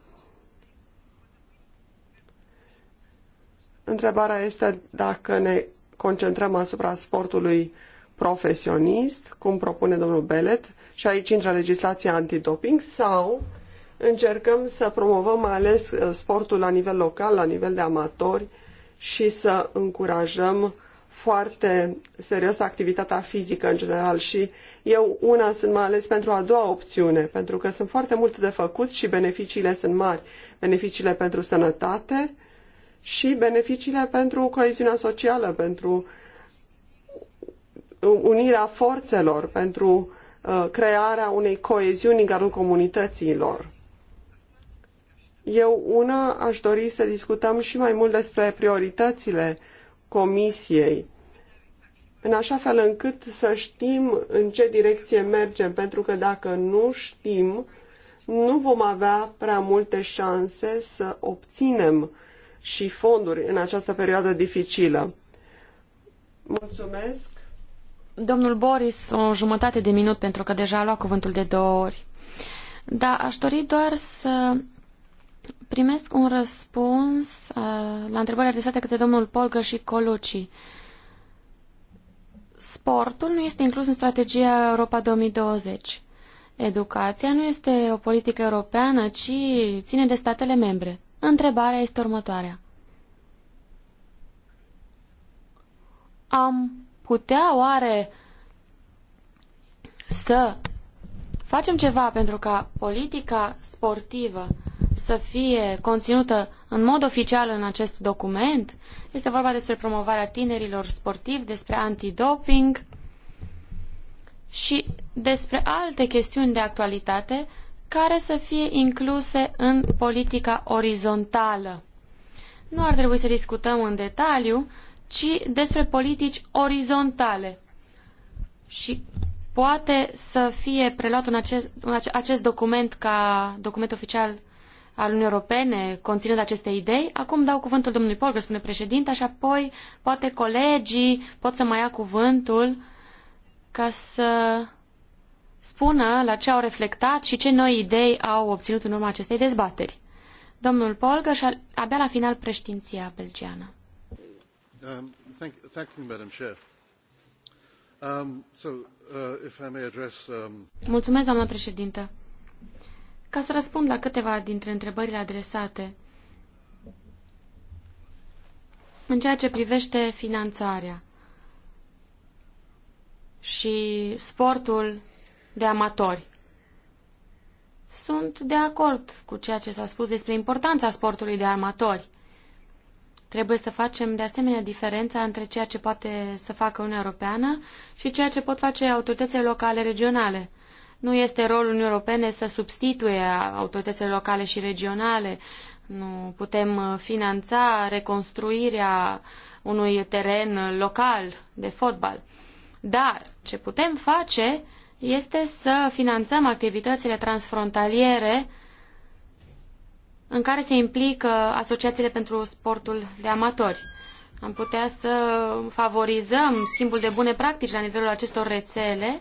Întrebarea este dacă ne concentrăm asupra sportului profesionist, cum propune domnul Belet, și aici intră legislația antidoping, sau încercăm să promovăm mai ales uh, sportul la nivel local, la nivel de amatori și să încurajăm foarte serios activitatea fizică în general și eu una sunt mai ales pentru a doua opțiune, pentru că sunt foarte multe de făcut și beneficiile sunt mari. Beneficiile pentru sănătate și beneficiile pentru coeziunea socială, pentru unirea forțelor, pentru uh, crearea unei coeziuni în cadrul comunităților. Eu una aș dori să discutăm și mai mult despre prioritățile Comisiei, în așa fel încât să știm în ce direcție mergem, pentru că dacă nu știm, nu vom avea prea multe șanse să obținem și fonduri în această perioadă dificilă. Mulțumesc! Domnul Boris, o jumătate de minut, pentru că deja a luat cuvântul de două ori. Da, aș dori doar să Primesc un răspuns uh, la întrebări adresate către domnul Polgă și Colucci. Sportul nu este inclus în strategia Europa 2020. Educația nu este o politică europeană, ci ține de statele membre. Întrebarea este următoarea. Am putea oare să facem ceva pentru ca politica sportivă să fie conținută în mod oficial în acest document. Este vorba despre promovarea tinerilor sportivi, despre antidoping și despre alte chestiuni de actualitate care să fie incluse în politica orizontală. Nu ar trebui să discutăm în detaliu, ci despre politici orizontale. Și poate să fie preluat în acest, în acest document ca document oficial al Uniunii Europene conținut aceste idei. Acum dau cuvântul domnului Polgă, spune președinte, și apoi poate colegii pot să mai ia cuvântul ca să spună la ce au reflectat și ce noi idei au obținut în urma acestei dezbateri. Domnul Polgă, și abia la final preștinția belgiană. Um, thank, thank you, Madam Chair. Um, so, uh, if I may address, um... Mulțumesc, doamnă președintă ca să răspund la câteva dintre întrebările adresate. În ceea ce privește finanțarea și sportul de amatori, sunt de acord cu ceea ce s-a spus despre importanța sportului de amatori. Trebuie să facem de asemenea diferența între ceea ce poate să facă Uniunea Europeană și ceea ce pot face autoritățile locale regionale. Nu este rolul Uniunii Europene să substituie autoritățile locale și regionale. Nu putem uh, finanța reconstruirea unui teren uh, local de fotbal. Dar ce putem face este să finanțăm activitățile transfrontaliere în care se implică asociațiile pentru sportul de amatori. Am putea să favorizăm schimbul de bune practici la nivelul acestor rețele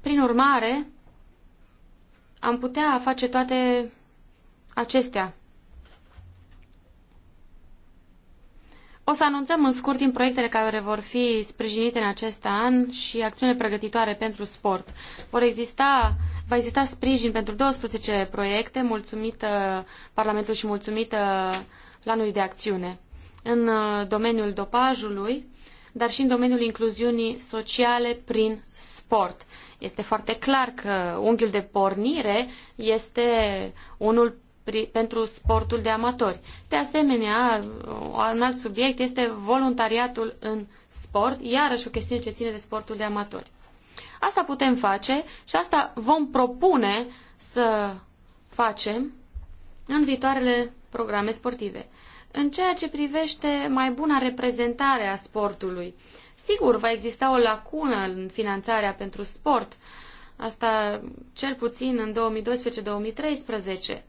prin urmare, am putea face toate acestea. O să anunțăm în scurt timp proiectele care vor fi sprijinite în acest an și acțiune pregătitoare pentru sport. Vor exista, va exista sprijin pentru 12 proiecte, mulțumită Parlamentului și mulțumită planului de acțiune. În uh, domeniul dopajului, dar și în domeniul incluziunii sociale prin sport. Este foarte clar că unghiul de pornire este unul pentru sportul de amatori. De asemenea, un alt subiect este voluntariatul în sport, iarăși o chestiune ce ține de sportul de amatori. Asta putem face și asta vom propune să facem în viitoarele programe sportive. În ceea ce privește mai buna reprezentare a sportului, sigur va exista o lacună în finanțarea pentru sport, asta cel puțin în 2012-2013.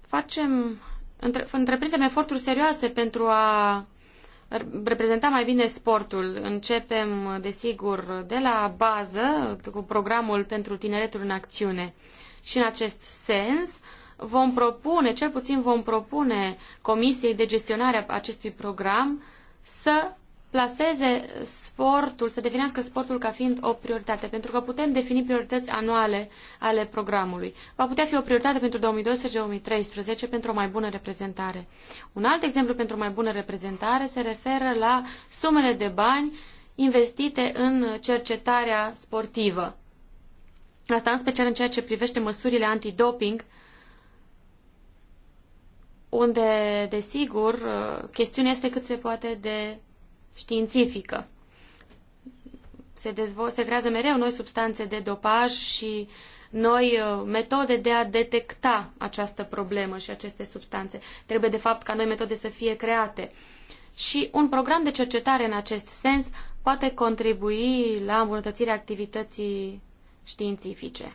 Facem, între, întreprindem eforturi serioase pentru a reprezenta mai bine sportul. Începem, desigur, de la bază cu programul pentru tineretul în acțiune. Și în acest sens vom propune, cel puțin vom propune Comisiei de gestionare a acestui program să plaseze sportul, să definească sportul ca fiind o prioritate, pentru că putem defini priorități anuale ale programului. Va putea fi o prioritate pentru 2012-2013 pentru o mai bună reprezentare. Un alt exemplu pentru o mai bună reprezentare se referă la sumele de bani investite în cercetarea sportivă. Asta în special în ceea ce privește măsurile antidoping, unde, desigur, uh, chestiunea este cât se poate de științifică. Se, dezvol- se creează mereu noi substanțe de dopaj și noi uh, metode de a detecta această problemă și aceste substanțe. Trebuie, de fapt, ca noi metode să fie create. Și un program de cercetare în acest sens poate contribui la îmbunătățirea activității științifice.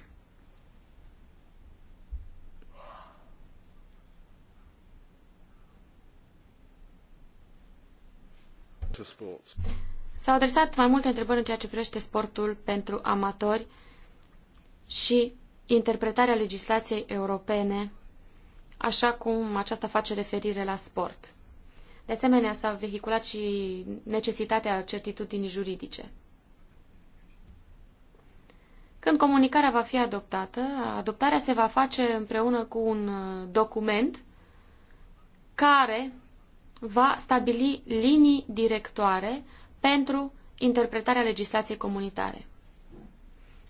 S-au adresat mai multe întrebări în ceea ce privește sportul pentru amatori și interpretarea legislației europene, așa cum aceasta face referire la sport. De asemenea, s-a vehiculat și necesitatea certitudinii juridice. Când comunicarea va fi adoptată, adoptarea se va face împreună cu un uh, document care va stabili linii directoare pentru interpretarea legislației comunitare.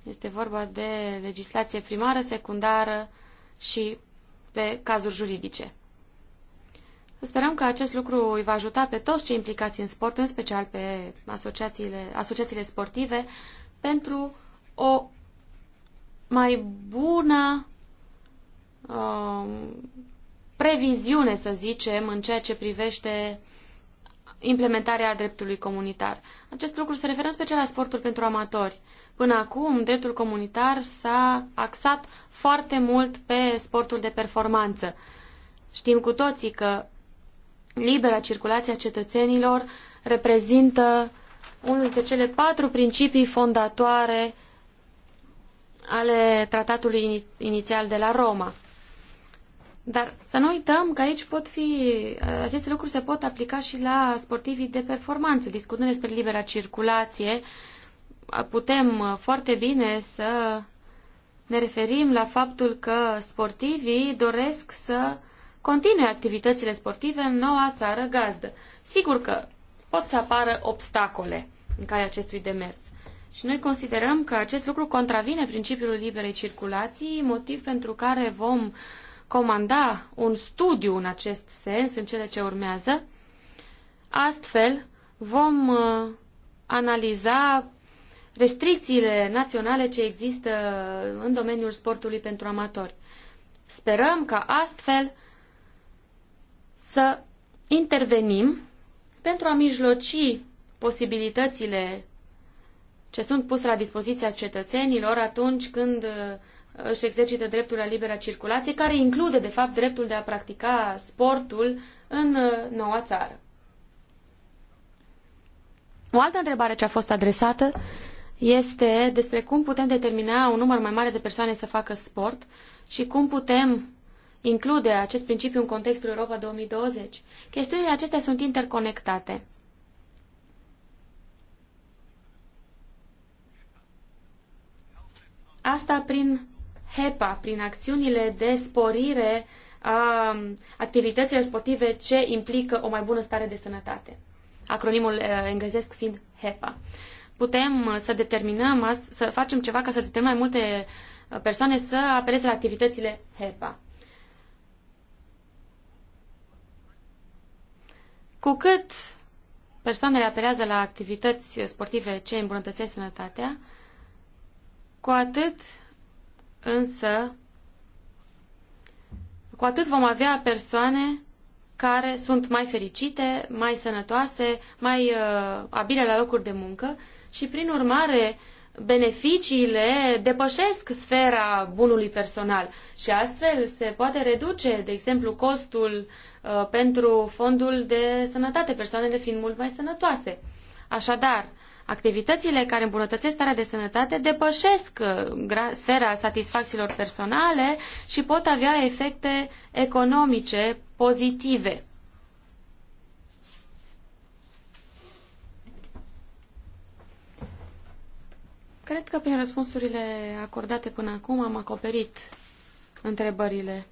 Este vorba de legislație primară, secundară și pe cazuri juridice. Sperăm că acest lucru îi va ajuta pe toți cei implicați în sport, în special pe asociațiile, asociațiile sportive, pentru o mai bună um, previziune, să zicem, în ceea ce privește implementarea dreptului comunitar. Acest lucru se referă în special la sportul pentru amatori. Până acum, dreptul comunitar s-a axat foarte mult pe sportul de performanță. Știm cu toții că libera circulație a cetățenilor reprezintă unul dintre cele patru principii fondatoare uh, ale tratatului inițial de la Roma. Dar să nu uităm că aici pot fi, aceste lucruri se pot aplica și la sportivii de performanță. Discutând despre libera circulație, putem foarte bine să ne referim la faptul că sportivii doresc să continue activitățile sportive în noua țară gazdă. Sigur că pot să apară obstacole în calea acestui demers. Și noi considerăm că acest lucru contravine principiului liberei circulații, motiv pentru care vom comanda un studiu în acest sens, în cele ce urmează. Astfel, vom uh, analiza restricțiile naționale ce există în domeniul sportului pentru amatori. Sperăm ca astfel să intervenim pentru a mijloci posibilitățile ce sunt puse la dispoziția cetățenilor atunci când uh, își exercită dreptul la libera circulație, care include, de fapt, dreptul de a practica sportul în uh, noua țară. O altă întrebare ce a fost adresată este despre cum putem determina un număr mai mare de persoane să facă sport și cum putem include acest principiu în contextul Europa 2020. Chestiunile acestea sunt interconectate. Asta prin HEPA, prin acțiunile de sporire a activităților sportive ce implică o mai bună stare de sănătate. Acronimul eh, englezesc fiind HEPA. Putem eh, să determinăm, să facem ceva ca să determinăm mai multe eh, persoane să apeleze la activitățile HEPA. Cu cât persoanele apelează la activități sportive ce îmbunătățesc sănătatea, cu atât însă, cu atât vom avea persoane care sunt mai fericite, mai sănătoase, mai uh, abile la locuri de muncă și, prin urmare, beneficiile depășesc sfera bunului personal și astfel se poate reduce, de exemplu, costul uh, pentru fondul de sănătate, persoanele fiind mult mai sănătoase. Așadar, uh, activitățile care îmbunătățesc starea de sănătate depășesc uh, sfera satisfacțiilor personale și pot avea efecte economice pozitive. Cred că prin răspunsurile acordate până acum am acoperit întrebările.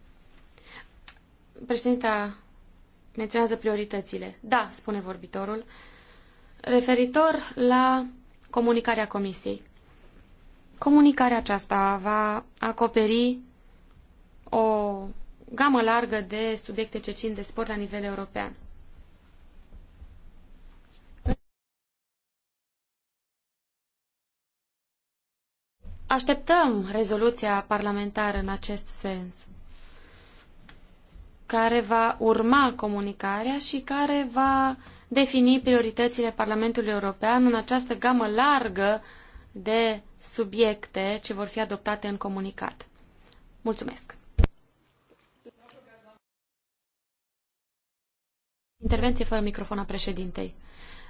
Președinta menționează prioritățile. Da, spune vorbitorul. Uh, referitor la comunicarea Comisiei. Comunicarea aceasta va acoperi o gamă largă de subiecte ce țin de sport la nivel european. Așteptăm rezoluția parlamentară în acest sens, care va urma comunicarea și care va defini prioritățile Parlamentului European în această gamă largă de subiecte ce vor fi adoptate în comunicat. Mulțumesc! Intervenție fără microfon a președintei.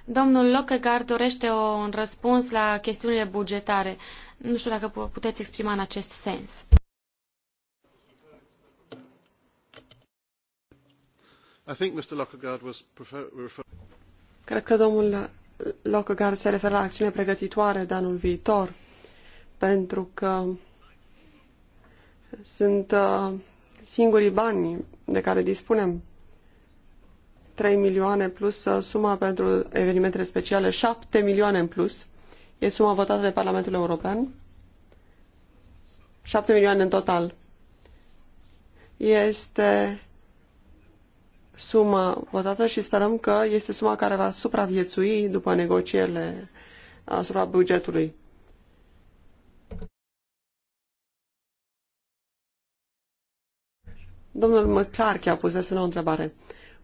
Domnul Lockegaard dorește un răspuns la chestiunile bugetare. Nu știu dacă puteți exprima în acest sens. Cred că domnul Lockhart se referă la acțiune pregătitoare de anul viitor, pentru că sunt uh, singurii bani de care dispunem. 3 milioane plus uh, suma pentru evenimentele speciale, 7 milioane în plus. E suma votată de Parlamentul European. 7 milioane în total. Este sumă votată și sperăm că este suma care va supraviețui după negocierile asupra bugetului. Domnul McClark a pus desenă o întrebare.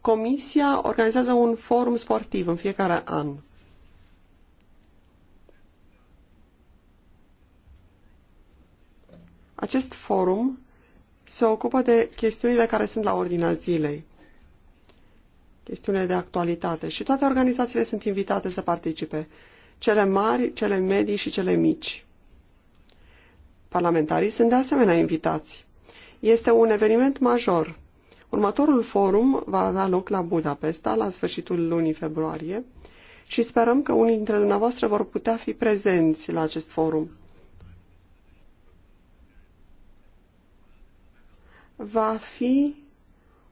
Comisia organizează un forum sportiv în fiecare an. Acest forum se ocupă de chestiunile care sunt la ordinea zilei chestiune de actualitate și toate organizațiile sunt invitate să participe, cele mari, cele medii și cele mici. Parlamentarii sunt de asemenea invitați. Este un eveniment major. Următorul forum va avea loc la Budapesta la sfârșitul lunii februarie și sperăm că unii dintre dumneavoastră vor putea fi prezenți la acest forum. Va fi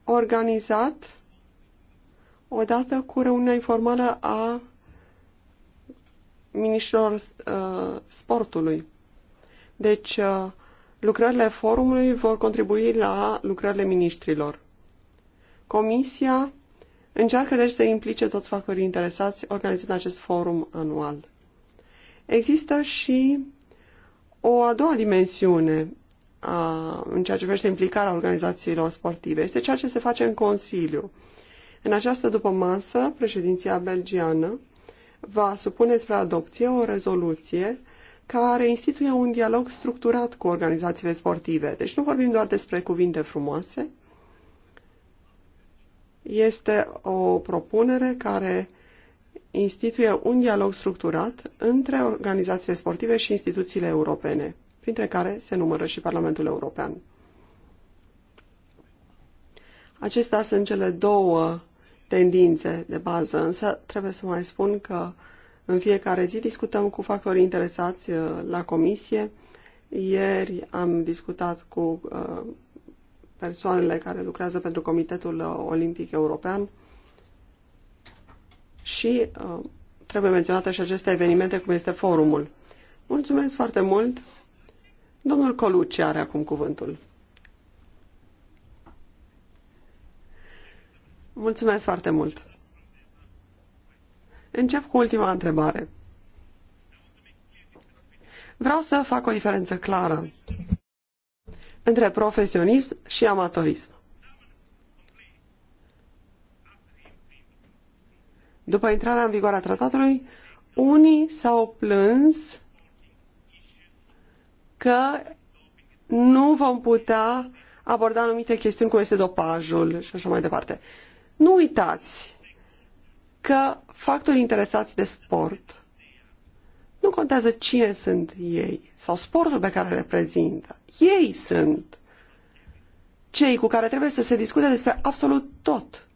organizat odată cu reuniunea informală a ministrilor uh, sportului. Deci, uh, lucrările forumului vor contribui la lucrările ministrilor. Comisia încearcă deci să implice toți factorii interesați organizând acest forum anual. Există și o a doua dimensiune a, uh, în ceea ce privește implicarea organizațiilor sportive. Este ceea ce se face în Consiliu. În această dupămasă, președinția belgiană va supune spre adopție o rezoluție care instituie un dialog structurat cu organizațiile sportive. Deci nu vorbim doar despre cuvinte frumoase. Este o propunere care instituie un dialog structurat între organizațiile sportive și instituțiile europene, printre care se numără și Parlamentul European. Acestea sunt cele două tendințe de bază, însă trebuie să mai spun că în fiecare zi discutăm cu factorii interesați uh, la comisie. Ieri am discutat cu uh, persoanele care lucrează pentru Comitetul uh, Olimpic European și trebuie menționate și aceste evenimente, cum este forumul. Mulțumesc foarte mult! Domnul Colucci are acum cuvântul. Mulțumesc foarte mult. Încep cu ultima întrebare. Vreau să fac o diferență clară între profesionism și amatorism. După intrarea în vigoare a tratatului, unii s-au plâns că nu vom putea aborda anumite chestiuni cum este dopajul și așa mai departe. Nu uitați că factorii interesați de sport nu contează cine sunt ei sau sportul pe care le prezintă. Ei sunt cei cu care trebuie să se discute despre absolut tot.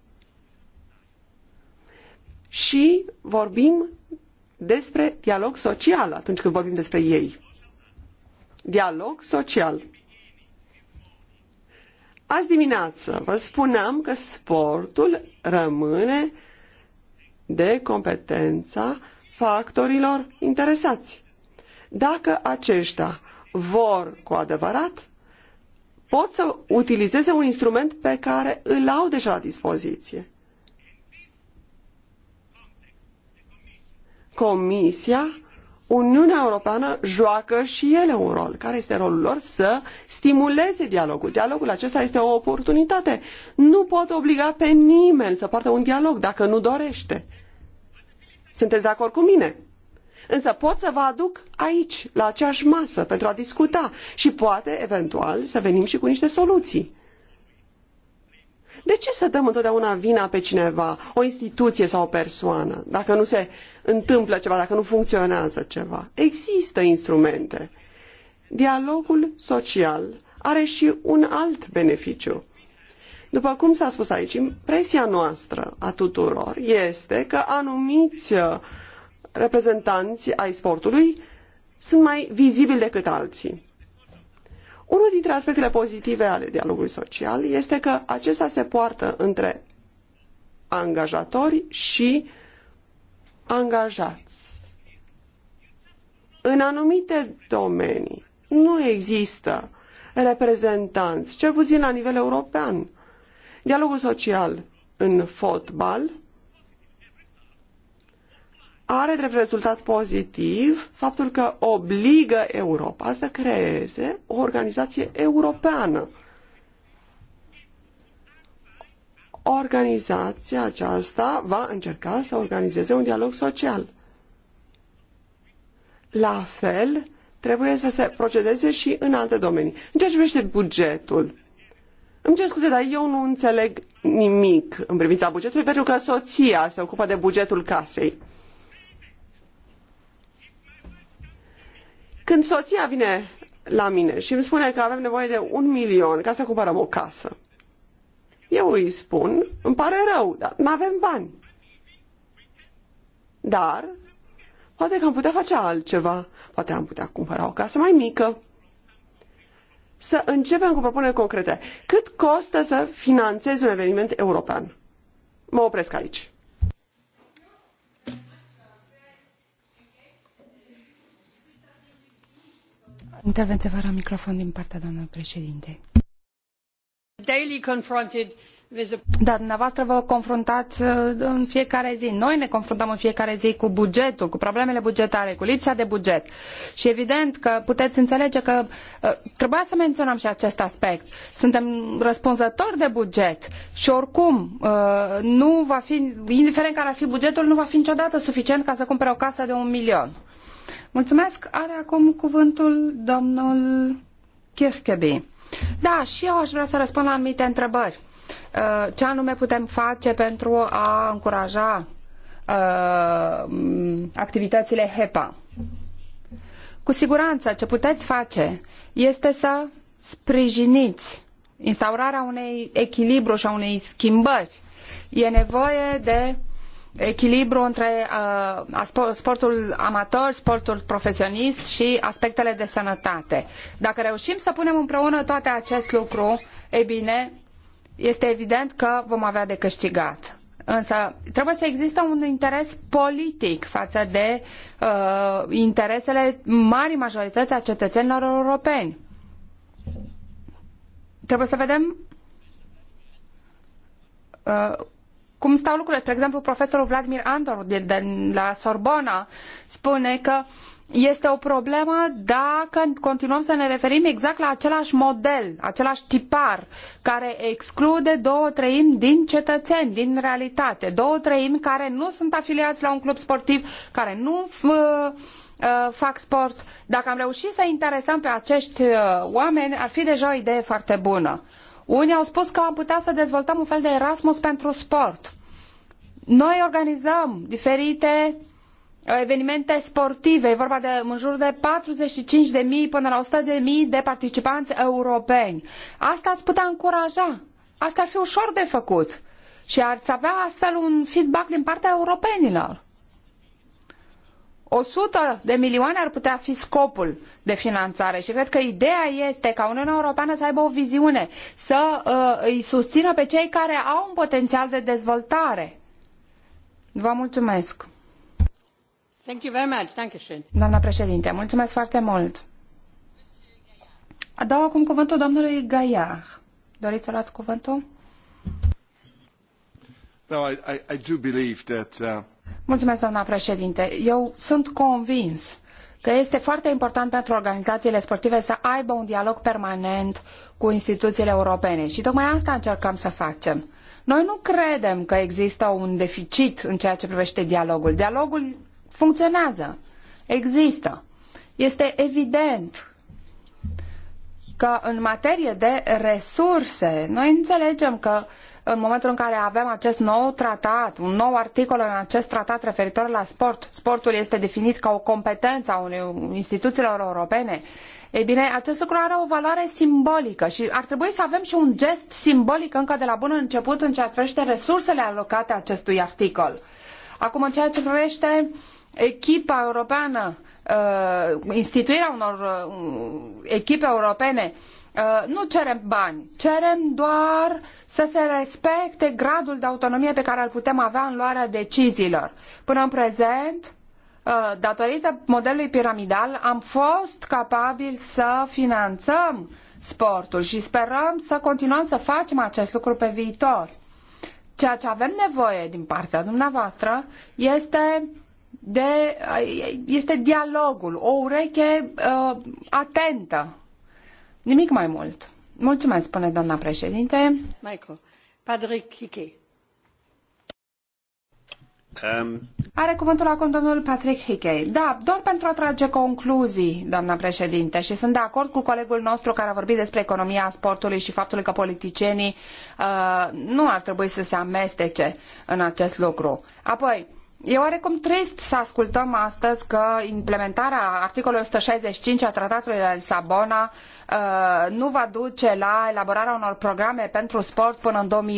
Și vorbim despre dialog social atunci când vorbim despre ei. Dialog social. Azi dimineață vă spuneam că sportul rămâne de competența factorilor interesați. Dacă aceștia vor cu adevărat, pot să utilizeze un instrument pe care îl au deja la dispoziție. Comisia Uniunea Europeană joacă și ele un rol. Care este rolul lor? Să stimuleze dialogul. Dialogul acesta este o oportunitate. Nu pot obliga pe nimeni să poartă un dialog dacă nu dorește. Sunteți de acord cu mine? Însă pot să vă aduc aici, la aceeași masă, pentru a discuta și poate, eventual, să venim și cu niște soluții. De ce să dăm întotdeauna vina pe cineva, o instituție sau o persoană, dacă nu se întâmplă ceva, dacă nu funcționează ceva. Există instrumente. Dialogul social are și un alt beneficiu. După cum s-a spus aici, impresia noastră a tuturor este că anumiți uh, reprezentanți ai sportului sunt mai vizibili decât alții. Unul dintre aspectele pozitive ale dialogului social este că acesta se poartă între angajatori și uh, angajați. În anumite domenii nu există reprezentanți, cel puțin la nivel european. Dialogul social în fotbal are drept rezultat pozitiv faptul că obligă Europa să creeze o organizație europeană organizația aceasta va încerca să organizeze un dialog social. La fel, trebuie să se procedeze și în alte domenii. În ceea ce privește bugetul, îmi cer scuze, dar eu nu înțeleg nimic în privința bugetului, pentru că soția se ocupă de bugetul casei. Când soția vine la mine și îmi spune că avem nevoie de un milion ca să cumpărăm o casă, eu îi spun, îmi pare rău, dar nu avem bani. Dar, poate că am putea face altceva. Poate am putea cumpăra o casă mai mică. Să începem cu propuneri concrete. Cât costă să finanțezi un eveniment european? Mă opresc aici. Intervenție fără microfon din partea doamnei președinte daily dumneavoastră vă confruntați uh, în fiecare zi. Noi ne confruntăm în fiecare zi cu bugetul, cu problemele bugetare, cu lipsa de buget. Și evident că puteți înțelege că uh, trebuia să menționăm și acest aspect. Suntem răspunzători de buget și oricum uh, nu va fi, indiferent care ar fi bugetul, nu va fi niciodată suficient ca să cumpere o casă de un milion. Mulțumesc. Are acum cuvântul domnul Kirchkeby. Da, și eu aș vrea să răspund la anumite întrebări. Uh, ce anume putem face pentru a încuraja uh, activitățile HEPA? Cu siguranță, ce puteți face este să sprijiniți instaurarea unei echilibru și a unei schimbări. E nevoie de uh, echilibru între sportul amator, sportul profesionist și aspectele de sănătate. Dacă reușim să punem împreună toate acest lucru, e bine, este evident că vom avea de câștigat. Însă trebuie să existe un interes politic față de uh, interesele marii majorități a cetățenilor europeni. Trebuie să vedem uh, cum stau lucrurile. Spre exemplu, profesorul Vladimir Andor de, de la Sorbona spune că este o problemă dacă continuăm să ne referim exact la același model, același tipar, care exclude două treimi din cetățeni, din realitate. Două treimi care nu sunt afiliați la un club sportiv, care nu ă, fac sport. Dacă am reușit să interesăm pe acești ă, oameni, ar fi deja o idee foarte bună. Unii au spus că am putea să dezvoltăm un fel de Erasmus pentru sport. Noi organizăm diferite uh, evenimente sportive, e vorba de în jur de 45.000 până la 100.000 de participanți europeni. Asta ați putea încuraja. Asta ar fi ușor de făcut. Și ați avea astfel un feedback din partea europenilor. O sută de milioane ar putea fi scopul de finanțare și cred că ideea este ca Uniunea Europeană să aibă o viziune, să uh, îi susțină pe cei care au un potențial de dezvoltare. Vă mulțumesc. Thank you very much. Thank you. Doamna președinte, mulțumesc foarte mult. Dau acum cuvântul domnului Gaiar. Doriți să luați cuvântul? No, I, I, I do believe that, uh... Mulțumesc, doamna președinte. Eu sunt convins că este foarte important pentru organizațiile sportive să aibă un dialog permanent cu instituțiile europene și tocmai asta încercăm să facem. Noi nu credem că există un deficit în ceea ce privește dialogul. Dialogul funcționează, există. Este evident că în materie de resurse, noi înțelegem că uh, în momentul în care avem acest nou tratat, un nou articol în acest tratat referitor la sport, sportul este definit ca o competență a unei instituțiilor europene, ei bine, acest lucru are o valoare simbolică și ar trebui să avem și un gest simbolic încă de la bun început în ceea ce privește resursele alocate acestui articol. Acum, în ceea ce privește echipa europeană, uh, instituirea unor uh, echipe europene, Uh, nu cerem bani, cerem doar să se respecte gradul de autonomie pe care îl putem avea în luarea deciziilor. Până în prezent, uh, datorită modelului piramidal, am fost capabili să finanțăm sportul și sperăm să continuăm să facem acest lucru pe viitor. Ceea ce avem nevoie din partea dumneavoastră este de uh, este dialogul, o ureche uh, atentă Nimic mai mult. Mulțumesc, spune doamna președinte. Michael, Patrick Hickey. Um... Are cuvântul acum domnul Patrick Hickey. Da, doar pentru a trage concluzii, doamna președinte, și sunt de acord cu colegul nostru care a vorbit despre economia sportului și faptul că politicienii uh, nu ar trebui să se amestece în acest lucru. Apoi, E oarecum trist să ascultăm astăzi că implementarea articolului 165 a tratatului de la Lisabona uh, Uh, nu va duce la elaborarea unor programe pentru sport până în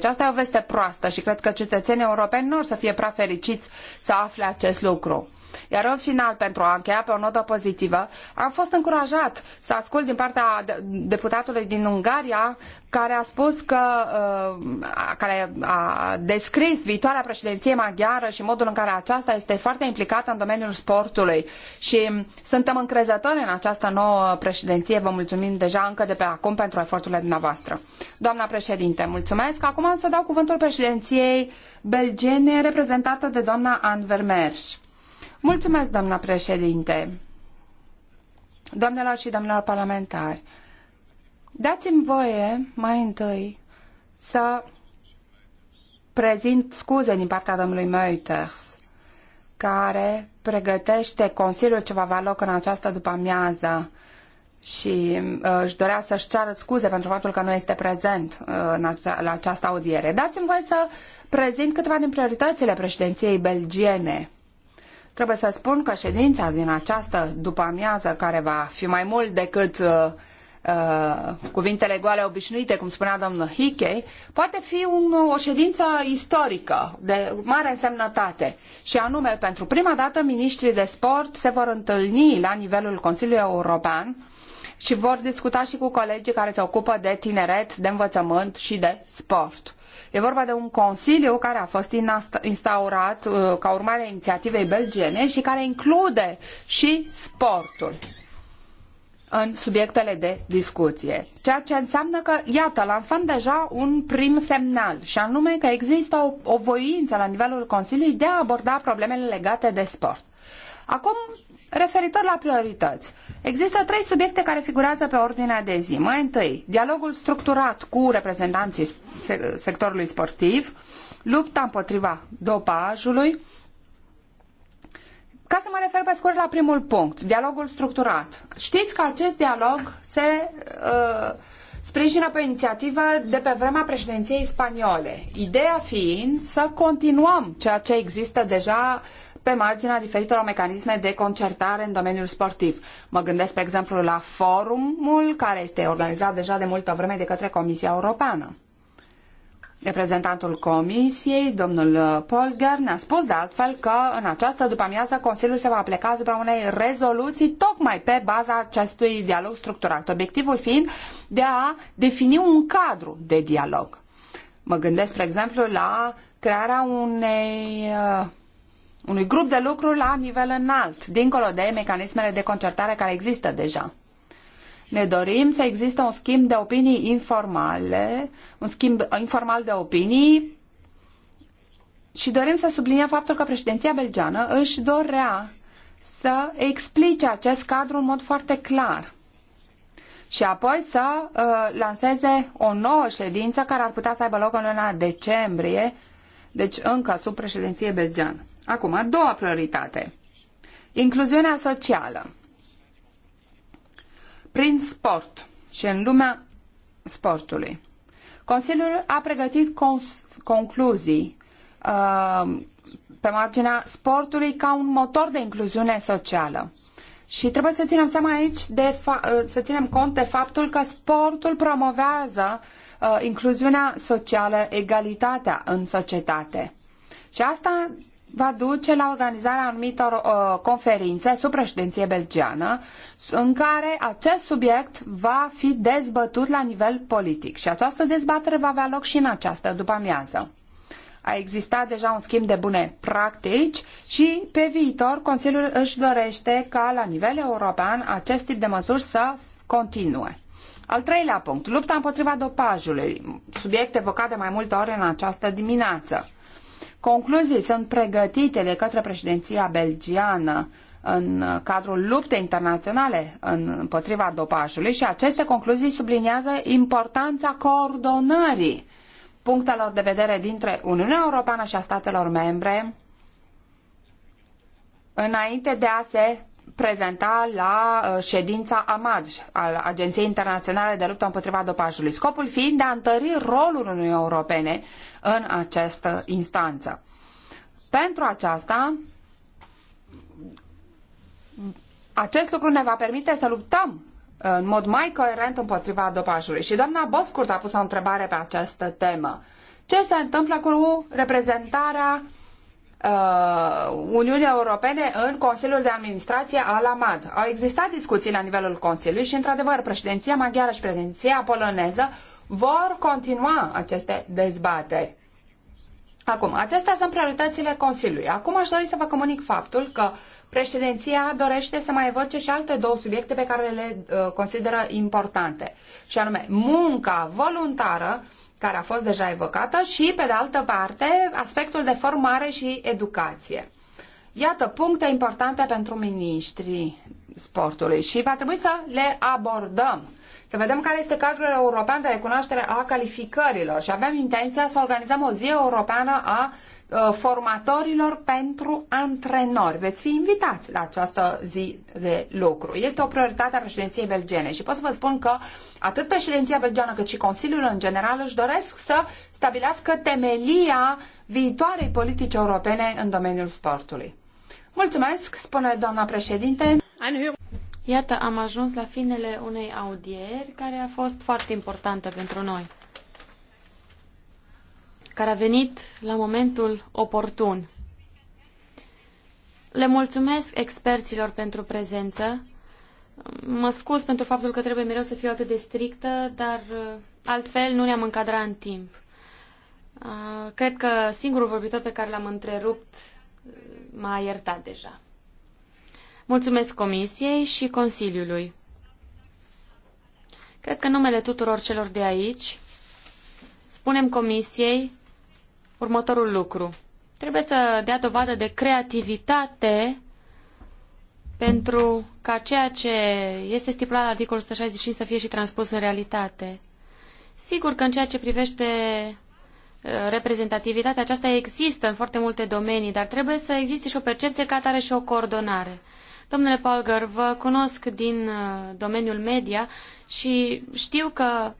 2011-2012. Asta e o veste proastă și cred că cetățenii europeni nu o să fie prea fericiți să afle acest lucru. Iar în final, pentru a încheia pe o notă pozitivă, am fost încurajat să ascult din partea deputatului din Ungaria, care a spus că, uh, care a descris viitoarea președinție maghiară și modul în care aceasta este foarte implicată în domeniul sportului. Și suntem încrezători în această nouă nouă președinție. Vă mulțumim deja încă de pe acum pentru eforturile dumneavoastră. Doamna președinte, mulțumesc. Acum să dau cuvântul președinției belgene reprezentată de doamna Anne Vermeersch. Mulțumesc, doamna președinte. Doamnelor și domnilor parlamentari, dați-mi voie mai întâi să prezint scuze din partea domnului Meuters, care pregătește Consiliul ce va avea loc în această după-amiază și uh, își dorea să-și ceară scuze pentru faptul că nu este prezent uh, la această audiere. Dați-mi voie să prezint câteva din prioritățile președinției belgiene. Trebuie să spun că ședința din această după-amiază, care va fi mai mult decât uh, uh, cuvintele goale obișnuite, cum spunea domnul Hickey, poate fi un, o ședință istorică de mare însemnătate. Și anume, pentru prima dată, ministrii de sport se vor întâlni la nivelul Consiliului European uh, și vor discuta și cu colegii care se ocupă de tineret, de învățământ și de sport. E vorba de un consiliu care a fost instaurat uh, ca urmare a inițiativei belgiene și care include și sportul în subiectele de discuție. Ceea ce înseamnă că, iată, lansăm deja un prim semnal, și anume că există o, o voință la nivelul Consiliului de a aborda problemele legate de sport. Acum Referitor la priorități, există trei subiecte care figurează pe ordinea de zi. Mai întâi, dialogul structurat cu reprezentanții sectorului sportiv, lupta împotriva dopajului. Ca să mă refer pe scurt la primul punct, dialogul structurat. Știți că acest dialog se uh, sprijină pe o inițiativă de pe vremea președinției spaniole. Ideea fiind să continuăm ceea ce există deja pe marginea diferitelor mecanisme de concertare în domeniul sportiv. Mă gândesc, spre exemplu, la forumul care este organizat deja de multă vreme de către Comisia Europeană. Reprezentantul Comisiei, domnul uh, Polgar, ne-a spus de altfel că în această după-amiază Consiliul se va pleca asupra unei rezoluții tocmai pe baza acestui dialog structurat, obiectivul fiind de a defini un cadru de dialog. Mă gândesc, spre exemplu, la crearea unei uh, unui grup de lucru la nivel înalt, dincolo de mecanismele de concertare care există deja. Ne dorim să existe un schimb de opinii informale, un schimb informal de opinii și dorim să subliniem faptul că președinția belgeană își dorea să explice acest cadru în mod foarte clar și apoi să uh, lanseze o nouă ședință care ar putea să aibă loc în luna decembrie, deci încă sub președinție belgeană. Acum, a doua prioritate. Incluziunea socială. Prin sport și în lumea sportului. Consiliul a pregătit concluzii uh, pe marginea sportului ca un motor de incluziune socială. Și trebuie să ținem seama aici de uh, să ținem cont de faptul că sportul promovează uh, incluziunea socială, egalitatea în societate. Și asta va duce la organizarea anumitor uh, conferințe sub președinție belgiană în care acest subiect va fi dezbătut la nivel politic și această dezbatere va avea loc și în această după amiază. A existat deja un schimb de bune practici și pe viitor Consiliul își dorește ca la nivel european acest tip de măsuri să continue. Al treilea punct, lupta împotriva dopajului, subiect evocat de mai multe ori în această dimineață. Concluzii sunt pregătite de către președinția belgiană în cadrul luptei internaționale împotriva dopajului și aceste concluzii subliniază importanța coordonării punctelor de vedere dintre Uniunea Europeană și a statelor membre înainte de a se prezenta la uh, ședința AMAD, al Agenției Internaționale de Luptă împotriva Dopajului, scopul fiind de a întări rolul Uniunii Europene în această instanță. Pentru aceasta, acest lucru ne va permite să luptăm uh, în mod mai coerent împotriva dopajului. Și doamna Boscurt a pus o întrebare pe această temă. Ce se întâmplă cu reprezentarea uh, Uh, Uniunii Europene în Consiliul de Administrație al AMAD. Au existat discuții la nivelul Consiliului și, într-adevăr, președinția maghiară și președinția poloneză vor continua aceste dezbateri. Acum, acestea sunt prioritățile Consiliului. Acum aș dori să vă comunic faptul că președinția dorește să mai evoce și alte două subiecte pe care le uh, consideră importante, și anume munca voluntară uh, care a fost deja evocată și, pe de altă parte, aspectul de formare și educație. Iată puncte importante pentru miniștrii sportului și va trebui să le abordăm. Să vedem care este cadrul european de recunoaștere a calificărilor și avem intenția să organizăm o zi europeană a ă, formatorilor pentru antrenori. Veți fi invitați la această zi de lucru. Este o prioritate a președinției belgene și pot să vă spun că atât președinția belgeană cât și Consiliul în general își doresc să stabilească temelia viitoarei politici europene în domeniul sportului. Mulțumesc, spune doamna președinte. Iată, am ajuns la finele unei audieri care a fost foarte importantă pentru noi, care a venit la momentul oportun. Le mulțumesc experților pentru prezență. Mă scuz pentru faptul că trebuie mereu să fiu atât de strictă, dar uh, altfel nu ne-am încadrat în timp. Uh, cred că singurul vorbitor pe care l-am întrerupt m-a iertat deja. Mulțumesc Comisiei și Consiliului. Cred că numele tuturor celor de aici spunem Comisiei următorul lucru. Trebuie să dea dovadă de creativitate pentru ca ceea ce este stipulat la articolul 165 să fie și transpus în realitate. Sigur că în ceea ce privește reprezentativitatea aceasta există în foarte multe domenii, dar trebuie să existe și o percepție ca atare și o coordonare. Domnule Polgar, vă cunosc din uh, domeniul media și știu că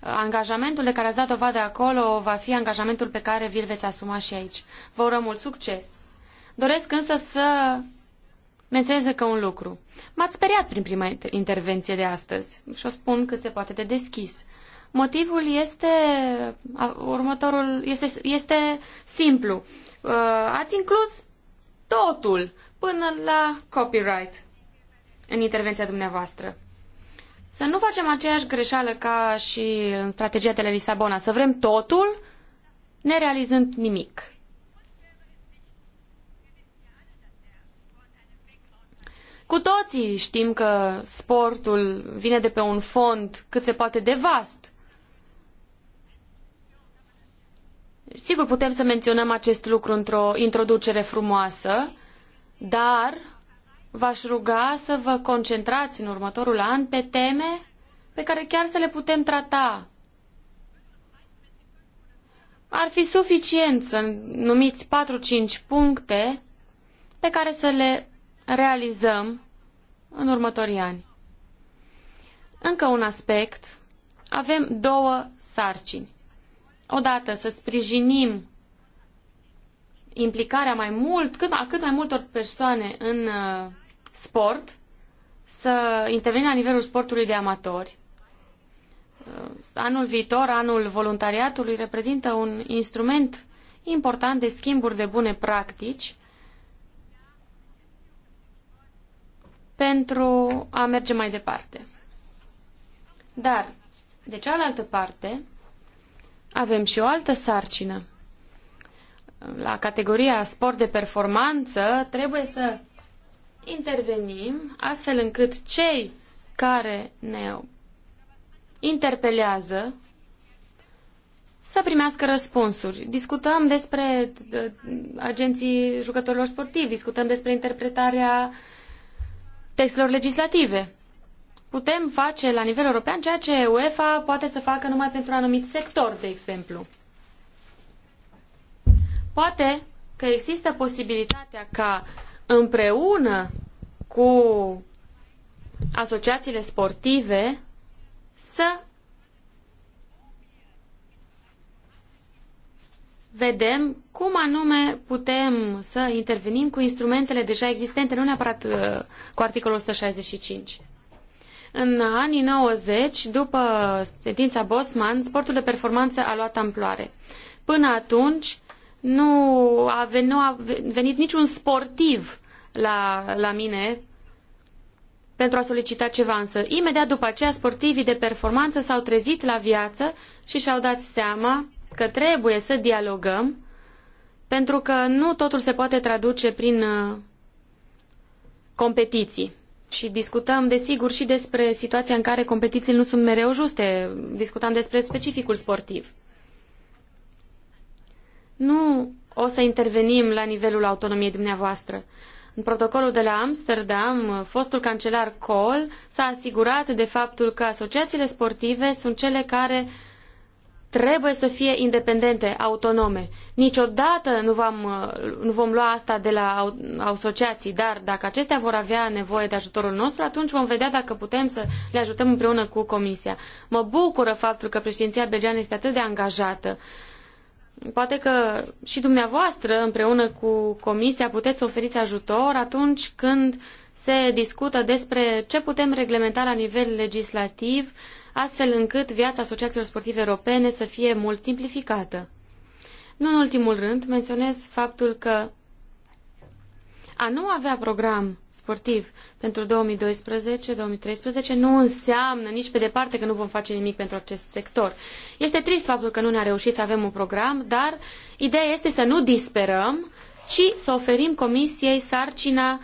angajamentul de care ați dat dovadă acolo va fi angajamentul pe care vi-l veți asuma și aici. Vă urăm mult succes! Doresc însă să menționez încă un lucru. M-ați speriat prin prima intervenție de astăzi și o spun cât se poate de deschis. Motivul este următorul, este, este simplu. Uh, ați inclus totul până la copyright în intervenția dumneavoastră. Să nu facem aceeași greșeală ca și în strategia de la Lisabona, să vrem totul nerealizând nimic. Cu toții știm că sportul vine de pe un fond cât se poate de vast. Sigur, putem să menționăm acest lucru într-o introducere frumoasă, dar v-aș ruga să vă concentrați în următorul an pe teme pe care chiar să le putem trata. Ar fi suficient să numiți 4-5 puncte pe care să le realizăm în următorii ani. Încă un aspect. Avem două sarcini odată să sprijinim implicarea mai mult, cât, a cât mai multor persoane în uh, sport, să intervenim la nivelul sportului de amatori. Uh, anul viitor, anul voluntariatului, reprezintă un instrument important de schimburi de bune practici pentru a merge mai departe. Dar, de cealaltă parte, avem și o altă sarcină. La categoria sport de performanță trebuie să intervenim astfel încât cei care ne interpelează să primească răspunsuri. Discutăm despre uh, agenții jucătorilor sportivi, discutăm despre interpretarea textelor legislative putem face la nivel european ceea ce UEFA poate să facă numai pentru un anumit sector, de exemplu. Poate că există posibilitatea ca împreună cu asociațiile sportive să vedem cum anume putem să intervenim cu instrumentele deja existente, nu neapărat uh, cu articolul 165. În anii 90, după sentința Bosman, sportul de performanță a luat amploare. Până atunci, nu a venit, nu a venit niciun sportiv la, la mine pentru a solicita ceva, însă imediat după aceea sportivii de performanță s-au trezit la viață și și-au dat seama că trebuie să dialogăm, pentru că nu totul se poate traduce prin uh, competiții. Și discutăm, desigur, și despre situația în care competițiile nu sunt mereu juste. Discutam despre specificul sportiv. Nu o să intervenim la nivelul autonomiei dumneavoastră. În protocolul de la Amsterdam, fostul cancelar Kohl s-a asigurat de faptul că asociațiile sportive sunt cele care trebuie să fie independente, autonome. Niciodată nu, vom, uh, nu vom lua asta de la asociații, dar dacă acestea vor avea nevoie de ajutorul nostru, atunci vom vedea dacă putem să le ajutăm împreună cu Comisia. Mă bucură faptul că președinția belgeană este atât de angajată. Poate că și dumneavoastră, împreună cu Comisia, puteți oferiți ajutor atunci când se discută despre ce putem reglementa la nivel legislativ uh, astfel încât viața asociațiilor sportive europene să fie mult simplificată. Nu în ultimul rând, menționez faptul că a nu avea program sportiv pentru 2012-2013 nu înseamnă nici pe departe că nu vom face nimic pentru acest sector. Este trist faptul că nu ne-a reușit să avem un program, dar ideea este să nu disperăm, ci să oferim Comisiei sarcina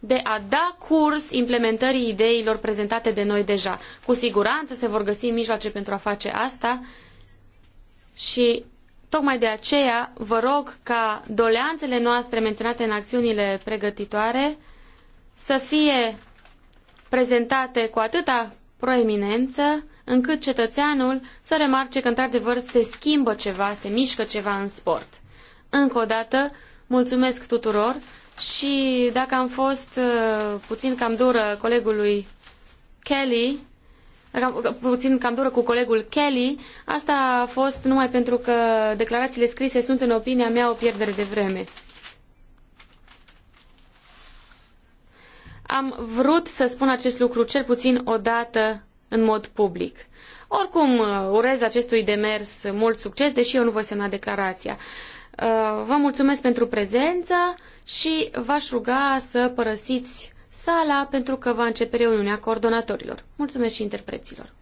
de a da curs implementării ideilor prezentate de noi deja. Cu siguranță se vor găsi mijloace pentru a face asta și tocmai de aceea vă rog ca doleanțele noastre menționate în acțiunile pregătitoare să fie prezentate cu atâta proeminență încât cetățeanul să remarce că într-adevăr se schimbă ceva, se mișcă ceva în sport. Încă o dată, mulțumesc tuturor și dacă am fost uh, puțin cam dură colegului Kelly, puțin cam dură cu colegul Kelly, asta a fost numai pentru că declarațiile scrise sunt, în opinia mea, o pierdere de vreme. Am vrut să spun acest lucru cel puțin o dată în mod public. Oricum, uh, urez acestui demers mult succes, deși eu nu voi semna declarația. Uh, vă mulțumesc pentru prezență și v-aș ruga să părăsiți sala pentru că va începe reuniunea coordonatorilor. Mulțumesc și interpreților!